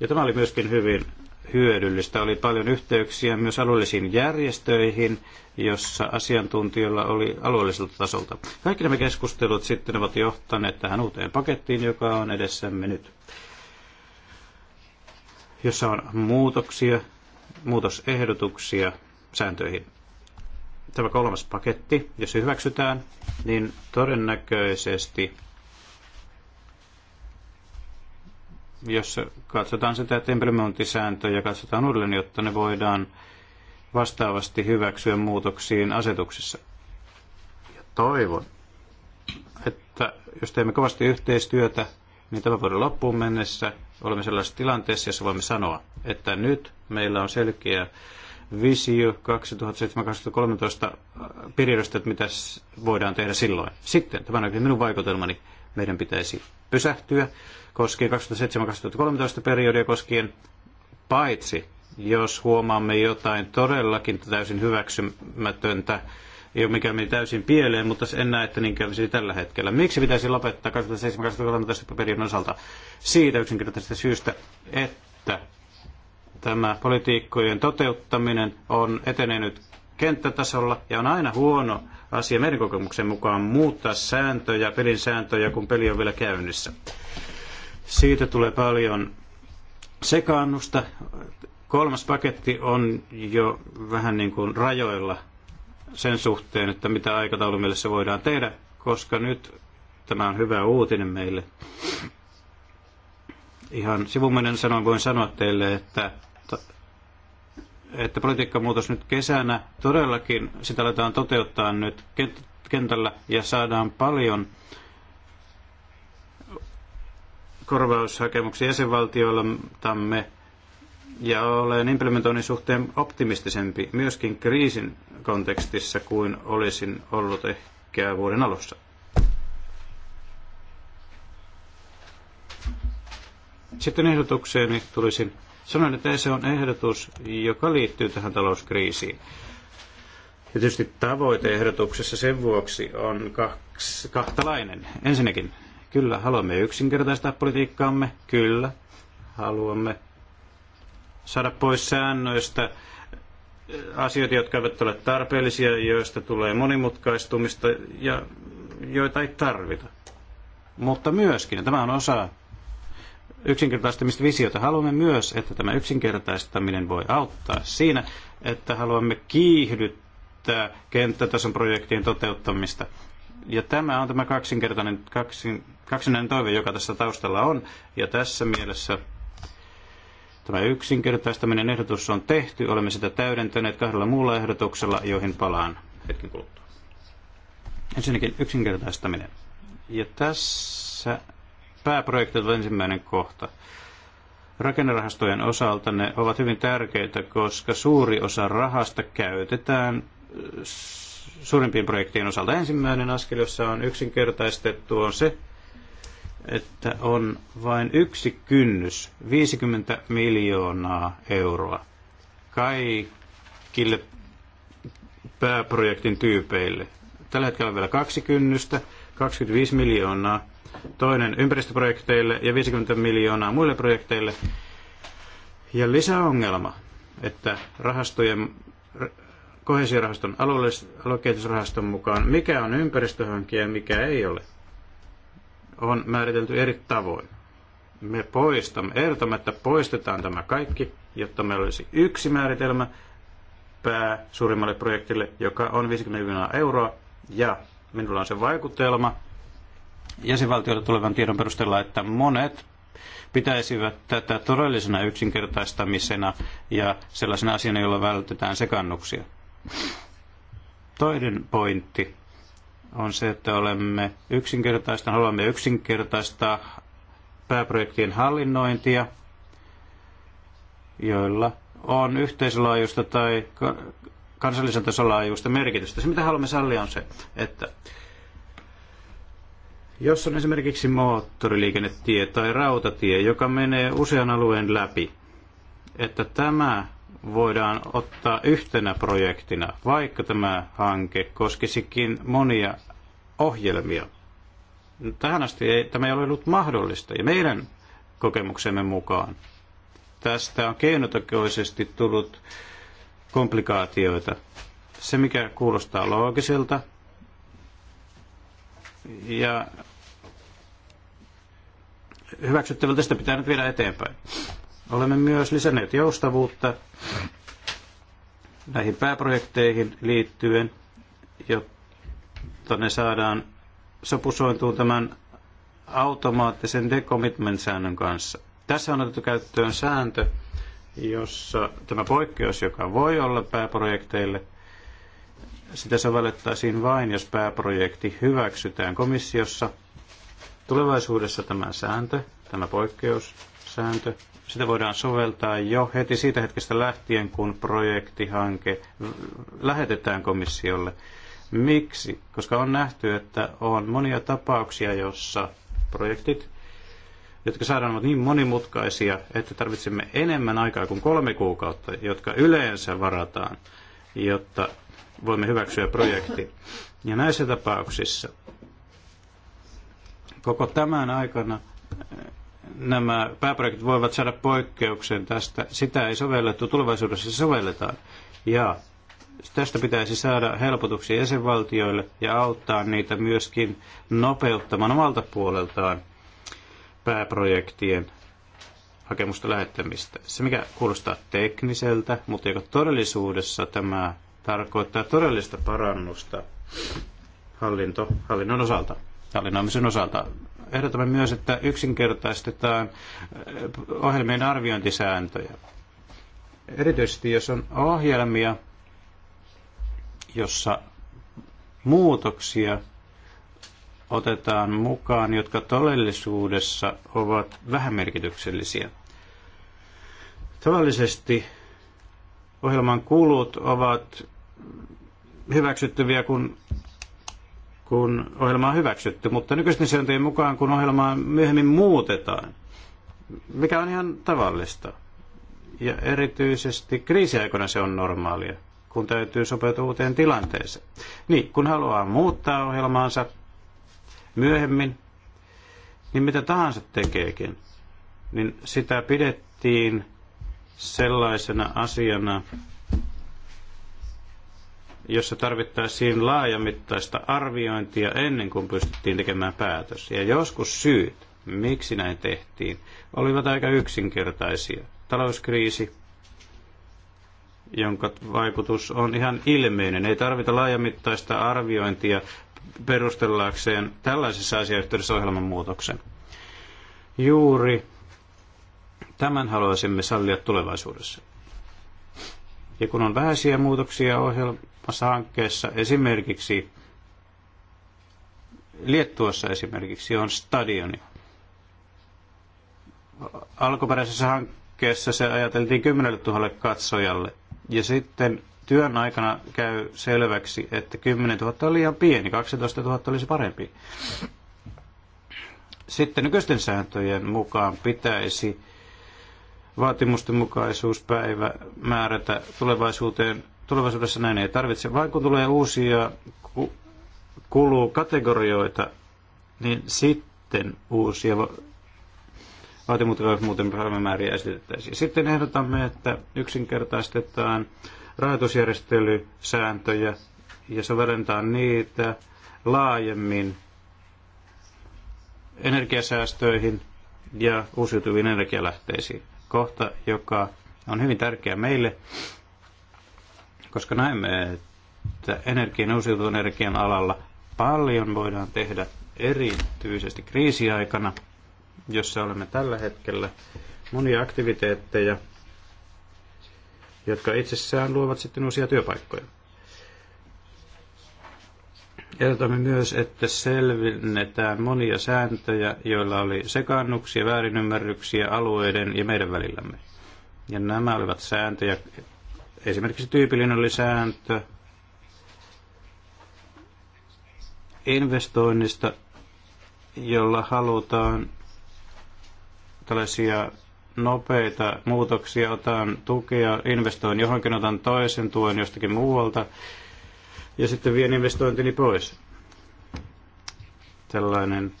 Ja tämä oli myöskin hyvin hyödyllistä. Oli paljon yhteyksiä myös alueellisiin järjestöihin, jossa asiantuntijoilla oli alueelliselta tasolta. Kaikki nämä keskustelut sitten ovat johtaneet tähän uuteen pakettiin, joka on edessämme nyt jossa on muutoksia, muutosehdotuksia sääntöihin. Tämä kolmas paketti, jos se hyväksytään, niin todennäköisesti, jos katsotaan sitä, että ja katsotaan uudelleen, jotta ne voidaan vastaavasti hyväksyä muutoksiin asetuksissa. Ja toivon, että jos teemme kovasti yhteistyötä, niin tämä vuoden loppuun mennessä olemme sellaisessa tilanteessa, jossa voimme sanoa, että nyt meillä on selkeä visio 2007-2013 äh, periodosta, että mitä voidaan tehdä silloin. Sitten, tämä on minun vaikutelmani, meidän pitäisi pysähtyä koskien 2007-2013 periodia koskien, paitsi jos huomaamme jotain todellakin täysin hyväksymätöntä ei ole mikään meni täysin pieleen, mutta en näe, että niin kävisi tällä hetkellä. Miksi pitäisi lopettaa 2007-2013 paperin osalta? Siitä yksinkertaisesta syystä, että tämä politiikkojen toteuttaminen on etenenyt kenttätasolla ja on aina huono asia meidän kokemuksen mukaan muuttaa sääntöjä, pelin sääntöjä, kun peli on vielä käynnissä. Siitä tulee paljon sekaannusta. Kolmas paketti on jo vähän niin kuin rajoilla sen suhteen, että mitä aikataulumielessä voidaan tehdä, koska nyt tämä on hyvä uutinen meille. Ihan sivumennen sanoin voin sanoa teille, että, että politiikkamuutos nyt kesänä todellakin, sitä aletaan toteuttaa nyt kentällä ja saadaan paljon korvaushakemuksia jäsenvaltioiltamme ja olen implementoinnin suhteen optimistisempi myöskin kriisin kontekstissa kuin olisin ollut ehkä vuoden alussa. Sitten ehdotukseeni tulisin. Sanoin, että se on ehdotus, joka liittyy tähän talouskriisiin. Ja tietysti tavoite ehdotuksessa sen vuoksi on kaks, kahtalainen. Ensinnäkin, kyllä haluamme yksinkertaistaa politiikkaamme, kyllä haluamme saada pois säännöistä, asioita, jotka eivät ole tarpeellisia, joista tulee monimutkaistumista ja joita ei tarvita. Mutta myöskin, tämä on osa yksinkertaistamista visiota. Haluamme myös, että tämä yksinkertaistaminen voi auttaa siinä, että haluamme kiihdyttää kenttätason projektien toteuttamista. Ja tämä on tämä kaksinkertainen, kaksin, kaksinainen toive, joka tässä taustalla on. Ja tässä mielessä Tämä yksinkertaistaminen ehdotus on tehty, olemme sitä täydentäneet kahdella muulla ehdotuksella, joihin palaan hetken kuluttua. Ensinnäkin yksinkertaistaminen. Ja tässä pääprojekti on ensimmäinen kohta. Rakennerahastojen osalta ne ovat hyvin tärkeitä, koska suuri osa rahasta käytetään suurimpien projektiin osalta. Ensimmäinen askel, jossa on yksinkertaistettu, on se, että on vain yksi kynnys, 50 miljoonaa euroa kaikille pääprojektin tyypeille. Tällä hetkellä on vielä kaksi kynnystä, 25 miljoonaa, toinen ympäristöprojekteille ja 50 miljoonaa muille projekteille. Ja lisäongelma, että rahastojen, kohesiorahaston aluekehitysrahaston mukaan, mikä on ympäristöhanke ja mikä ei ole – on määritelty eri tavoin. Me poistamme, ehdotamme, että poistetaan tämä kaikki, jotta meillä olisi yksi määritelmä pää suurimmalle projektille, joka on 50 miljoonaa euroa, ja minulla on se vaikutelma jäsenvaltioilta tulevan tiedon perusteella, että monet pitäisivät tätä todellisena yksinkertaistamisena ja sellaisena asiana, jolla vältetään sekannuksia. Toinen pointti on se, että olemme yksinkertaista, haluamme yksinkertaistaa pääprojektien hallinnointia, joilla on yhteislaajuista tai kansallisen tason laajuista merkitystä. Se, mitä haluamme sallia, on se, että jos on esimerkiksi moottoriliikennetie tai rautatie, joka menee usean alueen läpi, että tämä voidaan ottaa yhtenä projektina, vaikka tämä hanke koskisikin monia ohjelmia. Tähän asti ei, tämä ei ole ollut mahdollista ja meidän kokemuksemme mukaan tästä on keinotekoisesti tullut komplikaatioita. Se, mikä kuulostaa loogiselta ja hyväksyttävältä, sitä pitää nyt viedä eteenpäin. Olemme myös lisänneet joustavuutta näihin pääprojekteihin liittyen, jotta ne saadaan sopusointuun tämän automaattisen decommitment-säännön kanssa. Tässä on otettu käyttöön sääntö, jossa tämä poikkeus, joka voi olla pääprojekteille, sitä sovellettaisiin vain, jos pääprojekti hyväksytään komissiossa. Tulevaisuudessa tämä sääntö, tämä poikkeussääntö, sitä voidaan soveltaa jo heti siitä hetkestä lähtien, kun projektihanke lähetetään komissiolle. Miksi? Koska on nähty, että on monia tapauksia, joissa projektit, jotka saadaan ovat niin monimutkaisia, että tarvitsemme enemmän aikaa kuin kolme kuukautta, jotka yleensä varataan, jotta voimme hyväksyä projekti. Ja näissä tapauksissa koko tämän aikana nämä pääprojektit voivat saada poikkeuksen tästä. Sitä ei sovellettu, tulevaisuudessa se sovelletaan. Ja tästä pitäisi saada helpotuksia jäsenvaltioille ja auttaa niitä myöskin nopeuttamaan omalta puoleltaan pääprojektien hakemusta lähettämistä. Se, mikä kuulostaa tekniseltä, mutta joka todellisuudessa tämä tarkoittaa todellista parannusta hallinto, hallinnon osalta hallinnoimisen osalta. Ehdotamme myös, että yksinkertaistetaan eh, ohjelmien arviointisääntöjä. Erityisesti jos on ohjelmia, jossa muutoksia otetaan mukaan, jotka todellisuudessa ovat vähämerkityksellisiä. Tavallisesti ohjelman kulut ovat hyväksyttäviä, kun kun ohjelma on hyväksytty, mutta nykyisten sääntöjen mukaan, kun ohjelmaa myöhemmin muutetaan, mikä on ihan tavallista. Ja erityisesti kriisiaikoina se on normaalia, kun täytyy sopeutua uuteen tilanteeseen. Niin, kun haluaa muuttaa ohjelmaansa myöhemmin, niin mitä tahansa tekeekin, niin sitä pidettiin sellaisena asiana, jossa tarvittaisiin laajamittaista arviointia ennen kuin pystyttiin tekemään päätös. Ja joskus syyt, miksi näin tehtiin, olivat aika yksinkertaisia. Talouskriisi, jonka vaikutus on ihan ilmeinen. Ei tarvita laajamittaista arviointia perustellaakseen tällaisessa asiayhteydessä ohjelman muutoksen. Juuri tämän haluaisimme sallia tulevaisuudessa. Ja kun on vähäisiä muutoksia ohjelmassa hankkeessa, esimerkiksi Liettuossa esimerkiksi on stadioni. Alkuperäisessä hankkeessa se ajateltiin 10 000 katsojalle. Ja sitten työn aikana käy selväksi, että 10 000 on liian pieni, 12 000 olisi parempi. Sitten nykyisten sääntöjen mukaan pitäisi päivä määrätä tulevaisuuteen. Tulevaisuudessa näin ei tarvitse. Vaan kun tulee uusia kulu-kategorioita, niin sitten uusia muuten päivämääriä esitettäisiin. Sitten ehdotamme, että yksinkertaistetaan rahoitusjärjestelysääntöjä ja sovelletaan niitä laajemmin energiasäästöihin ja uusiutuviin energialähteisiin kohta, joka on hyvin tärkeä meille, koska näemme, että energian uusiutuvan energian alalla paljon voidaan tehdä erityisesti kriisiaikana, jossa olemme tällä hetkellä monia aktiviteetteja, jotka itsessään luovat sitten uusia työpaikkoja. Ehdotamme myös, että selvinnetään monia sääntöjä, joilla oli sekaannuksia, väärinymmärryksiä alueiden ja meidän välillämme. Ja nämä olivat sääntöjä. Esimerkiksi tyypillinen oli sääntö investoinnista, jolla halutaan tällaisia nopeita muutoksia, otan tukea, investoin johonkin, otan toisen tuen jostakin muualta ja sitten vien investointini pois. Tällainen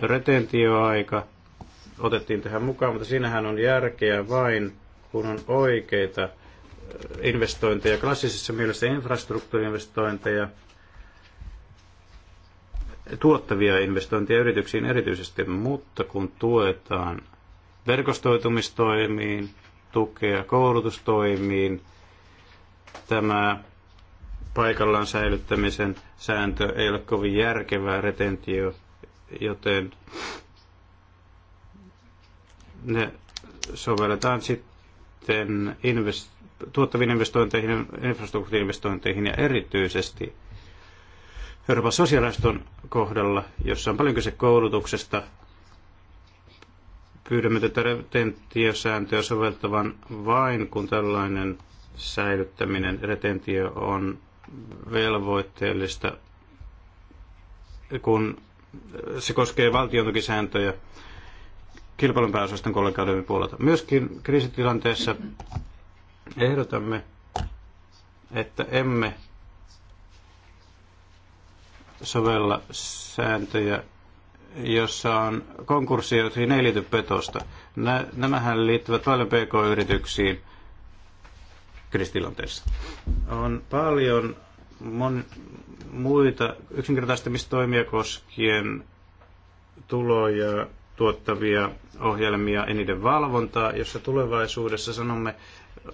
retentioaika otettiin tähän mukaan, mutta siinähän on järkeä vain, kun on oikeita investointeja, klassisessa mielessä infrastruktuurinvestointeja, tuottavia investointeja yrityksiin erityisesti, mutta kun tuetaan verkostoitumistoimiin, tukea koulutustoimiin, tämä paikallaan säilyttämisen sääntö ei ole kovin järkevää retentio, joten ne sovelletaan sitten invest- tuottaviin investointeihin, infrastruktuuriinvestointeihin ja erityisesti Euroopan sosiaaliston kohdalla, jossa on paljon kyse koulutuksesta, pyydämme tätä retentiosääntöä soveltavan vain, kun tällainen säilyttäminen retentio on velvoitteellista, kun se koskee valtiontukisääntöjä kilpailun pääosaston kollegoiden puolelta. Myöskin kriisitilanteessa ehdotamme, että emme sovella sääntöjä, jossa on konkurssia, joihin ei liity petosta. Nämähän liittyvät paljon pk-yrityksiin, kriisitilanteessa? On paljon mon, muita yksinkertaistamistoimia koskien tuloja tuottavia ohjelmia ja niiden valvontaa, jossa tulevaisuudessa sanomme,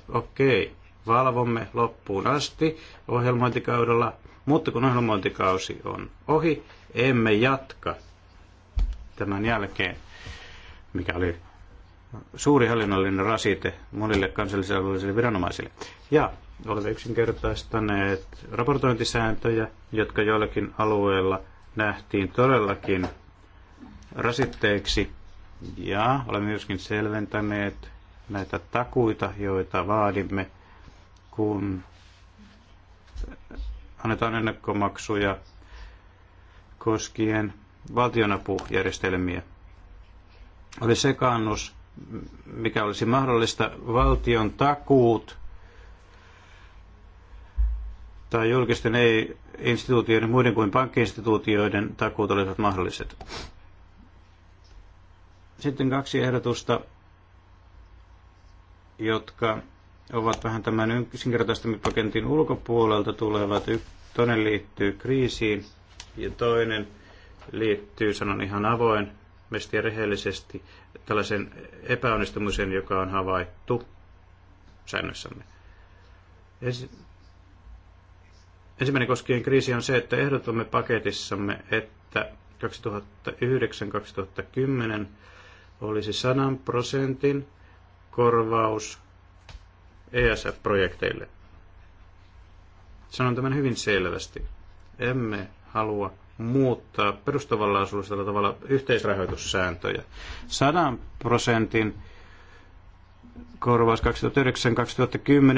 okei, okay, valvomme loppuun asti ohjelmointikaudella, mutta kun ohjelmointikausi on ohi, emme jatka tämän jälkeen, mikä oli suuri hallinnollinen rasite monille kansallisille viranomaisille. Ja olemme yksinkertaistaneet raportointisääntöjä, jotka joillakin alueilla nähtiin todellakin rasitteiksi. Ja olemme myöskin selventäneet näitä takuita, joita vaadimme, kun annetaan ennakkomaksuja koskien valtionapujärjestelmiä. Oli sekaannus mikä olisi mahdollista, valtion takuut tai julkisten ei-instituutioiden muiden kuin pankkiinstituutioiden takuut olisivat mahdolliset. Sitten kaksi ehdotusta, jotka ovat vähän tämän yksinkertaistamispaketin ulkopuolelta tulevat. Toinen liittyy kriisiin ja toinen liittyy, sanon ihan avoin, avoimesti ja rehellisesti tällaisen epäonnistumisen, joka on havaittu säännössämme. Ensimmäinen koskien kriisi on se, että ehdotamme paketissamme, että 2009-2010 olisi 100 prosentin korvaus ESF-projekteille. Sanon tämän hyvin selvästi. Emme halua muuttaa perustavanlaisuudella tavalla yhteisrahoitussääntöjä. 100 prosentin korvaus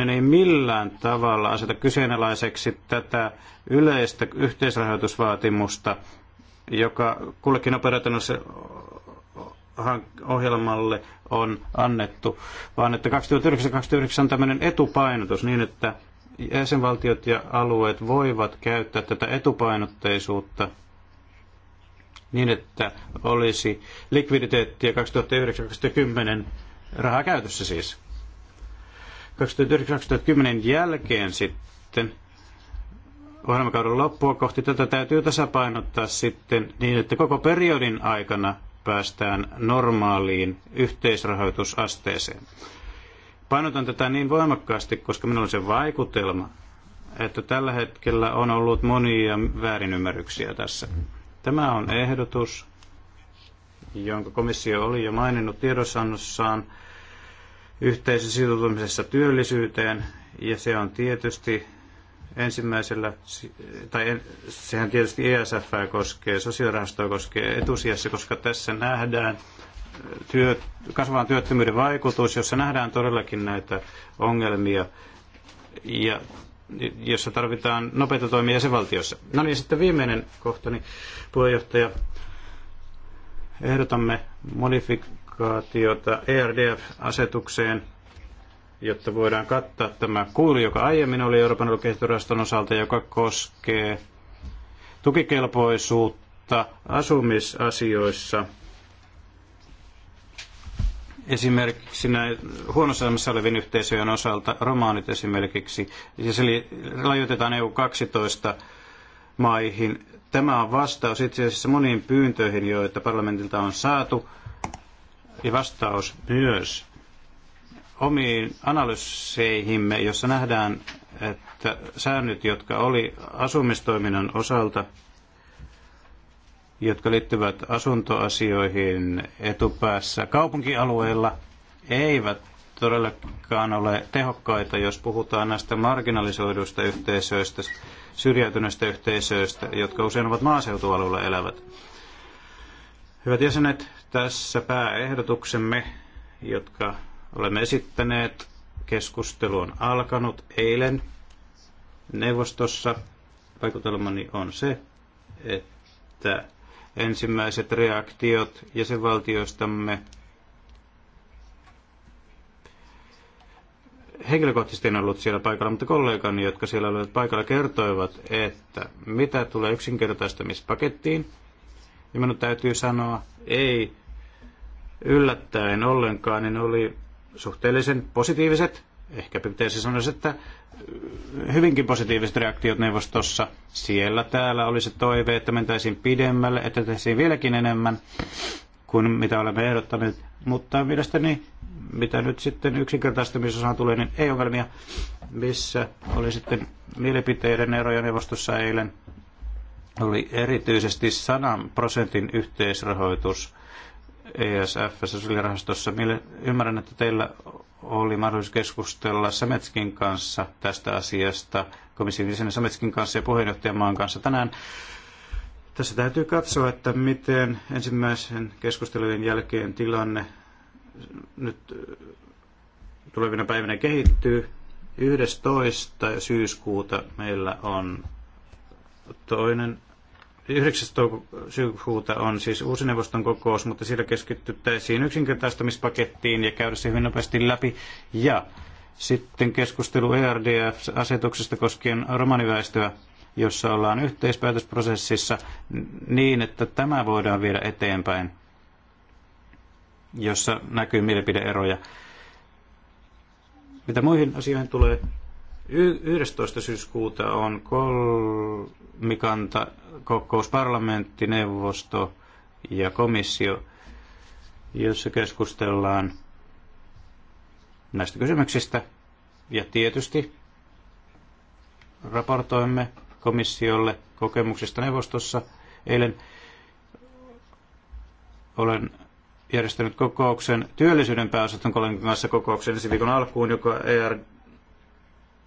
2009-2010 ei millään tavalla aseta kyseenalaiseksi tätä yleistä yhteisrahoitusvaatimusta, joka kullekin operatiiviselle ohjelmalle on annettu, vaan että 2009-2009 on tämmöinen etupainotus niin, että jäsenvaltiot ja alueet voivat käyttää tätä etupainotteisuutta niin, että olisi likviditeettiä 2009-2010 rahaa käytössä siis. 2009-2010 jälkeen sitten ohjelmakauden loppua kohti tätä täytyy tasapainottaa sitten niin, että koko periodin aikana päästään normaaliin yhteisrahoitusasteeseen. Painotan tätä niin voimakkaasti, koska minulla on se vaikutelma, että tällä hetkellä on ollut monia väärinymmärryksiä tässä. Tämä on ehdotus, jonka komissio oli jo maininnut tiedossannossaan yhteisön sitoutumisessa työllisyyteen, ja se on tietysti ensimmäisellä, tai sehän tietysti ESF koskee, sosiaalirahastoa koskee etusijassa, koska tässä nähdään työ, kasvavan työttömyyden vaikutus, jossa nähdään todellakin näitä ongelmia ja jossa tarvitaan nopeita toimia jäsenvaltiossa. No niin, sitten viimeinen kohtani, niin puheenjohtaja. Ehdotamme modifikaatiota ERDF-asetukseen, jotta voidaan kattaa tämä kuilu, joka aiemmin oli Euroopan kehitysraston osalta, joka koskee tukikelpoisuutta asumisasioissa – esimerkiksi näin huonossa asemassa olevien yhteisöjen osalta, romaanit esimerkiksi, ja se rajoitetaan EU-12 maihin. Tämä on vastaus itse asiassa moniin pyyntöihin, joita parlamentilta on saatu, ja vastaus myös omiin analyyseihimme, jossa nähdään, että säännöt, jotka oli asumistoiminnan osalta – jotka liittyvät asuntoasioihin etupäässä kaupunkialueilla, eivät todellakaan ole tehokkaita, jos puhutaan näistä marginalisoiduista yhteisöistä, syrjäytyneistä yhteisöistä, jotka usein ovat maaseutualueilla elävät. Hyvät jäsenet, tässä pääehdotuksemme, jotka olemme esittäneet. Keskustelu on alkanut eilen neuvostossa. Vaikutelmani on se, että ensimmäiset reaktiot jäsenvaltioistamme. Henkilökohtaisesti en ollut siellä paikalla, mutta kollegani, jotka siellä olivat paikalla, kertoivat, että mitä tulee yksinkertaistamispakettiin. Ja niin minun täytyy sanoa, ei yllättäen ollenkaan, niin oli suhteellisen positiiviset ehkä pitäisi sanoa, että hyvinkin positiiviset reaktiot neuvostossa. Siellä täällä oli se toive, että mentäisiin pidemmälle, että tehtäisiin vieläkin enemmän kuin mitä olemme ehdottaneet. Mutta mielestäni, mitä nyt sitten yksinkertaistamisosaan tulee, niin ei ongelmia, missä oli sitten mielipiteiden eroja neuvostossa eilen. Oli erityisesti 100 prosentin yhteisrahoitus ESF-sosiaalirahastossa. Ymmärrän, että teillä oli mahdollisuus keskustella Sametskin kanssa tästä asiasta, komission jäsenen Sametskin kanssa ja puheenjohtajamaan kanssa tänään. Tässä täytyy katsoa, että miten ensimmäisen keskustelujen jälkeen tilanne nyt tulevina päivinä kehittyy. 11. syyskuuta meillä on toinen 9. syyskuuta on siis uusi neuvoston kokous, mutta siellä keskityttäisiin yksinkertaistamispakettiin ja käydä se hyvin nopeasti läpi. Ja sitten keskustelu ERDF-asetuksesta koskien romaniväestöä, jossa ollaan yhteispäätösprosessissa niin, että tämä voidaan viedä eteenpäin, jossa näkyy mielipideeroja. Mitä muihin asioihin tulee, 11. syyskuuta on kolmikanta kokous parlamentti, neuvosto ja komissio, jossa keskustellaan näistä kysymyksistä. Ja tietysti raportoimme komissiolle kokemuksista neuvostossa. Eilen olen järjestänyt kokouksen työllisyyden pääosaston kollegan kanssa kokouksen ensi viikon alkuun, joka ER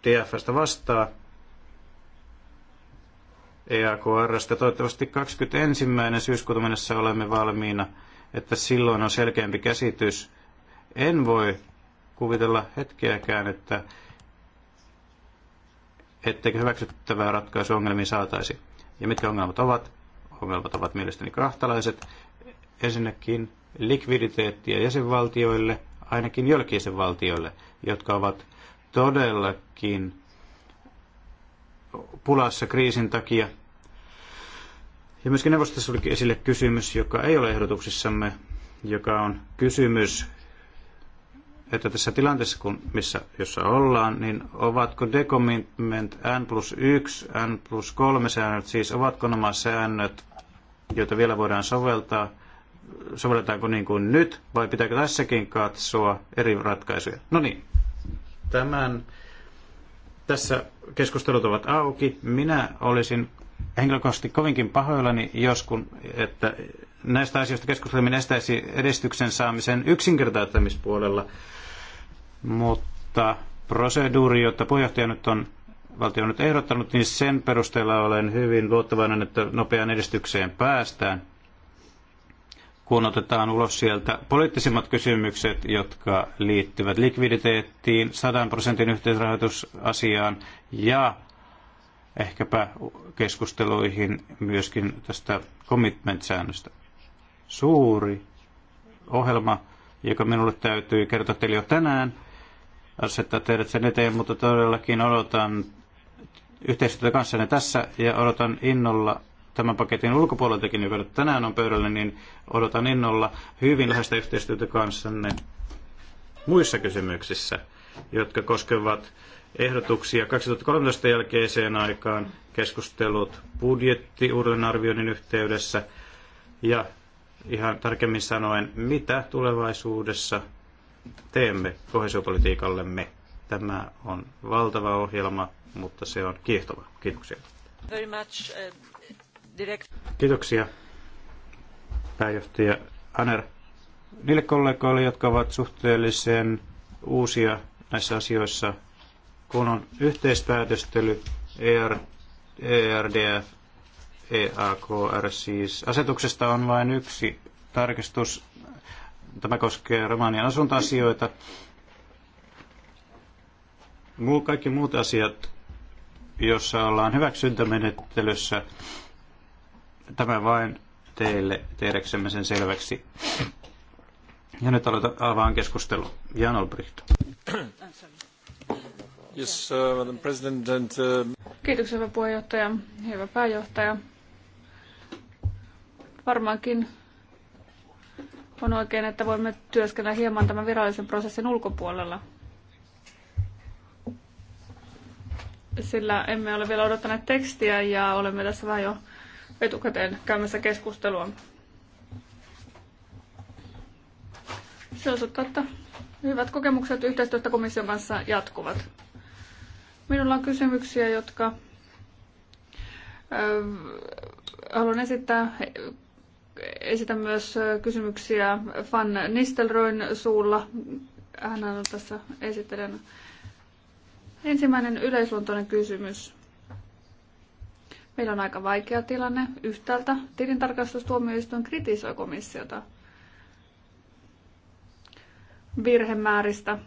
TFstä vastaa. EAKRstä toivottavasti 21. syyskuuta mennessä olemme valmiina, että silloin on selkeämpi käsitys. En voi kuvitella hetkeäkään, että etteikö hyväksyttävää ratkaisu ongelmiin saataisi. Ja mitkä ongelmat ovat? Ongelmat ovat mielestäni kahtalaiset. Ensinnäkin likviditeettiä jäsenvaltioille, ainakin joillekin valtioille, jotka ovat todellakin pulassa kriisin takia. Ja myöskin neuvostossa oli esille kysymys, joka ei ole ehdotuksissamme, joka on kysymys, että tässä tilanteessa, kun, missä, jossa ollaan, niin ovatko decommitment n plus 1, n plus 3 säännöt, siis ovatko nämä säännöt, joita vielä voidaan soveltaa, sovelletaanko niin kuin nyt, vai pitääkö tässäkin katsoa eri ratkaisuja? No niin, Tämän, tässä keskustelut ovat auki. Minä olisin henkilökohtaisesti kovinkin pahoillani joskun, että näistä asioista keskusteleminen estäisi edistyksen saamisen yksinkertaistamispuolella, mutta proseduuri, jota puheenjohtaja nyt on valtio on nyt ehdottanut, niin sen perusteella olen hyvin luottavainen, että nopeaan edistykseen päästään kun otetaan ulos sieltä poliittisimmat kysymykset, jotka liittyvät likviditeettiin, 100 prosentin yhteisrahoitusasiaan ja ehkäpä keskusteluihin myöskin tästä commitment-säännöstä. Suuri ohjelma, joka minulle täytyy kertoa teille jo tänään, asettaa teidät sen eteen, mutta todellakin odotan yhteistyötä kanssanne tässä ja odotan innolla tämän paketin ulkopuoleltakin, joka tänään on pöydällä, niin odotan innolla hyvin läheistä yhteistyötä kanssanne muissa kysymyksissä, jotka koskevat ehdotuksia 2013 jälkeiseen aikaan, keskustelut budjetti arvioinnin yhteydessä ja ihan tarkemmin sanoen, mitä tulevaisuudessa teemme kohesiopolitiikallemme. Tämä on valtava ohjelma, mutta se on kiehtova. Kiitoksia. Very much, uh... Kiitoksia pääjohtaja Aner. Niille kollegoille, jotka ovat suhteellisen uusia näissä asioissa, kun on yhteispäätöstely ER, ERDF, EAKR siis. Asetuksesta on vain yksi tarkistus. Tämä koskee Romanian asuntoasioita. Kaikki muut asiat, joissa ollaan hyväksyntämenettelyssä, Tämä vain teille tehdäksemme sen selväksi. Ja nyt aloita, avaan keskustelu. Jan Olbricht. Yes, uh, President and, uh... Kiitoksia, hyvä puheenjohtaja, hyvä pääjohtaja. Varmaankin on oikein, että voimme työskennellä hieman tämän virallisen prosessin ulkopuolella. Sillä emme ole vielä odottaneet tekstiä ja olemme tässä vähän jo etukäteen käymässä keskustelua. Se osoittaa, että hyvät kokemukset yhteistyöstä komission kanssa jatkuvat. Minulla on kysymyksiä, jotka haluan esittää. Esitän myös kysymyksiä Van Nistelroin suulla. Hän on tässä esittelen. Ensimmäinen yleisluontoinen kysymys. Meillä on aika vaikea tilanne. Yhtäältä tilintarkastustuomioistuin kritisoi komissiota virhemääristä.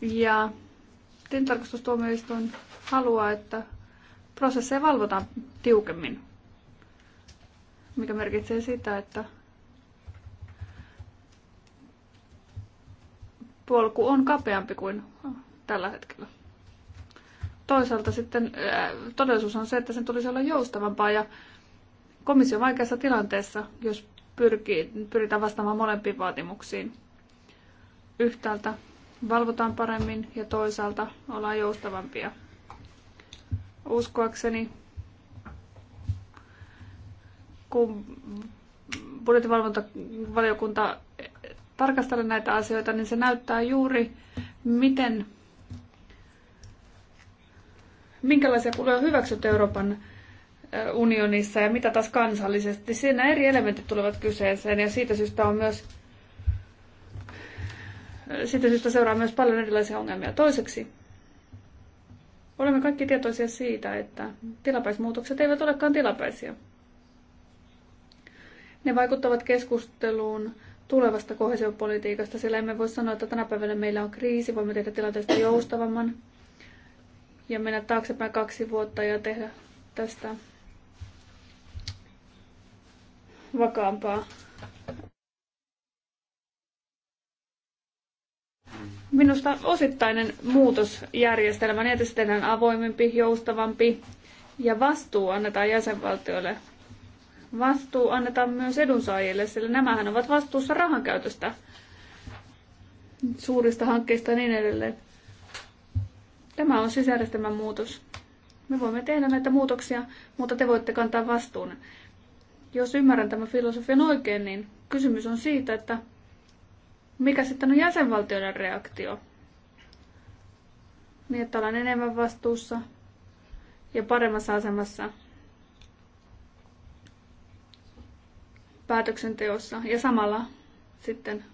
Ja tilintarkastustuomioistuin haluaa, että prosesseja valvotaan tiukemmin, mikä merkitsee sitä, että polku on kapeampi kuin tällä hetkellä toisaalta sitten äh, todellisuus on se, että sen tulisi olla joustavampaa ja komissio vaikeassa tilanteessa, jos pyrkii, pyritään vastaamaan molempiin vaatimuksiin. Yhtäältä valvotaan paremmin ja toisaalta ollaan joustavampia. Uskoakseni, kun budjettivalvontavaliokunta tarkastelee näitä asioita, niin se näyttää juuri, miten minkälaisia kuluja hyväksytty Euroopan unionissa ja mitä taas kansallisesti. Siinä eri elementit tulevat kyseeseen ja siitä syystä on myös siitä syystä seuraa myös paljon erilaisia ongelmia. Toiseksi, olemme kaikki tietoisia siitä, että tilapäismuutokset eivät olekaan tilapäisiä. Ne vaikuttavat keskusteluun tulevasta kohesiopolitiikasta, sillä emme voi sanoa, että tänä päivänä meillä on kriisi, voimme tehdä tilanteesta joustavamman, ja mennä taaksepäin kaksi vuotta ja tehdä tästä vakaampaa. Minusta osittainen muutosjärjestelmä, järjestelmään niin että avoimempi, joustavampi ja vastuu annetaan jäsenvaltioille. Vastuu annetaan myös edunsaajille, sillä nämähän ovat vastuussa rahankäytöstä, suurista hankkeista ja niin edelleen. Tämä on siis muutos. Me voimme tehdä näitä muutoksia, mutta te voitte kantaa vastuun. Jos ymmärrän tämän filosofian oikein, niin kysymys on siitä, että mikä sitten on jäsenvaltioiden reaktio? Niin, että ollaan enemmän vastuussa ja paremmassa asemassa päätöksenteossa ja samalla sitten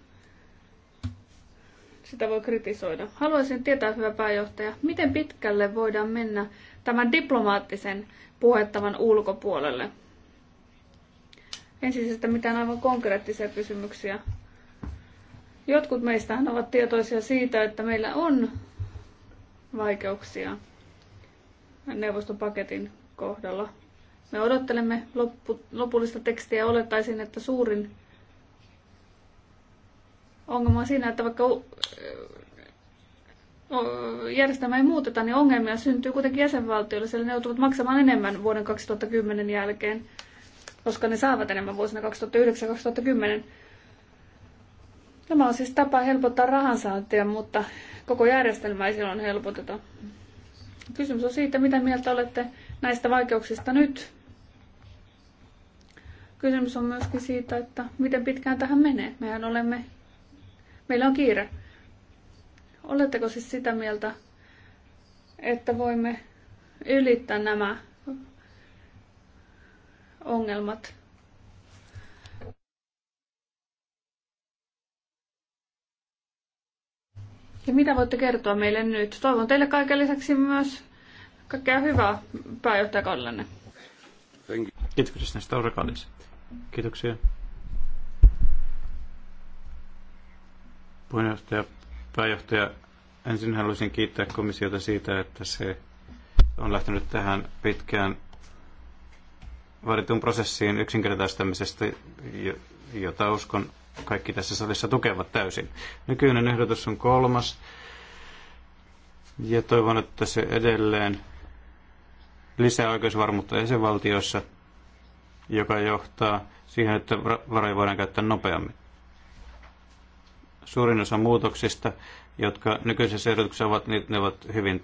sitä voi kritisoida. Haluaisin tietää, hyvä pääjohtaja, miten pitkälle voidaan mennä tämän diplomaattisen puhettavan ulkopuolelle? Ensisijaisesti siis mitään aivan konkreettisia kysymyksiä. Jotkut meistähän ovat tietoisia siitä, että meillä on vaikeuksia neuvostopaketin kohdalla. Me odottelemme loppu, lopullista tekstiä ja olettaisin, että suurin Ongelma on siinä, että vaikka järjestelmä ei muuteta, niin ongelmia syntyy kuitenkin jäsenvaltioille, sillä ne joutuvat maksamaan enemmän vuoden 2010 jälkeen, koska ne saavat enemmän vuosina 2009-2010. Tämä on siis tapa helpottaa rahansaantia, mutta koko järjestelmä ei silloin helpoteta. Kysymys on siitä, mitä mieltä olette näistä vaikeuksista nyt. Kysymys on myöskin siitä, että miten pitkään tähän menee. Mehän olemme Meillä on kiire. Oletteko siis sitä mieltä, että voimme ylittää nämä ongelmat? Ja mitä voitte kertoa meille nyt? Toivon teille kaiken lisäksi myös kaikkea hyvää pääjohtajakaudellanne. Kiitoksia näistä Kiitoksia. Puheenjohtaja, pääjohtaja, ensin haluaisin kiittää komissiota siitä, että se on lähtenyt tähän pitkään vaaditun prosessiin yksinkertaistamisesta, jota uskon kaikki tässä salissa tukevat täysin. Nykyinen ehdotus on kolmas ja toivon, että se edelleen lisää oikeusvarmuutta jäsenvaltioissa, joka johtaa siihen, että varoja voidaan käyttää nopeammin. Suurin osa muutoksista, jotka nykyisessä ehdotuksessa ovat, niin ne ovat hyvin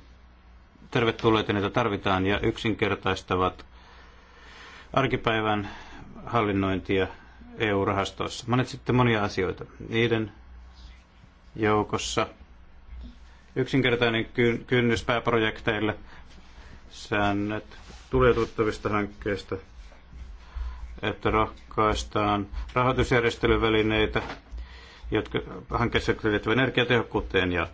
tervetulleita, niitä tarvitaan ja yksinkertaistavat arkipäivän hallinnointia EU-rahastoissa. sitten monia asioita. Niiden joukossa yksinkertainen kynnys pääprojekteille, säännöt tuleututtavista hankkeista, että rohkaistaan rahoitusjärjestelyvälineitä jotka hankkeessa liittyvät energiatehokkuuteen ja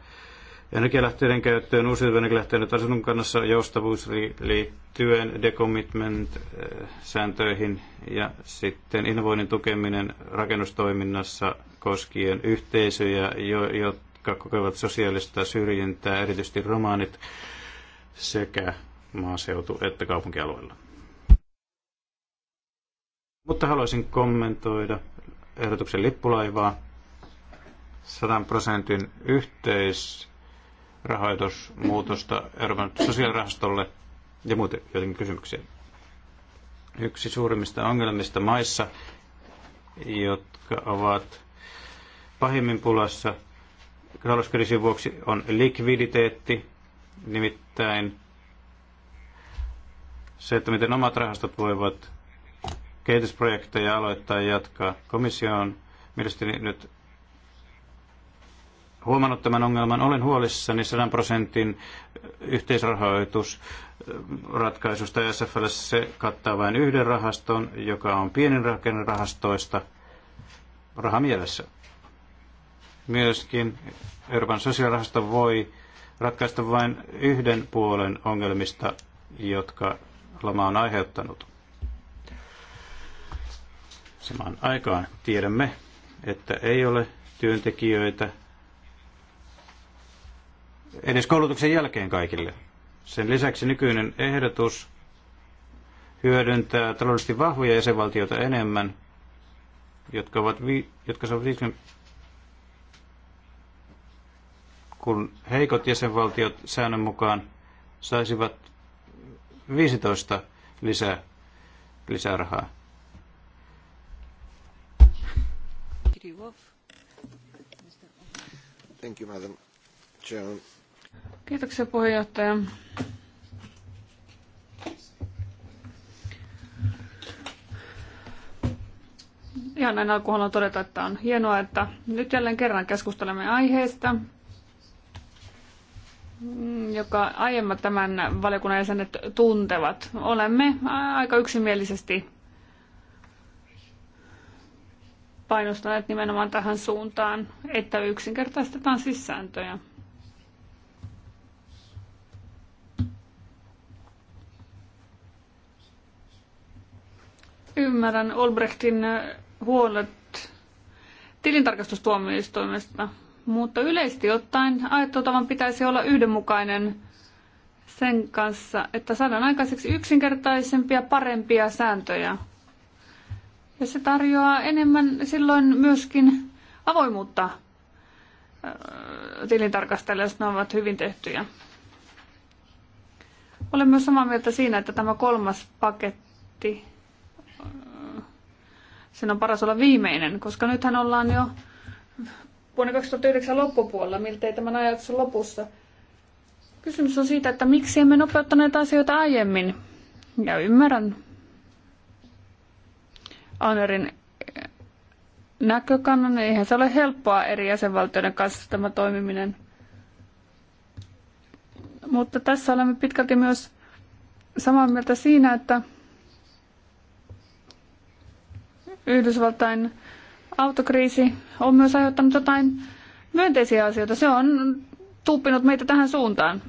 energialähteiden käyttöön, uusiutuvien energialähteiden asunnon kannassa joustavuus liittyen decommitment-sääntöihin eh, ja sitten innovoinnin tukeminen rakennustoiminnassa koskien yhteisöjä, jotka kokevat sosiaalista syrjintää, erityisesti romaanit sekä maaseutu- että kaupunkialueilla. Mutta haluaisin kommentoida ehdotuksen lippulaivaa 100 prosentin yhteisrahoitusmuutosta Euroopan sosiaalirahastolle ja muuten jotenkin kysymyksiä. Yksi suurimmista ongelmista maissa, jotka ovat pahimmin pulassa talouskriisin vuoksi, on likviditeetti, nimittäin se, että miten omat rahastot voivat kehitysprojekteja aloittaa ja jatkaa. Komissio on mielestäni nyt huomannut tämän ongelman. Olen huolissani 100 prosentin yhteisrahoitusratkaisusta äh, e SFL. Se kattaa vain yhden rahaston, joka on pienin rahastoista rahamielessä. Myöskin Euroopan sosiaalirahasto voi ratkaista vain yhden puolen ongelmista, jotka lama on aiheuttanut. Samaan aikaan tiedämme, että ei ole työntekijöitä, edes koulutuksen jälkeen kaikille. Sen lisäksi nykyinen ehdotus hyödyntää taloudellisesti vahvoja jäsenvaltioita enemmän, jotka, ovat vi, jotka saavat 50, kun heikot jäsenvaltiot säännön mukaan saisivat 15 lisää, lisää rahaa. Thank you, Madam Chairman. Kiitoksia puheenjohtaja. Ihan näin alkuun haluan todeta, että on hienoa, että nyt jälleen kerran keskustelemme aiheesta, joka aiemmat tämän valiokunnan jäsenet tuntevat. Olemme aika yksimielisesti painostaneet nimenomaan tähän suuntaan, että yksinkertaistetaan siis sääntöjä. Ymmärrän Olbrechtin huolet tilintarkastustuomioistuimesta, mutta yleisesti ottaen ajattelutavan pitäisi olla yhdenmukainen sen kanssa, että saadaan aikaiseksi yksinkertaisempia, parempia sääntöjä. Ja se tarjoaa enemmän silloin myöskin avoimuutta äh, tilintarkastajille, jos ne ovat hyvin tehtyjä. Olen myös samaa mieltä siinä, että tämä kolmas paketti sen on paras olla viimeinen, koska nythän ollaan jo vuonna 2009 loppupuolella, miltei tämän ajatuksen lopussa. Kysymys on siitä, että miksi emme nopeuttaneet asioita aiemmin. Ja ymmärrän Anerin näkökannan. Eihän se ole helppoa eri jäsenvaltioiden kanssa tämä toimiminen. Mutta tässä olemme pitkälti myös samaa mieltä siinä, että Yhdysvaltain autokriisi on myös aiheuttanut jotain myönteisiä asioita. Se on tuppinut meitä tähän suuntaan.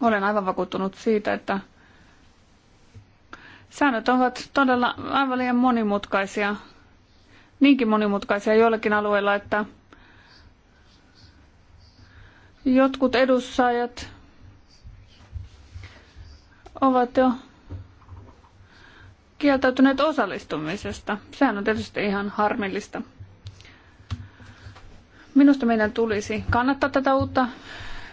Olen aivan vakuuttunut siitä, että säännöt ovat todella aivan liian monimutkaisia, niinkin monimutkaisia joillakin alueilla, että jotkut edussaajat ovat jo kieltäytyneet osallistumisesta. Sehän on tietysti ihan harmillista. Minusta meidän tulisi kannattaa tätä uutta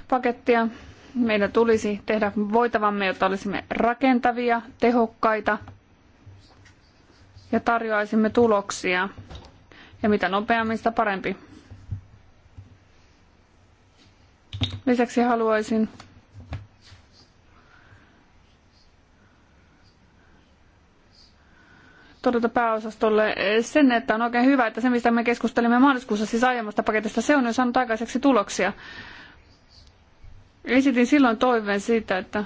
pakettia. Meidän tulisi tehdä voitavamme, jotta olisimme rakentavia, tehokkaita ja tarjoaisimme tuloksia. Ja mitä nopeammin, sitä parempi. Lisäksi haluaisin todeta pääosastolle sen, että on oikein hyvä, että se mistä me keskustelimme maaliskuussa siis aiemmasta paketista, se on jo saanut aikaiseksi tuloksia. Esitin silloin toiveen siitä, että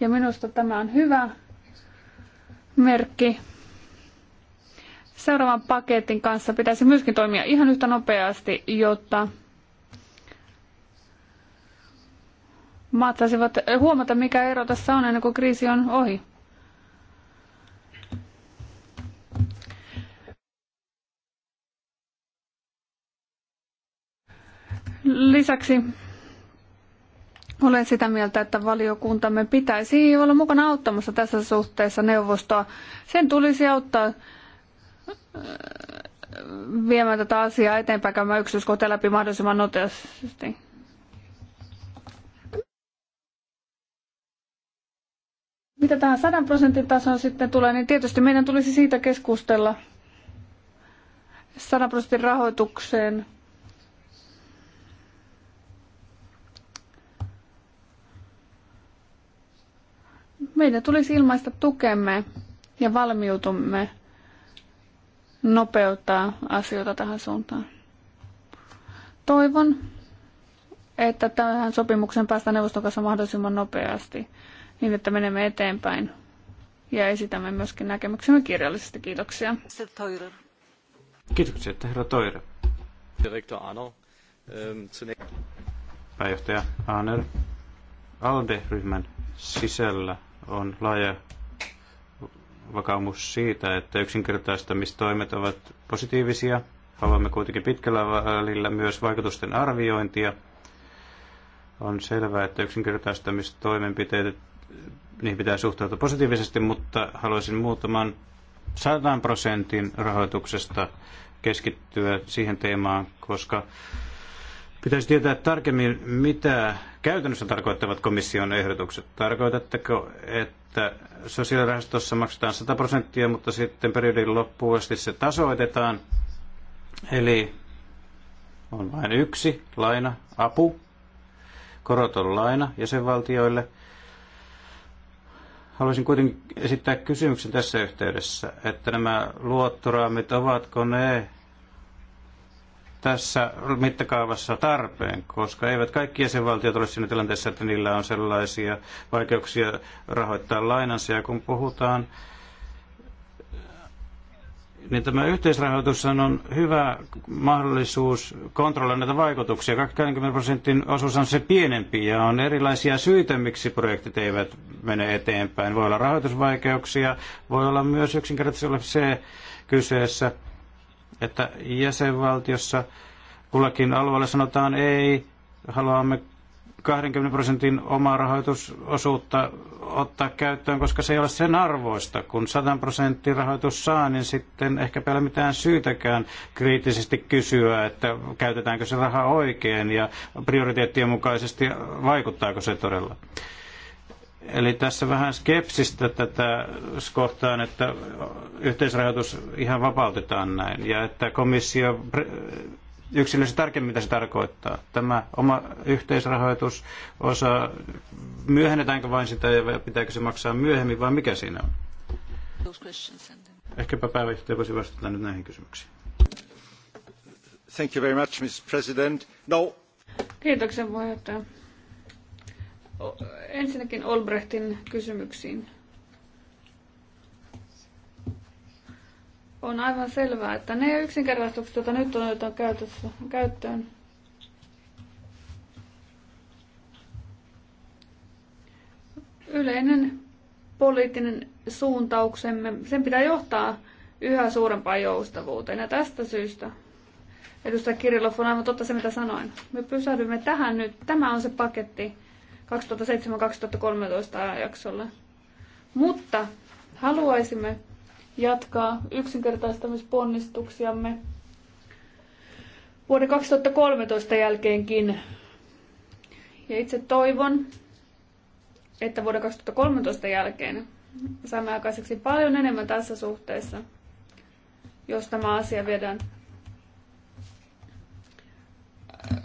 ja minusta tämä on hyvä merkki. Seuraavan paketin kanssa pitäisi myöskin toimia ihan yhtä nopeasti, jotta maat saisivat huomata, mikä ero tässä on ennen kuin kriisi on ohi. Lisäksi olen sitä mieltä, että valiokuntamme pitäisi olla mukana auttamassa tässä suhteessa neuvostoa. Sen tulisi auttaa äh, viemään tätä asiaa eteenpäin käymään yksityiskohtia läpi mahdollisimman nopeasti. Mitä tähän 100 prosentin tasoon sitten tulee, niin tietysti meidän tulisi siitä keskustella 100 prosentin rahoitukseen Meidän tulisi ilmaista tukemme ja valmiutumme nopeuttaa asioita tähän suuntaan. Toivon, että tähän sopimukseen päästään neuvoston kanssa mahdollisimman nopeasti, niin että menemme eteenpäin ja esitämme myöskin näkemyksemme kirjallisesti. Kiitoksia. Kiitoksia, että herra Toire. Direktor Ano. Ähm, Pääjohtaja Aner. ALDE-ryhmän sisällä on laaja vakaumus siitä, että yksinkertaistamistoimet ovat positiivisia. Haluamme kuitenkin pitkällä välillä myös vaikutusten arviointia. On selvää, että yksinkertaistamistoimenpiteet, niihin pitää suhtautua positiivisesti, mutta haluaisin muutaman 100 prosentin rahoituksesta keskittyä siihen teemaan, koska Pitäisi tietää tarkemmin, mitä käytännössä tarkoittavat komission ehdotukset. Tarkoitatteko, että sosiaalirahastossa maksetaan 100 prosenttia, mutta sitten periodin loppuun asti se tasoitetaan? Eli on vain yksi laina, apu, koroton laina jäsenvaltioille. Haluaisin kuitenkin esittää kysymyksen tässä yhteydessä, että nämä luottoraamit, ovatko ne tässä mittakaavassa tarpeen, koska eivät kaikki jäsenvaltiot ole siinä tilanteessa, että niillä on sellaisia vaikeuksia rahoittaa lainansa. Ja kun puhutaan, niin tämä yhteisrahoitus on hyvä mahdollisuus kontrolloida näitä vaikutuksia. 20 prosentin osuus on se pienempi ja on erilaisia syitä, miksi projektit eivät mene eteenpäin. Voi olla rahoitusvaikeuksia, voi olla myös yksinkertaisesti se kyseessä – että jäsenvaltiossa kullakin alueella sanotaan ei, haluamme 20 prosentin omaa rahoitusosuutta ottaa käyttöön, koska se ei ole sen arvoista. Kun 100 prosentin rahoitus saa, niin sitten ehkä ei ole mitään syytäkään kriittisesti kysyä, että käytetäänkö se raha oikein ja prioriteettien mukaisesti vaikuttaako se todella. Eli tässä vähän skepsistä tätä kohtaan, että yhteisrahoitus ihan vapautetaan näin ja että komissio yksilöllisesti tarkemmin, mitä se tarkoittaa. Tämä oma yhteisrahoitus osa, myöhennetäänkö vain sitä ja pitääkö se maksaa myöhemmin vai mikä siinä on? Ehkäpä pääjohtaja voisi vastata nyt näihin kysymyksiin. Thank you very much, Mr. President. No. Kiitoksia puheenjohtaja ensinnäkin Olbrechtin kysymyksiin. On aivan selvää, että ne yksinkertaistukset, joita nyt on otettu käyttöön, yleinen poliittinen suuntauksemme, sen pitää johtaa yhä suurempaan joustavuuteen. Ja tästä syystä edustaja Kirillov on aivan totta se, mitä sanoin. Me pysähdymme tähän nyt. Tämä on se paketti, 2007-2013 jaksolle. Mutta haluaisimme jatkaa yksinkertaistamisponnistuksiamme vuoden 2013 jälkeenkin. Ja itse toivon, että vuoden 2013 jälkeen saamme aikaiseksi paljon enemmän tässä suhteessa, jos tämä asia viedään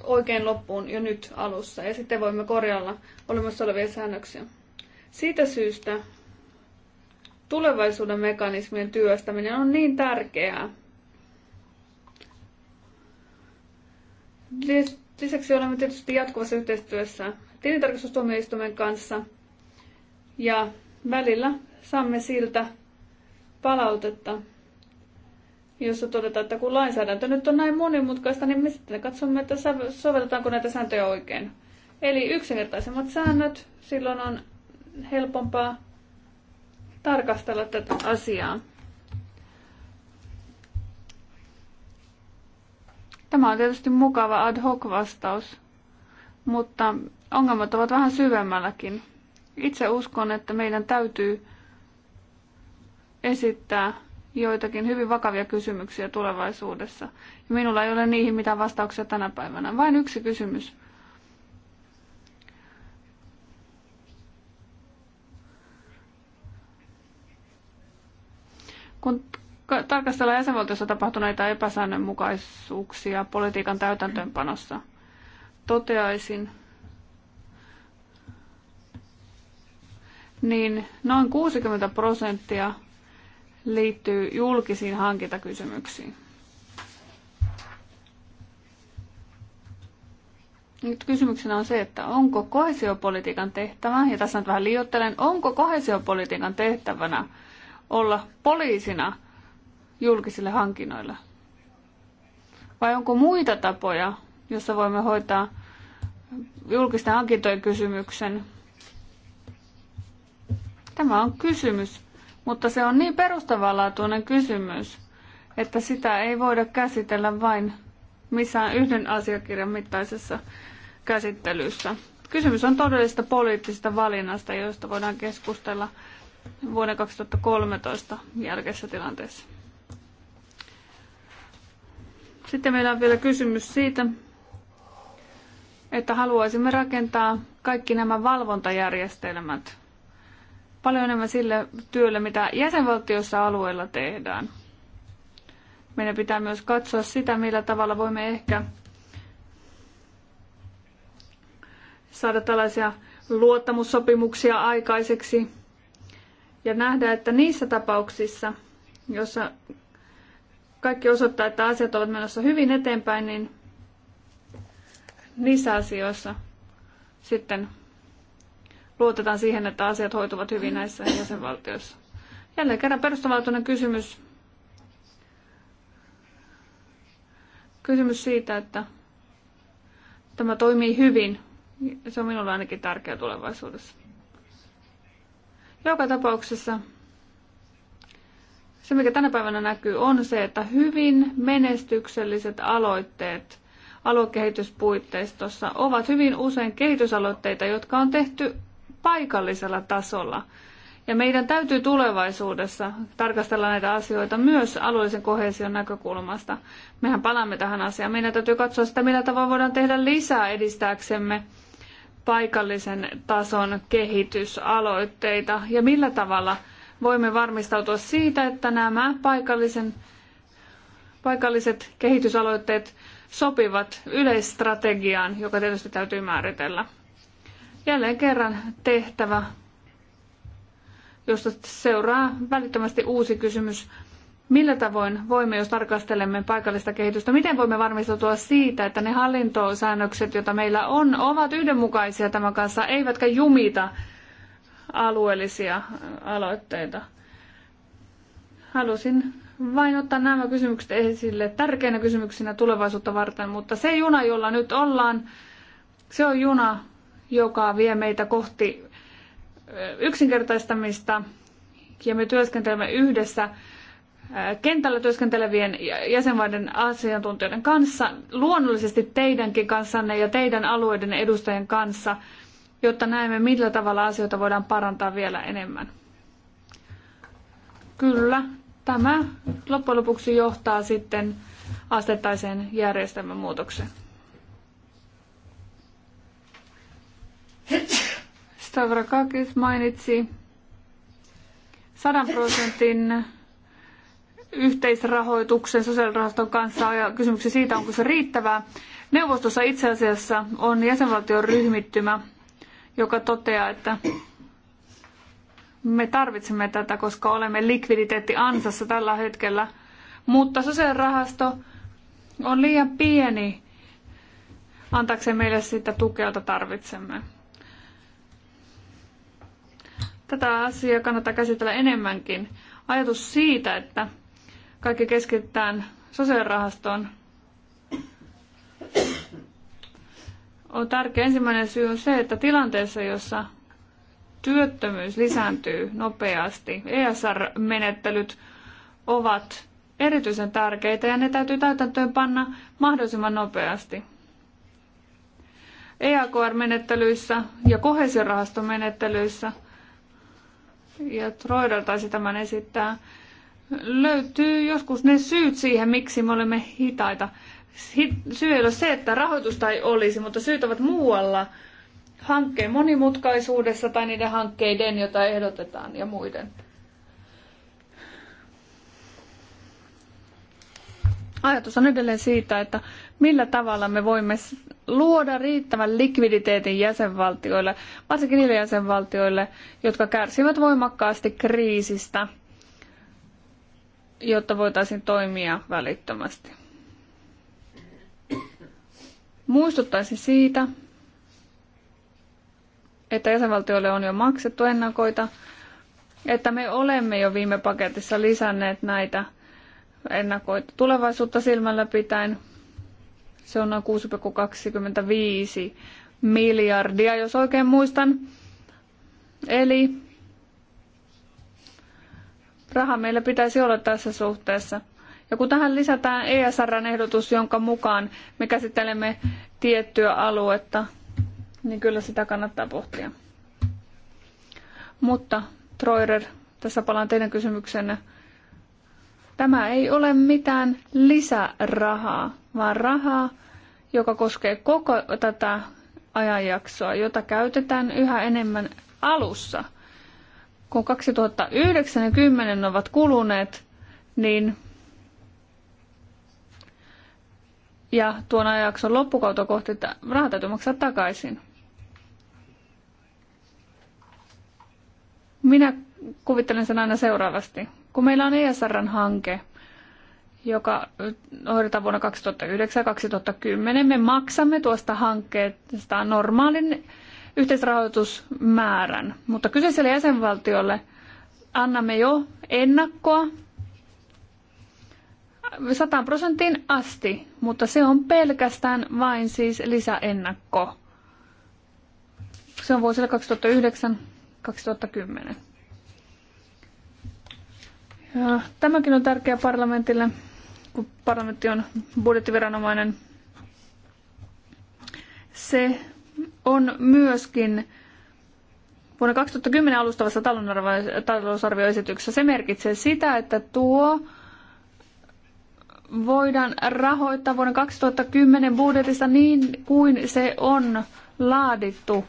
oikein loppuun jo nyt alussa ja sitten voimme korjalla olemassa olevia säännöksiä. Siitä syystä tulevaisuuden mekanismien työstäminen on niin tärkeää. Lisäksi olemme tietysti jatkuvassa yhteistyössä tilintarkastustuomioistuimen kanssa ja välillä saamme siltä palautetta jossa todetaan, että kun lainsäädäntö nyt on näin monimutkaista, niin me sitten katsomme, että sovelletaanko näitä sääntöjä oikein. Eli yksinkertaisemmat säännöt, silloin on helpompaa tarkastella tätä asiaa. Tämä on tietysti mukava ad hoc vastaus, mutta ongelmat ovat vähän syvemmälläkin. Itse uskon, että meidän täytyy esittää joitakin hyvin vakavia kysymyksiä tulevaisuudessa. Ja minulla ei ole niihin mitään vastauksia tänä päivänä. Vain yksi kysymys. Kun tarkastellaan jäsenvaltiossa tapahtuneita epäsäännönmukaisuuksia politiikan täytäntöönpanossa, toteaisin, niin noin 60 prosenttia liittyy julkisiin hankintakysymyksiin. Nyt kysymyksenä on se, että onko kohesiopolitiikan tehtävä, ja tässä nyt vähän liioittelen, onko kohesiopolitiikan tehtävänä olla poliisina julkisille hankinnoille? Vai onko muita tapoja, jossa voimme hoitaa julkisten hankintojen kysymyksen? Tämä on kysymys, mutta se on niin perustavanlaatuinen kysymys, että sitä ei voida käsitellä vain missään yhden asiakirjan mittaisessa käsittelyssä. Kysymys on todellisesta poliittisesta valinnasta, josta voidaan keskustella vuoden 2013 jälkeisessä tilanteessa. Sitten meillä on vielä kysymys siitä, että haluaisimme rakentaa kaikki nämä valvontajärjestelmät paljon enemmän sillä työllä, mitä jäsenvaltiossa alueella tehdään. Meidän pitää myös katsoa sitä, millä tavalla voimme ehkä saada tällaisia luottamussopimuksia aikaiseksi ja nähdä, että niissä tapauksissa, joissa kaikki osoittaa, että asiat ovat menossa hyvin eteenpäin, niin niissä asioissa sitten luotetaan siihen, että asiat hoituvat hyvin näissä jäsenvaltioissa. Jälleen kerran perustavanlaatuinen kysymys. Kysymys siitä, että tämä toimii hyvin. Se on minulle ainakin tärkeä tulevaisuudessa. Joka tapauksessa se, mikä tänä päivänä näkyy, on se, että hyvin menestykselliset aloitteet aluekehityspuitteistossa ovat hyvin usein kehitysaloitteita, jotka on tehty paikallisella tasolla. Ja meidän täytyy tulevaisuudessa tarkastella näitä asioita myös alueellisen kohesion näkökulmasta. Mehän palaamme tähän asiaan. Meidän täytyy katsoa sitä, millä tavalla voidaan tehdä lisää edistääksemme paikallisen tason kehitysaloitteita ja millä tavalla voimme varmistautua siitä, että nämä paikallisen, paikalliset kehitysaloitteet sopivat yleisstrategiaan, joka tietysti täytyy määritellä jälleen kerran tehtävä, josta seuraa välittömästi uusi kysymys. Millä tavoin voimme, jos tarkastelemme paikallista kehitystä, miten voimme varmistautua siitä, että ne hallintosäännökset, joita meillä on, ovat yhdenmukaisia tämän kanssa, eivätkä jumita alueellisia aloitteita? Halusin vain ottaa nämä kysymykset esille tärkeinä kysymyksinä tulevaisuutta varten, mutta se juna, jolla nyt ollaan, se on juna, joka vie meitä kohti yksinkertaistamista ja me työskentelemme yhdessä kentällä työskentelevien jäsenmaiden asiantuntijoiden kanssa, luonnollisesti teidänkin kanssanne ja teidän alueiden edustajien kanssa, jotta näemme, millä tavalla asioita voidaan parantaa vielä enemmän. Kyllä, tämä loppujen lopuksi johtaa sitten asteittaiseen järjestelmän muutokseen. Stavrakakis mainitsi 100 prosentin yhteisrahoituksen sosiaalirahaston kanssa ja kysymyksen siitä, onko se riittävää. Neuvostossa itse asiassa on jäsenvaltion ryhmittymä, joka toteaa, että me tarvitsemme tätä, koska olemme likviditeetti ansassa tällä hetkellä. Mutta sosiaalirahasto on liian pieni antaakseen meille sitä tukea, jota tarvitsemme. Tätä asiaa kannattaa käsitellä enemmänkin. Ajatus siitä, että kaikki keskitetään sosiaalirahastoon, on tärkeä. Ensimmäinen syy on se, että tilanteessa, jossa työttömyys lisääntyy nopeasti, ESR-menettelyt ovat erityisen tärkeitä ja ne täytyy täytäntöön panna mahdollisimman nopeasti. EAKR-menettelyissä ja kohesiorahastomenettelyissä menettelyissä ja Troidal taisi tämän esittää, löytyy joskus ne syyt siihen, miksi me olemme hitaita. Syy ei ole se, että rahoitusta ei olisi, mutta syyt ovat muualla. Hankkeen monimutkaisuudessa tai niiden hankkeiden, joita ehdotetaan ja muiden. Ajatus on edelleen siitä, että millä tavalla me voimme luoda riittävän likviditeetin jäsenvaltioille, varsinkin niille jäsenvaltioille, jotka kärsivät voimakkaasti kriisistä, jotta voitaisiin toimia välittömästi. Muistuttaisin siitä, että jäsenvaltioille on jo maksettu ennakoita, että me olemme jo viime paketissa lisänneet näitä – ennakoit tulevaisuutta silmällä pitäen. Se on noin 6,25 miljardia, jos oikein muistan. Eli raha meillä pitäisi olla tässä suhteessa. Ja kun tähän lisätään esr ehdotus, jonka mukaan me käsittelemme tiettyä aluetta, niin kyllä sitä kannattaa pohtia. Mutta Troider, tässä palaan teidän kysymyksenne. Tämä ei ole mitään lisärahaa, vaan rahaa, joka koskee koko tätä ajanjaksoa, jota käytetään yhä enemmän alussa. Kun 2009 ja 2010 ovat kuluneet, niin ja tuon ajanjakson loppukautta kohti rahaa täytyy maksaa takaisin. Minä kuvittelen sen aina seuraavasti. Kun meillä on ESRn hanke joka hoidetaan vuonna 2009-2010, me maksamme tuosta hankkeesta normaalin yhteisrahoitusmäärän, mutta kyseiselle jäsenvaltiolle annamme jo ennakkoa 100 prosenttiin asti, mutta se on pelkästään vain siis lisäennakko. Se on vuosille 2009-2010. Ja tämäkin on tärkeä parlamentille, kun parlamentti on budjettiviranomainen. Se on myöskin vuonna 2010 alustavassa talousarvioesityksessä. Se merkitsee sitä, että tuo voidaan rahoittaa vuoden 2010 budjetista niin kuin se on laadittu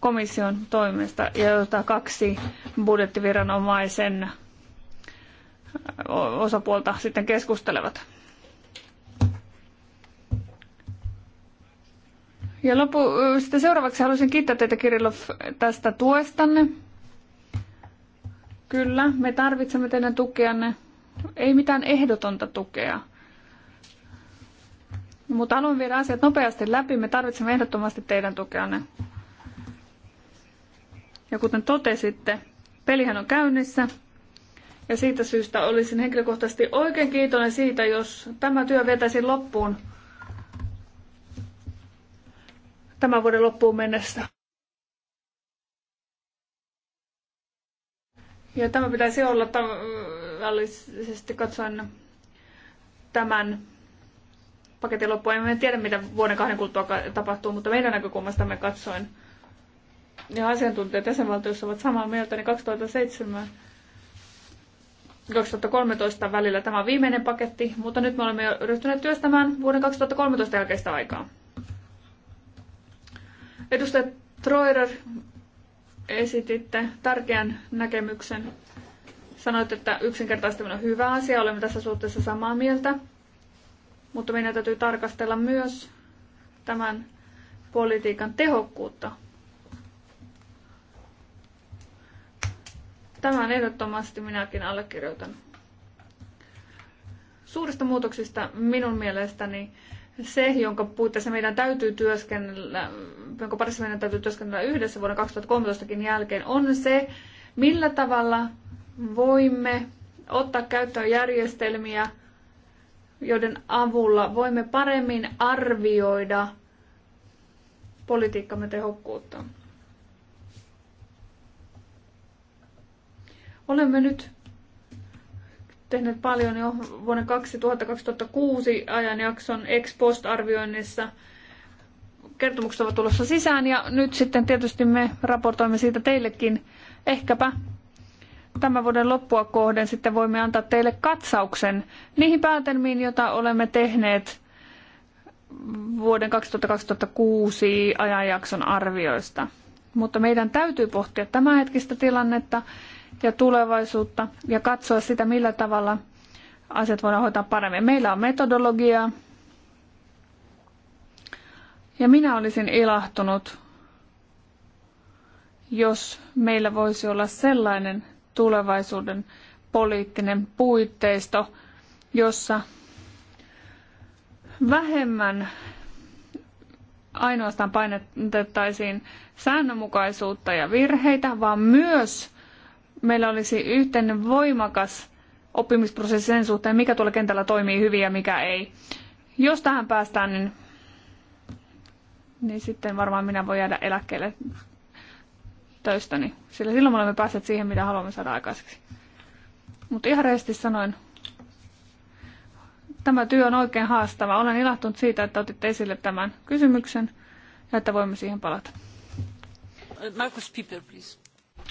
komission toimesta, jota kaksi budjettiviranomaisen osapuolta sitten keskustelevat. Ja lopu, sitten seuraavaksi haluaisin kiittää teitä Kirillov tästä tuestanne. Kyllä, me tarvitsemme teidän tukeanne. Ei mitään ehdotonta tukea. Mutta haluan viedä asiat nopeasti läpi. Me tarvitsemme ehdottomasti teidän tukeanne. Ja kuten totesitte, pelihän on käynnissä. Ja siitä syystä olisin henkilökohtaisesti oikein kiitollinen siitä, jos tämä työ vetäisi loppuun tämän vuoden loppuun mennessä. Ja tämä pitäisi olla tavallisesti katsoen tämän paketin loppuun En tiedä, mitä vuoden kahden kuluttua tapahtuu, mutta meidän näkökulmastamme katsoin ja asiantuntijat jäsenvaltiossa ovat samaa mieltä, niin 2007 2013 välillä tämä on viimeinen paketti, mutta nyt me olemme jo ryhtyneet työstämään vuoden 2013 jälkeistä aikaa. Edustaja Troider, esititte tärkeän näkemyksen. Sanoit, että yksinkertaistaminen on hyvä asia, olemme tässä suhteessa samaa mieltä, mutta meidän täytyy tarkastella myös tämän politiikan tehokkuutta Tämän ehdottomasti minäkin allekirjoitan. Suurista muutoksista minun mielestäni se, jonka puitteissa meidän täytyy työskennellä, jonka parissa meidän täytyy työskennellä yhdessä vuoden 2013 jälkeen, on se, millä tavalla voimme ottaa käyttöön järjestelmiä, joiden avulla voimme paremmin arvioida politiikkamme tehokkuutta. Olemme nyt tehneet paljon jo vuoden 2000-2006 ajanjakson ex post-arvioinnissa. Kertomukset ovat tulossa sisään ja nyt sitten tietysti me raportoimme siitä teillekin. Ehkäpä tämän vuoden loppua kohden sitten voimme antaa teille katsauksen niihin päätelmiin, joita olemme tehneet vuoden 2000-2006 ajanjakson arvioista. Mutta meidän täytyy pohtia tämänhetkistä tilannetta ja tulevaisuutta ja katsoa sitä, millä tavalla asiat voidaan hoitaa paremmin. Meillä on metodologiaa ja minä olisin ilahtunut, jos meillä voisi olla sellainen tulevaisuuden poliittinen puitteisto, jossa vähemmän ainoastaan painettaisiin säännönmukaisuutta ja virheitä, vaan myös meillä olisi yhteinen voimakas oppimisprosessi sen suhteen, mikä tuolla kentällä toimii hyvin ja mikä ei. Jos tähän päästään, niin, niin sitten varmaan minä voin jäädä eläkkeelle töistäni, sillä silloin me olemme päässeet siihen, mitä haluamme saada aikaiseksi. Mutta ihan rehellisesti sanoin, tämä työ on oikein haastava. Olen ilahtunut siitä, että otitte esille tämän kysymyksen ja että voimme siihen palata. Markus Piper, please.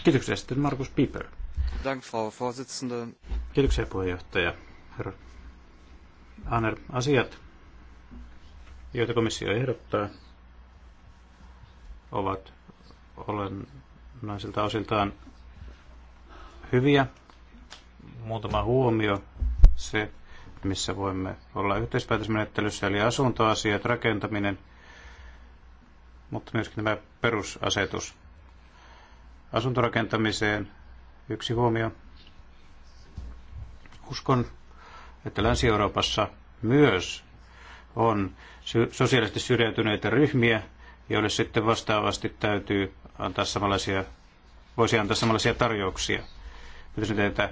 Kiitoksia sitten Markus Piper. Dank, Frau Vorsitzende. Kiitoksia puheenjohtaja. Herra Aner, asiat, joita komissio ehdottaa, ovat olennaisilta osiltaan hyviä. Muutama huomio se, missä voimme olla yhteispäätösmenettelyssä, eli asuntoasiat, rakentaminen, mutta myöskin tämä perusasetus asuntorakentamiseen yksi huomio. Uskon, että Länsi-Euroopassa myös on sosiaalisesti syrjäytyneitä ryhmiä, joille sitten vastaavasti täytyy antaa samanlaisia, voisi antaa samanlaisia tarjouksia. Pitäisi teitä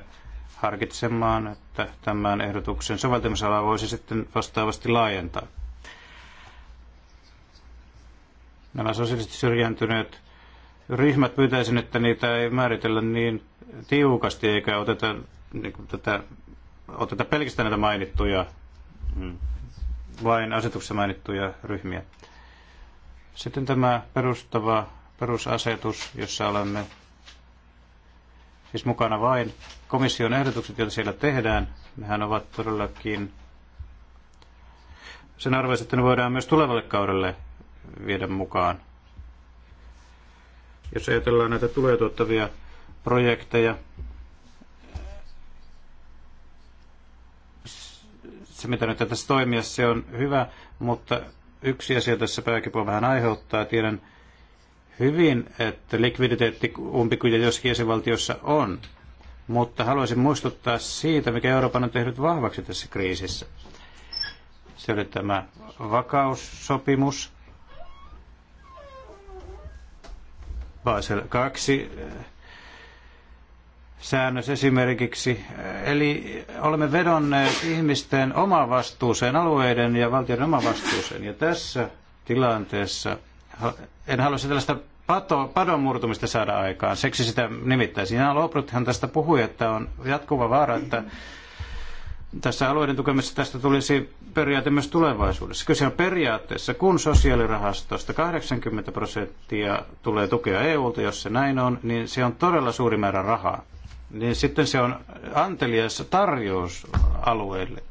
harkitsemaan, että tämän ehdotuksen soveltamisalaa voisi sitten vastaavasti laajentaa. Nämä sosiaalisesti syrjäytyneet ryhmät pyytäisin, että niitä ei määritellä niin tiukasti eikä oteta, niin kuin tätä, oteta pelkästään näitä mainittuja, mm, vain asetuksessa mainittuja ryhmiä. Sitten tämä perustava perusasetus, jossa olemme siis mukana vain komission ehdotukset, joita siellä tehdään. Nehän ovat todellakin sen arvoiset, että ne voidaan myös tulevalle kaudelle viedä mukaan jos ajatellaan näitä tulee tuottavia projekteja, se mitä nyt tässä toimia, se on hyvä, mutta yksi asia tässä pääkipua vähän aiheuttaa. Tiedän hyvin, että likviditeetti umpikuja joskin jäsenvaltiossa on, mutta haluaisin muistuttaa siitä, mikä Euroopan on tehnyt vahvaksi tässä kriisissä. Se oli tämä vakaussopimus, Basel 2 eh, säännös esimerkiksi. Eh, eli olemme vedonneet ihmisten omavastuuseen vastuuseen, alueiden ja valtioiden omavastuuseen vastuuseen. Ja tässä tilanteessa, en halua tällaista pato, padon murtumista saada aikaan, seksi sitä nimittäin. Jan Lopruthan tästä puhui, että on jatkuva vaara, että tässä alueiden tukemisessa tästä tulisi periaate myös tulevaisuudessa. Kyse on periaatteessa, kun sosiaalirahastosta 80 prosenttia tulee tukea EUlta, jos se näin on, niin se on todella suuri määrä rahaa. Niin sitten se on antelias tarjous alueille.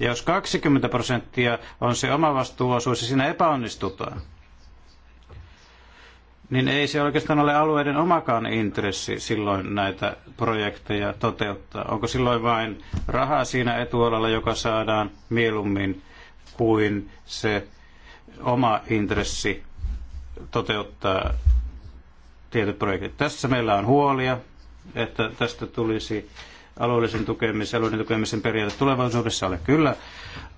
Ja jos 20 prosenttia on se omavastuuosuus ja niin siinä epäonnistutaan, niin ei se oikeastaan ole alueiden omakaan intressi silloin näitä projekteja toteuttaa. Onko silloin vain rahaa siinä etualalla, joka saadaan mieluummin kuin se oma intressi toteuttaa tietyt projektit. Tässä meillä on huolia, että tästä tulisi alueellisen tukemisen, alueiden tukemisen periaate tulevaisuudessa. Olen kyllä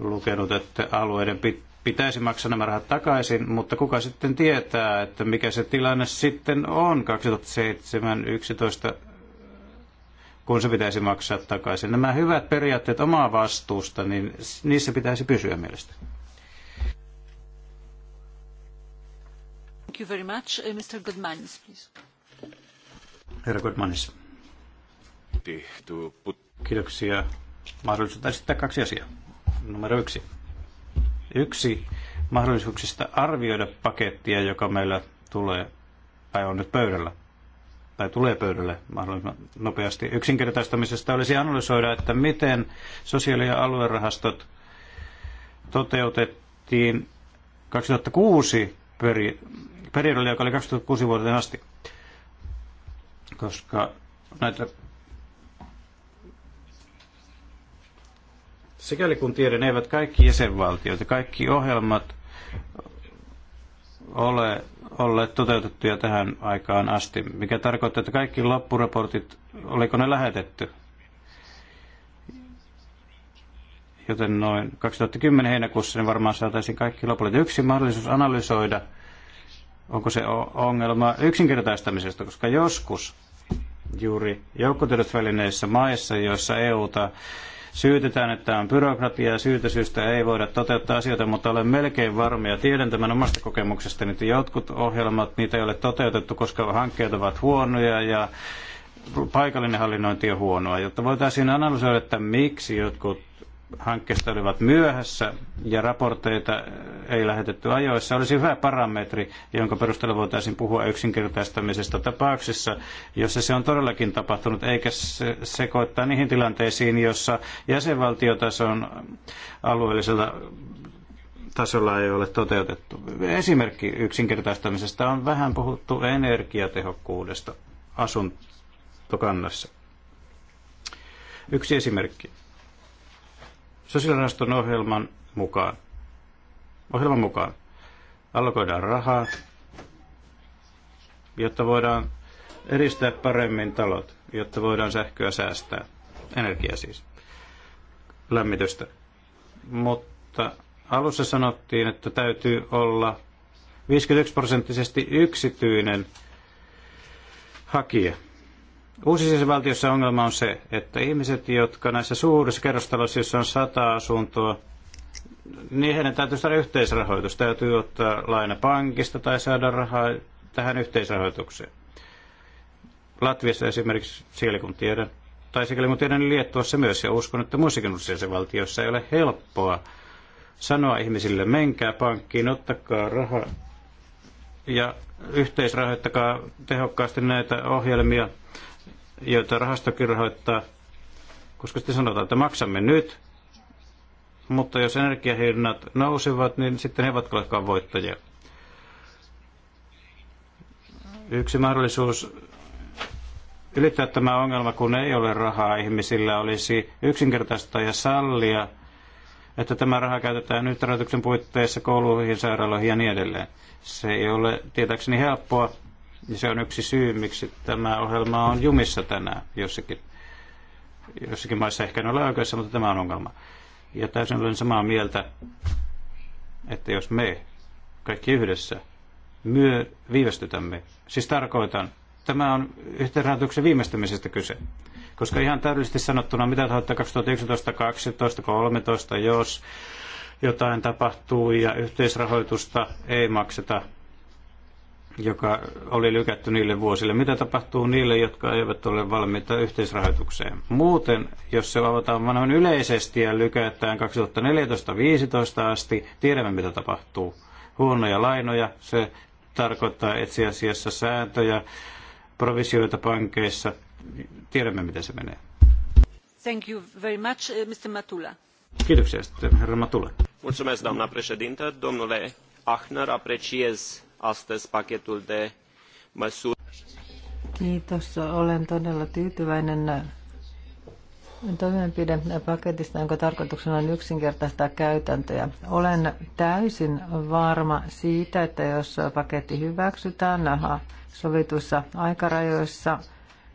lukenut, että alueiden pitää pitäisi maksaa nämä rahat takaisin, mutta kuka sitten tietää, että mikä se tilanne sitten on 2007-2011, kun se pitäisi maksaa takaisin. Nämä hyvät periaatteet omaa vastuusta, niin niissä pitäisi pysyä mielestäni. Thank you very much. Uh, Mr. Goodmanis, please. Herra Goodmanis. Kiitoksia. Mahdollisuutta esittää kaksi asiaa. Numero yksi Yksi mahdollisuuksista arvioida pakettia, joka meillä tulee tai on nyt pöydällä tai tulee pöydälle mahdollisimman nopeasti yksinkertaistamisesta, olisi analysoida, että miten sosiaali- ja aluerahastot toteutettiin 2006 peri- periodilla, joka oli 2006 vuoteen asti, koska näitä Sikäli kun tiedän, eivät kaikki jäsenvaltiot ja kaikki ohjelmat ole olleet toteutettuja tähän aikaan asti, mikä tarkoittaa, että kaikki loppuraportit, oliko ne lähetetty? Joten noin 2010 heinäkuussa niin varmaan saataisiin kaikki lopulliset. Yksi mahdollisuus analysoida, onko se ongelma yksinkertaistamisesta, koska joskus juuri välineissä maissa, joissa EUta syytetään, että on byrokratiaa ja syytä syystä ei voida toteuttaa asioita, mutta olen melkein varma ja tiedän tämän omasta kokemuksestani, että jotkut ohjelmat, niitä ei ole toteutettu, koska hankkeet ovat huonoja ja paikallinen hallinnointi on huonoa, jotta voitaisiin analysoida, että miksi jotkut hankkeesta olivat myöhässä ja raporteita ei lähetetty ajoissa, olisi hyvä parametri, jonka perusteella voitaisiin puhua yksinkertaistamisesta tapauksissa, jossa se on todellakin tapahtunut, eikä sekoittaa niihin tilanteisiin, jossa jäsenvaltiotason alueellisella tasolla ei ole toteutettu. Esimerkki yksinkertaistamisesta on vähän puhuttu energiatehokkuudesta asuntokannassa. Yksi esimerkki sosiaalirahaston ohjelman mukaan. Ohjelman mukaan allokoidaan rahaa, jotta voidaan eristää paremmin talot, jotta voidaan sähköä säästää. Energiaa siis. Lämmitystä. Mutta alussa sanottiin, että täytyy olla 51 prosenttisesti yksityinen hakija. Uusisessa valtiossa ongelma on se, että ihmiset, jotka näissä suurissa kerrostaloissa, joissa on sata asuntoa, niin heidän täytyy saada yhteisrahoitus. Täytyy ottaa laina pankista tai saada rahaa tähän yhteisrahoitukseen. Latviassa esimerkiksi, siellä kun tiedän, tai sikäli kun tiedän, niin Liettuassa myös, ja uskon, että muissakin uusisessa valtioissa ei ole helppoa sanoa ihmisille, menkää pankkiin, ottakaa rahaa ja yhteisrahoittakaa tehokkaasti näitä ohjelmia joita rahastokin rahoittaa, koska sitten sanotaan, että maksamme nyt, mutta jos energiahinnat nousevat, niin sitten he eivät olekaan voittajia. Yksi mahdollisuus ylittää tämä ongelma, kun ei ole rahaa ihmisillä, olisi yksinkertaista ja sallia, että tämä raha käytetään nyt rahoituksen puitteissa kouluihin, sairaaloihin ja niin edelleen. Se ei ole tietääkseni helppoa, niin se on yksi syy, miksi tämä ohjelma on jumissa tänään jossakin. Jossakin maissa ehkä en ole oikeassa, mutta tämä on ongelma. Ja täysin olen samaa mieltä, että jos me kaikki yhdessä myö viivästytämme, siis tarkoitan, tämä on yhteenrahoituksen viimeistämisestä kyse. Koska ihan täydellisesti sanottuna, mitä tahansa 2011, 2012, 2013, jos jotain tapahtuu ja yhteisrahoitusta ei makseta joka oli lykätty niille vuosille. Mitä tapahtuu niille, jotka eivät ole valmiita yhteisrahoitukseen? Muuten, jos se avataan vain yleisesti ja lykätään 2014-2015 asti, tiedämme mitä tapahtuu. Huonoja lainoja, se tarkoittaa etsiasiassa sääntöjä, provisioita pankeissa. Tiedämme, miten se menee. Thank you very much, eh, Mr. Matula. Kiitoksia sitten, herra Matula. Mulțumesc, doamna președintă. Domnule Ahner, apreciez astăzi pachetul de măsuri. Kiitos. Olen todella tyytyväinen toimenpidepaketista, jonka tarkoituksena on yksinkertaistaa käytäntöjä. Olen täysin varma siitä, että jos paketti hyväksytään sovituissa aikarajoissa,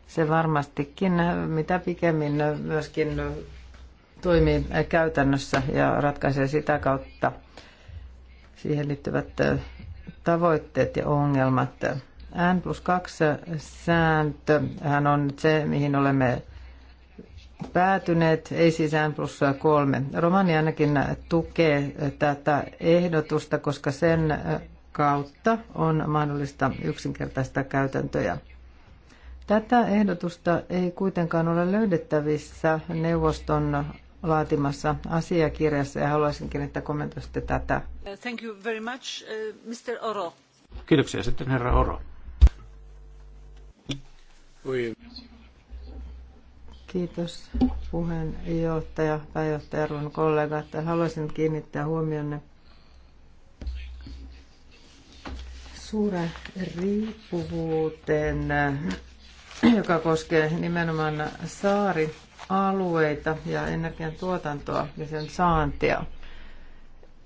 se varmastikin mitä pikemmin myöskin toimii käytännössä ja ratkaisee sitä kautta siihen liittyvät tavoitteet ja ongelmat. N plus 2 sääntö hän on se, mihin olemme päätyneet, ei siis N plus 3. Romani ainakin tukee tätä ehdotusta, koska sen kautta on mahdollista yksinkertaista käytäntöjä. Tätä ehdotusta ei kuitenkaan ole löydettävissä neuvoston laatimassa asiakirjassa ja haluaisinkin, että kommentoisitte tätä. Thank you very much, uh, Mr. Oro. Kiitoksia. Sitten herra Oro. Oui. Kiitos puheenjohtaja, pääjohtaja, arvon että Haluaisin kiinnittää huomionne suuren riippuvuuteen, joka koskee nimenomaan saari alueita ja energian tuotantoa ja sen saantia.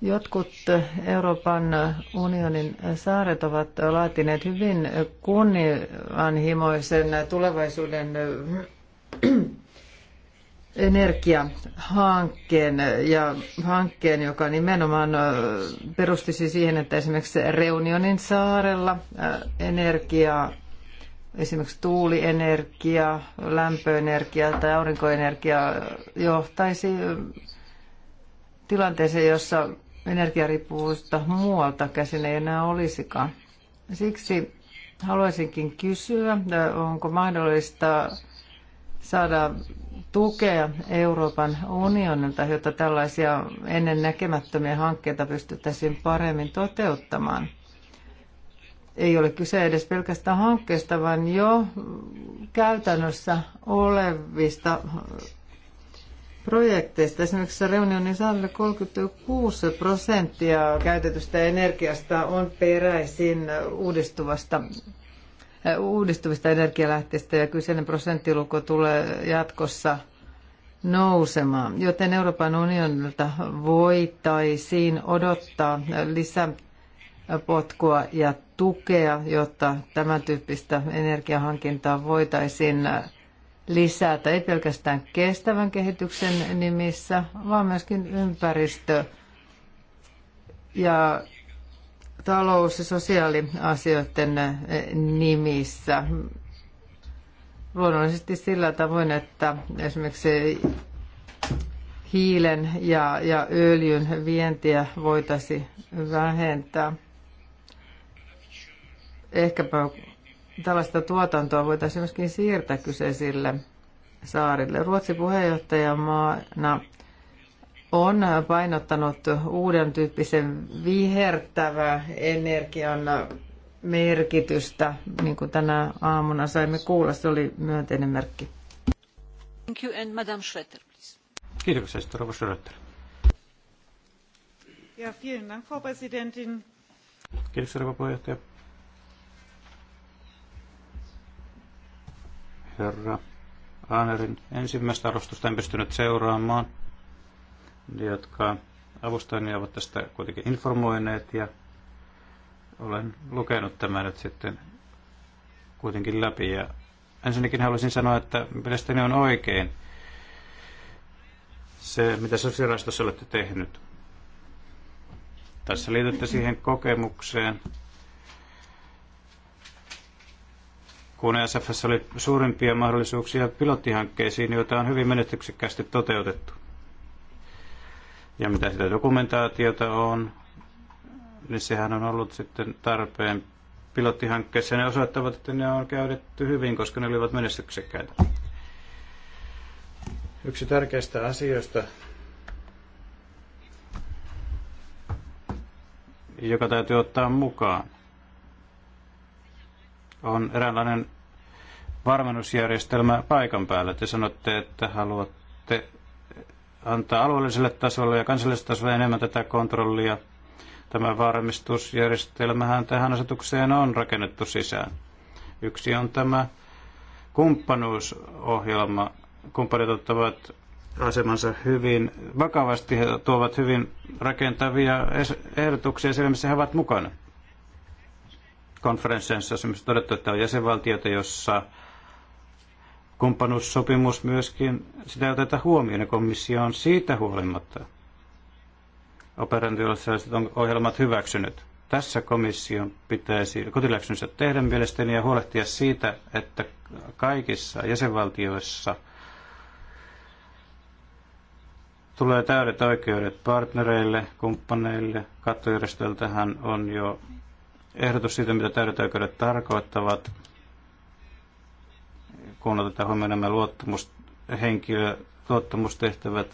Jotkut Euroopan unionin saaret ovat laatineet hyvin kunnianhimoisen tulevaisuuden energiahankkeen ja hankkeen, joka nimenomaan perustisi siihen, että esimerkiksi Reunionin saarella energiaa esimerkiksi tuulienergia, lämpöenergia tai aurinkoenergia johtaisi tilanteeseen, jossa energiariippuvuutta muualta käsin ei enää olisikaan. Siksi haluaisinkin kysyä, onko mahdollista saada tukea Euroopan unionilta, jotta tällaisia ennennäkemättömiä hankkeita pystyttäisiin paremmin toteuttamaan ei ole kyse edes pelkästään hankkeesta, vaan jo käytännössä olevista projekteista. Esimerkiksi Reunionin saarelle 36 prosenttia käytetystä energiasta on peräisin uudistuvasta uudistuvista energialähteistä ja kyseinen prosenttiluku tulee jatkossa nousemaan, joten Euroopan unionilta voitaisiin odottaa lisäpotkua ja tukea, jotta tämän tyyppistä energiahankintaa voitaisiin lisätä, ei pelkästään kestävän kehityksen nimissä, vaan myöskin ympäristö- ja talous- ja sosiaaliasioiden nimissä. Luonnollisesti sillä tavoin, että esimerkiksi hiilen ja, ja öljyn vientiä voitaisiin vähentää ehkäpä tällaista tuotantoa voitaisiin myöskin siirtää kyseisille saarille. Ruotsi puheenjohtajamaana on painottanut uuden tyyppisen vihertävä energian merkitystä, niin kuin tänä aamuna saimme kuulla. Se oli myönteinen merkki. Thank you and Madame Schroeter, please. Kiitoksia, Rova Schröter. Ja, vielen Dank, Frau Präsidentin. Kiitoksia, Rova puheenjohtaja. herra Aanerin ensimmäistä arvostusta en pystynyt seuraamaan, jotka avustajani ovat tästä kuitenkin informoineet ja olen lukenut tämän nyt sitten kuitenkin läpi. Ja ensinnäkin haluaisin sanoa, että mielestäni on oikein se, mitä sosiaalistossa olette tehnyt. Tässä liitytte siihen kokemukseen, kun SFS oli suurimpia mahdollisuuksia pilottihankkeisiin, joita on hyvin menestyksekkäästi toteutettu. Ja mitä sitä dokumentaatiota on, niin sehän on ollut sitten tarpeen pilottihankkeessa. Ne osoittavat, että ne on käytetty hyvin, koska ne olivat menestyksekkäitä. Yksi tärkeistä asioista, joka täytyy ottaa mukaan, on eräänlainen varmennusjärjestelmä paikan päällä. Te sanotte, että haluatte antaa alueelliselle tasolle ja kansalliselle tasolle enemmän tätä kontrollia. Tämä varmistusjärjestelmähän tähän asetukseen on rakennettu sisään. Yksi on tämä kumppanuusohjelma. Kumppanit ottavat asemansa hyvin vakavasti, he tuovat hyvin rakentavia ehdotuksia siellä, missä he ovat mukana konferensseissa esimerkiksi todettu, että on jäsenvaltioita, jossa kumppanuussopimus myöskin, sitä ei oteta huomioon ja komissio on siitä huolimatta operationaaliset ohjelmat hyväksynyt. Tässä komission pitäisi kotiläksynsä tehdä mielestäni ja huolehtia siitä, että kaikissa jäsenvaltioissa tulee täydet oikeudet partnereille, kumppaneille, kattojärjestöltähän on jo ehdotus siitä, mitä täydet oikeudet tarkoittavat, kun otetaan huomioon nämä luottamushenkilö, luottamustehtävät,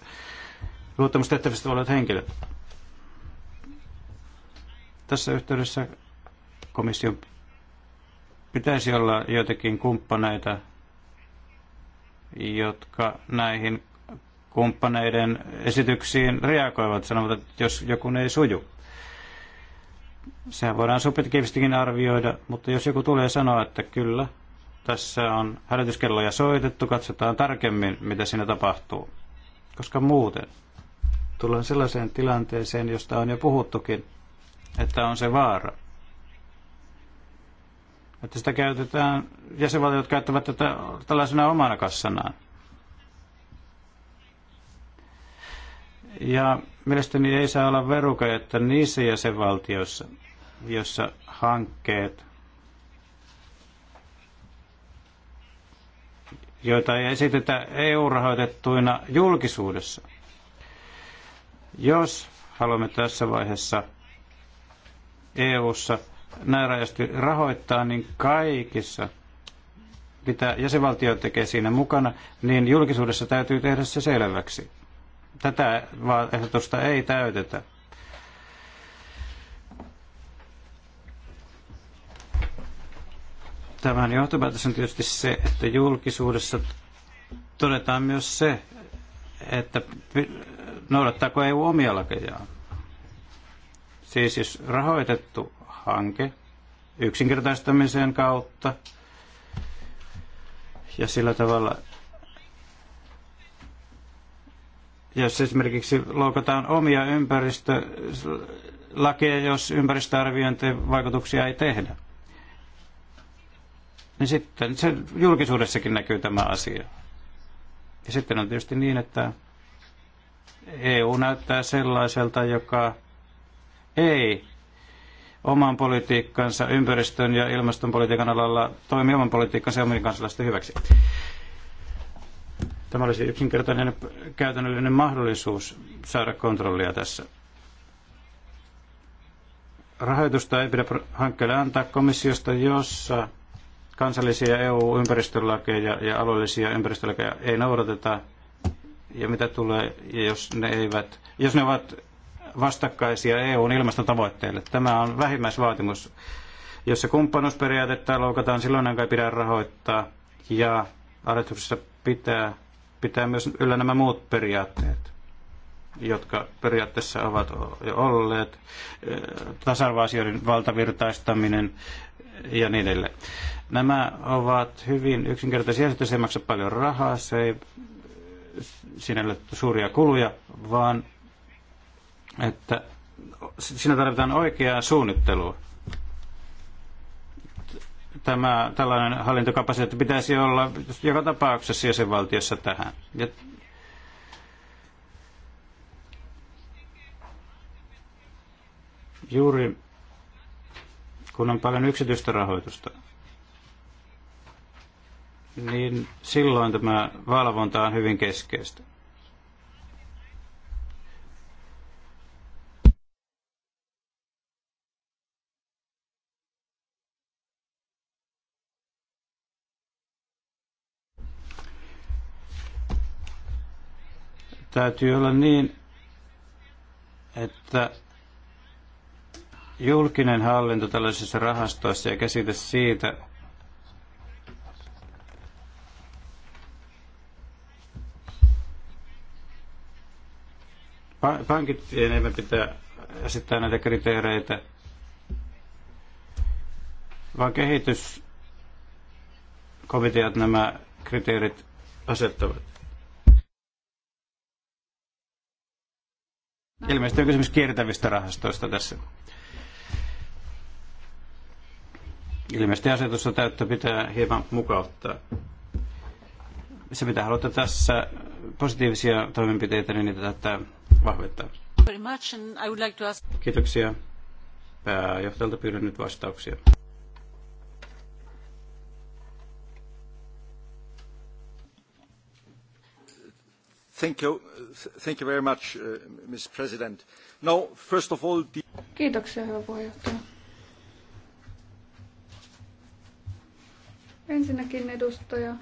luottamustehtävistä olevat henkilöt. Tässä yhteydessä komission pitäisi olla joitakin kumppaneita, jotka näihin kumppaneiden esityksiin reagoivat, sanovat, että jos joku ei suju sehän voidaan subjektiivistikin arvioida, mutta jos joku tulee sanoa, että kyllä, tässä on hälytyskelloja soitettu, katsotaan tarkemmin, mitä siinä tapahtuu. Koska muuten tullaan sellaiseen tilanteeseen, josta on jo puhuttukin, että on se vaara. Että sitä käytetään, jäsenvaltiot käyttävät tätä tällaisena omana kassanaan. Ja mielestäni ei saa olla veruka, että niissä jäsenvaltioissa, jossa hankkeet, joita ei esitetä EU-rahoitettuina julkisuudessa, jos haluamme tässä vaiheessa EU-ssa näärajasti rahoittaa, niin kaikissa, mitä jäsenvaltio tekee siinä mukana, niin julkisuudessa täytyy tehdä se selväksi. Tätä ehdotusta ei täytetä. Tämän johtopäätös on tietysti se, että julkisuudessa todetaan myös se, että noudattaako EU omia lakejaan. Siis jos rahoitettu hanke yksinkertaistamisen kautta ja sillä tavalla jos esimerkiksi loukataan omia ympäristölakeja, jos ympäristöarviointien vaikutuksia ei tehdä. Niin sitten se julkisuudessakin näkyy tämä asia. Ja sitten on tietysti niin, että EU näyttää sellaiselta, joka ei oman politiikkansa, ympäristön ja ilmastonpolitiikan alalla toimi oman politiikkansa ja omien kansalaisten hyväksi. Tämä olisi yksinkertainen käytännöllinen mahdollisuus saada kontrollia tässä. Rahoitusta ei pidä hankkeelle antaa komissiosta, jossa kansallisia EU-ympäristölakeja ja alueellisia ympäristölakeja ei noudateta. Ja mitä tulee, jos ne, eivät, jos ne ovat vastakkaisia EUn ilmastotavoitteille. Tämä on vähimmäisvaatimus. Jos se kumppanuusperiaatetta loukataan, silloin ei pidä rahoittaa. Ja asetuksessa pitää pitää myös yllä nämä muut periaatteet, jotka periaatteessa ovat jo olleet, eh, tasa-arvoasioiden valtavirtaistaminen ja niin edelleen. Nämä ovat hyvin yksinkertaisia että se ei maksa paljon rahaa, se ei sinelle suuria kuluja, vaan että siinä tarvitaan oikeaa suunnittelua tämä tällainen hallintokapasiteetti pitäisi olla joka tapauksessa jäsenvaltiossa tähän. Ja juuri kun on paljon yksityistä rahoitusta, niin silloin tämä valvonta on hyvin keskeistä. Täytyy olla niin, että julkinen hallinto tällaisissa rahastoissa ja käsite siitä, pankit enemmän pitää esittää näitä kriteereitä, vaan kehityskomiteat nämä kriteerit asettavat. Ilmeisesti on kysymys kiertävistä rahastoista tässä. Ilmeisesti asetusta täyttö pitää hieman mukauttaa. Se mitä haluatte tässä positiivisia toimenpiteitä, niin niitä täyttää vahvettaa. Kiitoksia. Pääjohtajalta pyydän nyt vastauksia. Thank you. very much, uh, Ms. President. Now, first of all... The... Kiitoksia, hyvä puheenjohtaja. Ensinnäkin edustaja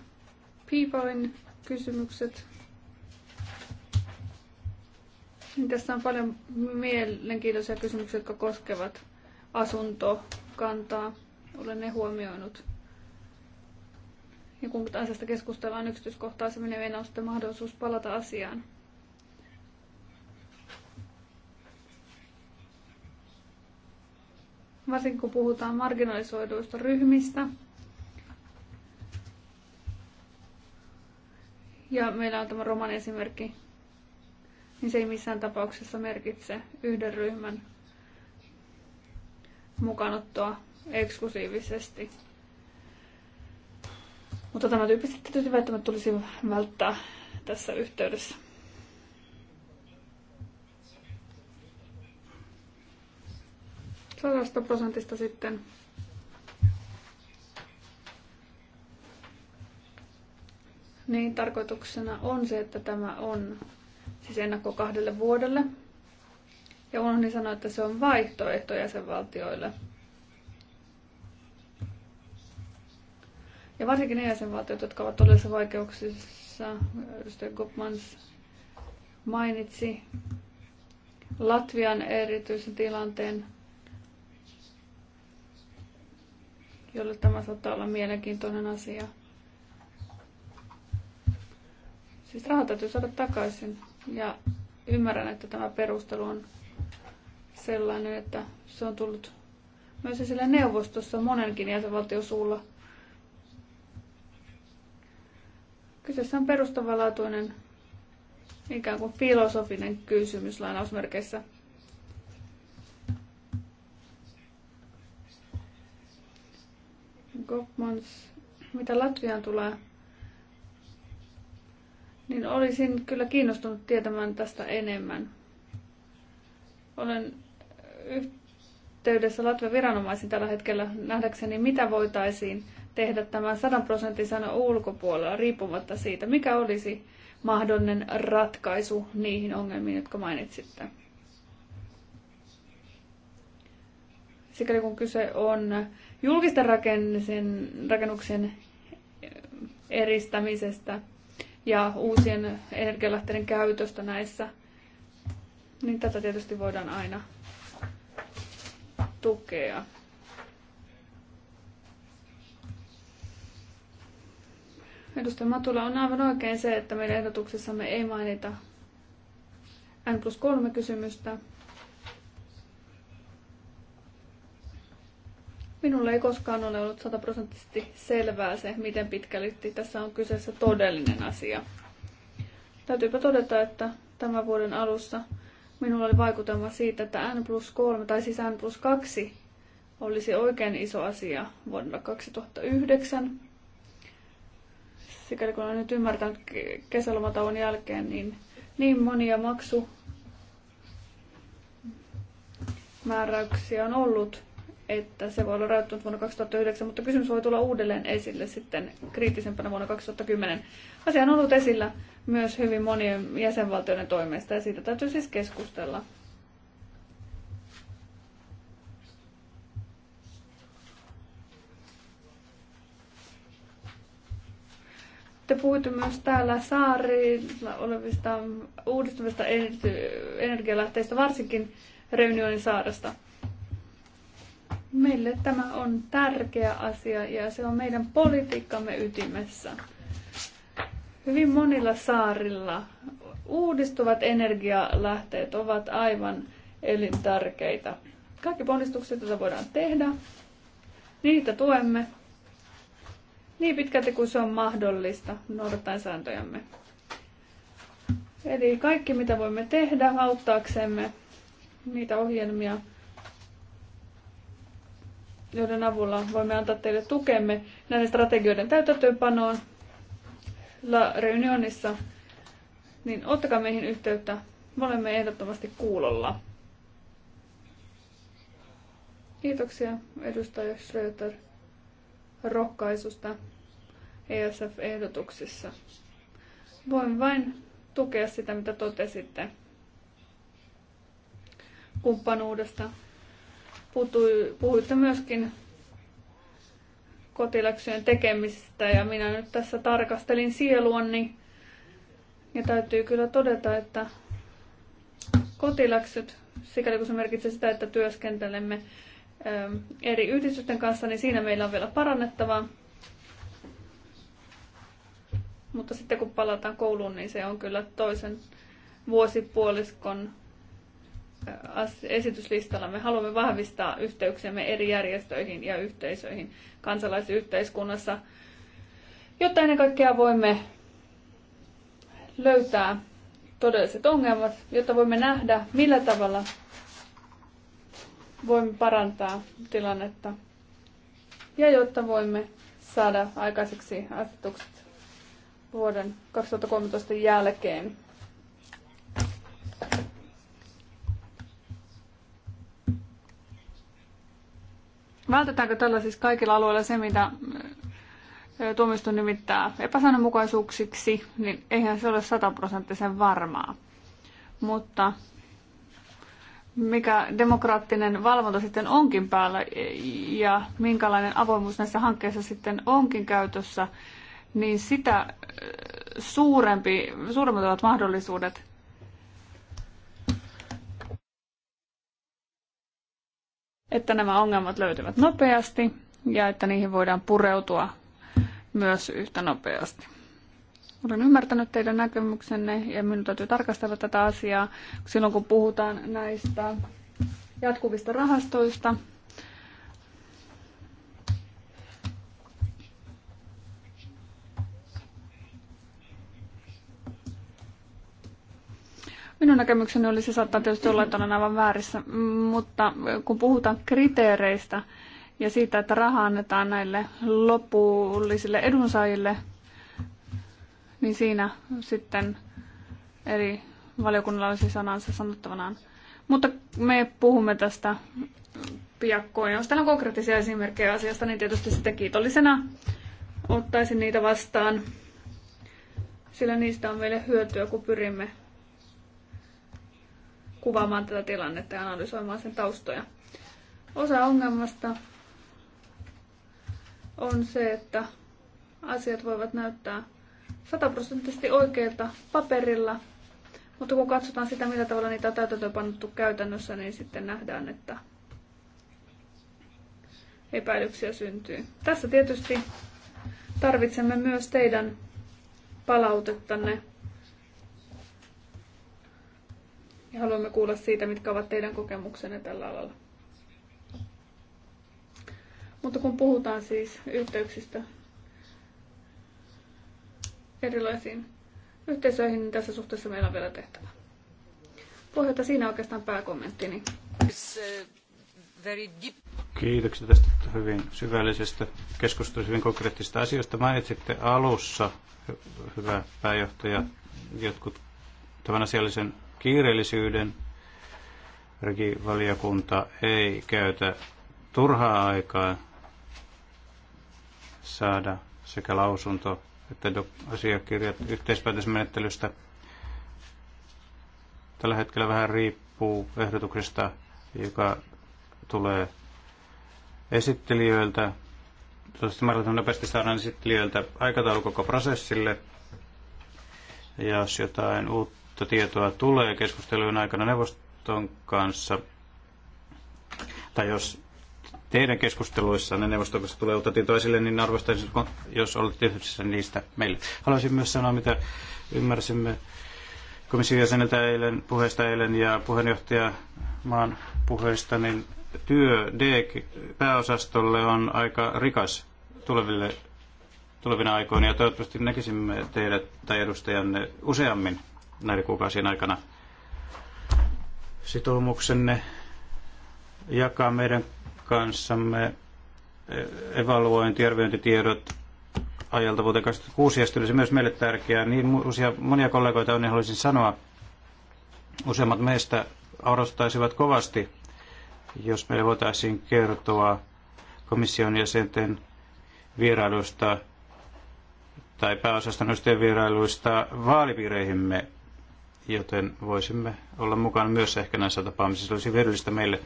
Piipain kysymykset. Tässä on paljon mielenkiintoisia kysymyksiä, jotka koskevat asuntokantaa. Olen ne huomioinut. Ja kun asiasta keskustellaan yksityiskohtaisemmin, niin meillä on sitten mahdollisuus palata asiaan. Varsinkin kun puhutaan marginalisoiduista ryhmistä. Ja meillä on tämä roman esimerkki, niin se ei missään tapauksessa merkitse yhden ryhmän mukanottoa eksklusiivisesti mutta tämä tyyppiset tietysti välttämättä tulisi välttää tässä yhteydessä. sadasta prosentista sitten Niin, tarkoituksena on se, että tämä on siis ennakko kahdelle vuodelle. Ja unohdin sanoa, että se on vaihtoehto jäsenvaltioille – Ja varsinkin ne jäsenvaltiot, jotka ovat todellisissa vaikeuksissa, edustaja Gopmans mainitsi Latvian erityisen tilanteen, jolle tämä saattaa olla mielenkiintoinen asia. Siis rahat täytyy saada takaisin. Ja ymmärrän, että tämä perustelu on sellainen, että se on tullut myös esille neuvostossa monenkin jäsenvaltion suulla. Kyseessä on perustavanlaatuinen ikään kuin filosofinen kysymys lainausmerkeissä. Gopmans, mitä Latviaan tulee, niin olisin kyllä kiinnostunut tietämään tästä enemmän. Olen yhteydessä Latvian viranomaisiin tällä hetkellä nähdäkseni, mitä voitaisiin tehdä tämän 100 prosentin sanan ulkopuolella, riippumatta siitä, mikä olisi mahdollinen ratkaisu niihin ongelmiin, jotka mainitsitte. Sikäli kun kyse on julkisten rakennuksen eristämisestä ja uusien energialähteiden käytöstä näissä, niin tätä tietysti voidaan aina tukea. Edustaja Matula on aivan oikein se, että meidän ehdotuksessamme ei mainita N plus 3 kysymystä. Minulle ei koskaan ole ollut sataprosenttisesti selvää se, miten pitkälti tässä on kyseessä todellinen asia. Täytyypä todeta, että tämän vuoden alussa minulla oli vaikutelma siitä, että N plus 3 tai siis N plus 2 olisi oikein iso asia vuonna 2009 sikäli kun olen nyt ymmärtänyt kesälomatauon jälkeen, niin niin monia maksu määräyksiä on ollut, että se voi olla rajoittunut vuonna 2009, mutta kysymys voi tulla uudelleen esille sitten kriittisempänä vuonna 2010. Asia on ollut esillä myös hyvin monien jäsenvaltioiden toimesta ja siitä täytyy siis keskustella. Te puhuitte myös täällä saarilla olevista uudistuvista energialähteistä, varsinkin Reunionin saaresta. Meille tämä on tärkeä asia ja se on meidän politiikkamme ytimessä. Hyvin monilla saarilla uudistuvat energialähteet ovat aivan elintärkeitä. Kaikki ponnistukset, joita voidaan tehdä, niitä tuemme niin pitkälti kuin se on mahdollista noudattaen sääntöjämme. Eli kaikki mitä voimme tehdä auttaaksemme niitä ohjelmia, joiden avulla voimme antaa teille tukemme näiden strategioiden täytäntöönpanoon La Reunionissa, niin ottakaa meihin yhteyttä. Me olemme ehdottomasti kuulolla. Kiitoksia, edustaja Schröter rohkaisusta ESF-ehdotuksissa. Voin vain tukea sitä, mitä totesitte kumppanuudesta. Puhui, puhuitte myöskin kotiläksyjen tekemistä ja minä nyt tässä tarkastelin sieluani ja täytyy kyllä todeta, että kotiläksyt, sikäli kun se merkitsee sitä, että työskentelemme eri yhdistysten kanssa, niin siinä meillä on vielä parannettavaa. Mutta sitten kun palataan kouluun, niin se on kyllä toisen vuosipuoliskon esityslistalla. Me haluamme vahvistaa yhteyksiämme eri järjestöihin ja yhteisöihin kansalaisyhteiskunnassa, jotta ennen kaikkea voimme löytää todelliset ongelmat, jotta voimme nähdä, millä tavalla voimme parantaa tilannetta ja jotta voimme saada aikaiseksi asetukset vuoden 2013 jälkeen. Vältetäänkö tällä siis kaikilla alueilla se, mitä tuomioistuin nimittää epäsäännönmukaisuuksiksi, niin eihän se ole sataprosenttisen varmaa. Mutta mikä demokraattinen valvonta sitten onkin päällä ja minkälainen avoimuus näissä hankkeissa sitten onkin käytössä, niin sitä äh, suurempi, suuremmat ovat mahdollisuudet että nämä ongelmat löytyvät nopeasti ja että niihin voidaan pureutua myös yhtä nopeasti. Olen ymmärtänyt teidän näkemyksenne ja minun täytyy tarkastella tätä asiaa silloin, kun puhutaan näistä jatkuvista rahastoista. Minun näkemykseni oli, se saattaa tietysti olla, että olen aivan väärissä, mutta kun puhutaan kriteereistä ja siitä, että rahaa annetaan näille lopullisille edunsaajille – niin siinä sitten eri valiokunnalla olisi sanansa sanottavanaan. Mutta me puhumme tästä piakkoin. Jos täällä on konkreettisia esimerkkejä asiasta, niin tietysti sitten kiitollisena ottaisin niitä vastaan, sillä niistä on meille hyötyä, kun pyrimme kuvaamaan tätä tilannetta ja analysoimaan sen taustoja. Osa ongelmasta on se, että asiat voivat näyttää sataprosenttisesti oikeilta paperilla, mutta kun katsotaan sitä, millä tavalla niitä on täytäntöönpannuttu käytännössä, niin sitten nähdään, että epäilyksiä syntyy. Tässä tietysti tarvitsemme myös teidän palautettanne. Ja haluamme kuulla siitä, mitkä ovat teidän kokemuksenne tällä alalla. Mutta kun puhutaan siis yhteyksistä erilaisiin yhteisöihin, niin tässä suhteessa meillä on vielä tehtävä. Pohjalta siinä oikeastaan pääkommenttini. Kiitoksia tästä hyvin syvällisestä keskustelusta, hyvin konkreettisista asioista. Mainitsitte alussa, hyvä pääjohtaja, jotkut tämän asiallisen kiireellisyyden. Regivaliokunta ei käytä turhaa aikaa saada sekä lausunto että asiakirjat yhteispäätösmenettelystä tällä hetkellä vähän riippuu ehdotuksesta, joka tulee esittelijöiltä. Toivottavasti mahdollisimman nopeasti saadaan esittelijöiltä aikataulu koko prosessille. Ja jos jotain uutta tietoa tulee keskustelujen aikana neuvoston kanssa, tai jos teidän keskusteluissanne ne kanssa tulee uutta tietoa esille, niin arvostaisin, jos olette yhdessä niistä meille. Haluaisin myös sanoa, mitä ymmärsimme komission jäseneltä eilen, puheesta eilen ja puheenjohtaja maan puheesta, niin työ D-pääosastolle on aika rikas tuleville, tulevina aikoina ja toivottavasti näkisimme teidät tai edustajanne useammin näiden kuukausien aikana sitoumuksenne jakaa meidän kanssamme e, evaluointi- ja arviointitiedot ajalta vuoteen 2006 asti olisi myös meille tärkeää. Niin useia, monia kollegoita on, niin haluaisin sanoa, useimmat meistä arvostaisivat kovasti, jos meille voitaisiin kertoa komission jäsenten vierailuista tai pääosaston noisten vierailuista vaalipiireihimme, joten voisimme olla mukana myös ehkä näissä tapaamisissa. Se olisi hyödyllistä meille.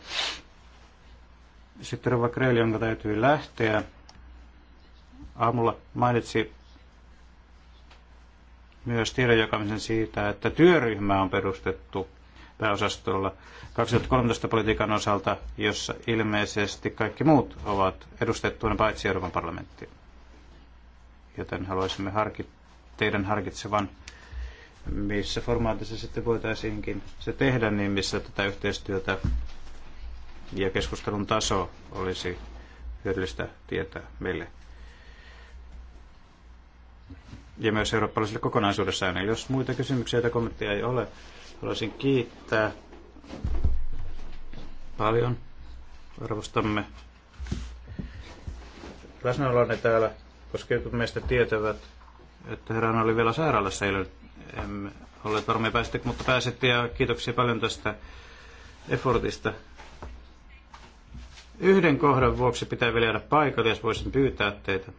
Sitten Rova Kreili, jonka täytyy lähteä, aamulla mainitsi myös tiedon jakamisen siitä, että työryhmä on perustettu pääosastolla 2013 politiikan osalta, jossa ilmeisesti kaikki muut ovat edustettuina paitsi Euroopan parlamentti. Joten haluaisimme harki, teidän harkitsevan, missä formaatissa sitten voitaisiinkin se tehdä, niin missä tätä yhteistyötä ja keskustelun taso olisi hyödyllistä tietää meille ja myös eurooppalaisille kokonaisuudessaan. Ja jos muita kysymyksiä tai kommentteja ei ole, haluaisin kiittää paljon. Arvostamme läsnäolonne täällä, koska jotkut meistä tietävät, että herran oli vielä sairaalassa eilen. Emme olleet varmia päästä, mutta pääsitte ja kiitoksia paljon tästä effortista. Yhden kohdan vuoksi pitää vielä jäädä paikalle, jos voisin pyytää teitä.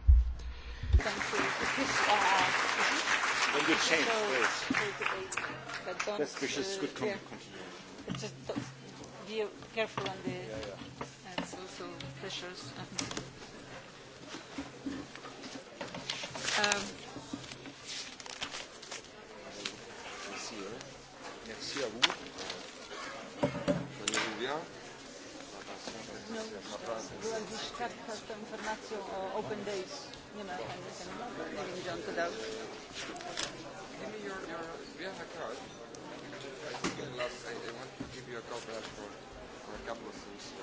Merci à vous. Maniez-vous bien była dziś kartka z tą informacją o Open Days. Nie ma pani Semenowej. Nie wiem, gdzie on to dał. for,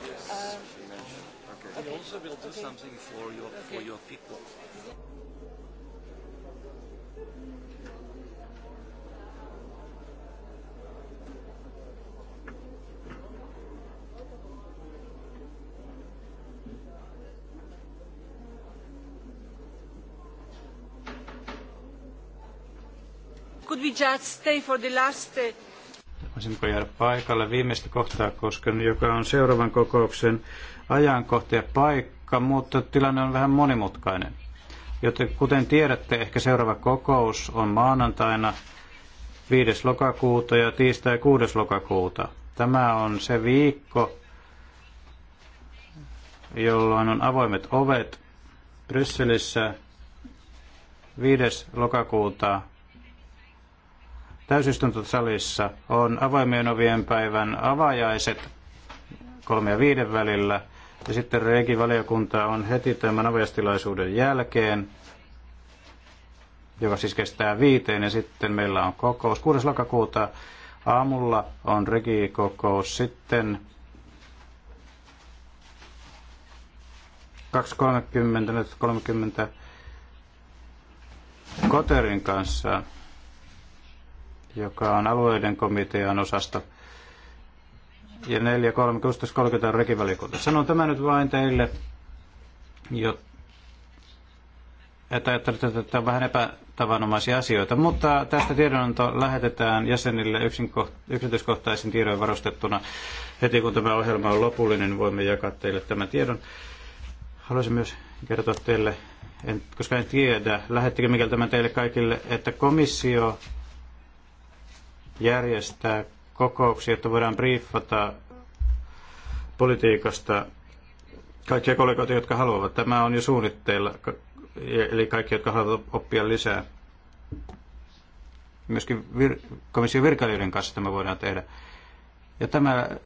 yes. uh, she also will do okay. something for your, for your people. Yeah. we just stay for the last... Uh, Voisinko jäädä paikalle viimeistä kohtaa kosken, joka on seuraavan kokouksen ajankohta ja paikka, mutta tilanne on vähän monimutkainen. Joten kuten tiedätte, ehkä seuraava kokous on maanantaina 5. lokakuuta ja tiistai 6. lokakuuta. Tämä on se viikko, jolloin on avoimet ovet Brysselissä 5. lokakuuta täysistuntosalissa on avoimien ovien päivän avajaiset kolme ja viiden välillä. Ja sitten reikivaliokunta on heti tämän avajastilaisuuden jälkeen, joka siis kestää viiteen, ja sitten meillä on kokous 6. lokakuuta aamulla on regikokous sitten 2.30, 30 Koterin kanssa joka on alueiden komitean osasto. Ja 4, 3, 16, 30 on rekivaliokunta. Sanon tämä nyt vain teille, jotta että ajattelette, että tämä on vähän epätavanomaisia asioita, mutta tästä tiedonanto lähetetään jäsenille yksityiskohtaisin tiedon varustettuna. Heti kun tämä ohjelma on lopullinen, niin voimme jakaa teille tämän tiedon. Haluaisin myös kertoa teille, en, koska en tiedä, lähettikö mikä tämä teille kaikille, että komissio järjestää kokouksia, että voidaan briefata politiikasta kaikkia kollegoita, jotka haluavat. Tämä on jo suunnitteilla, eli kaikki, jotka haluavat oppia lisää. Myöskin vir- komission virkailijoiden kanssa tämä voidaan tehdä. Ja tämä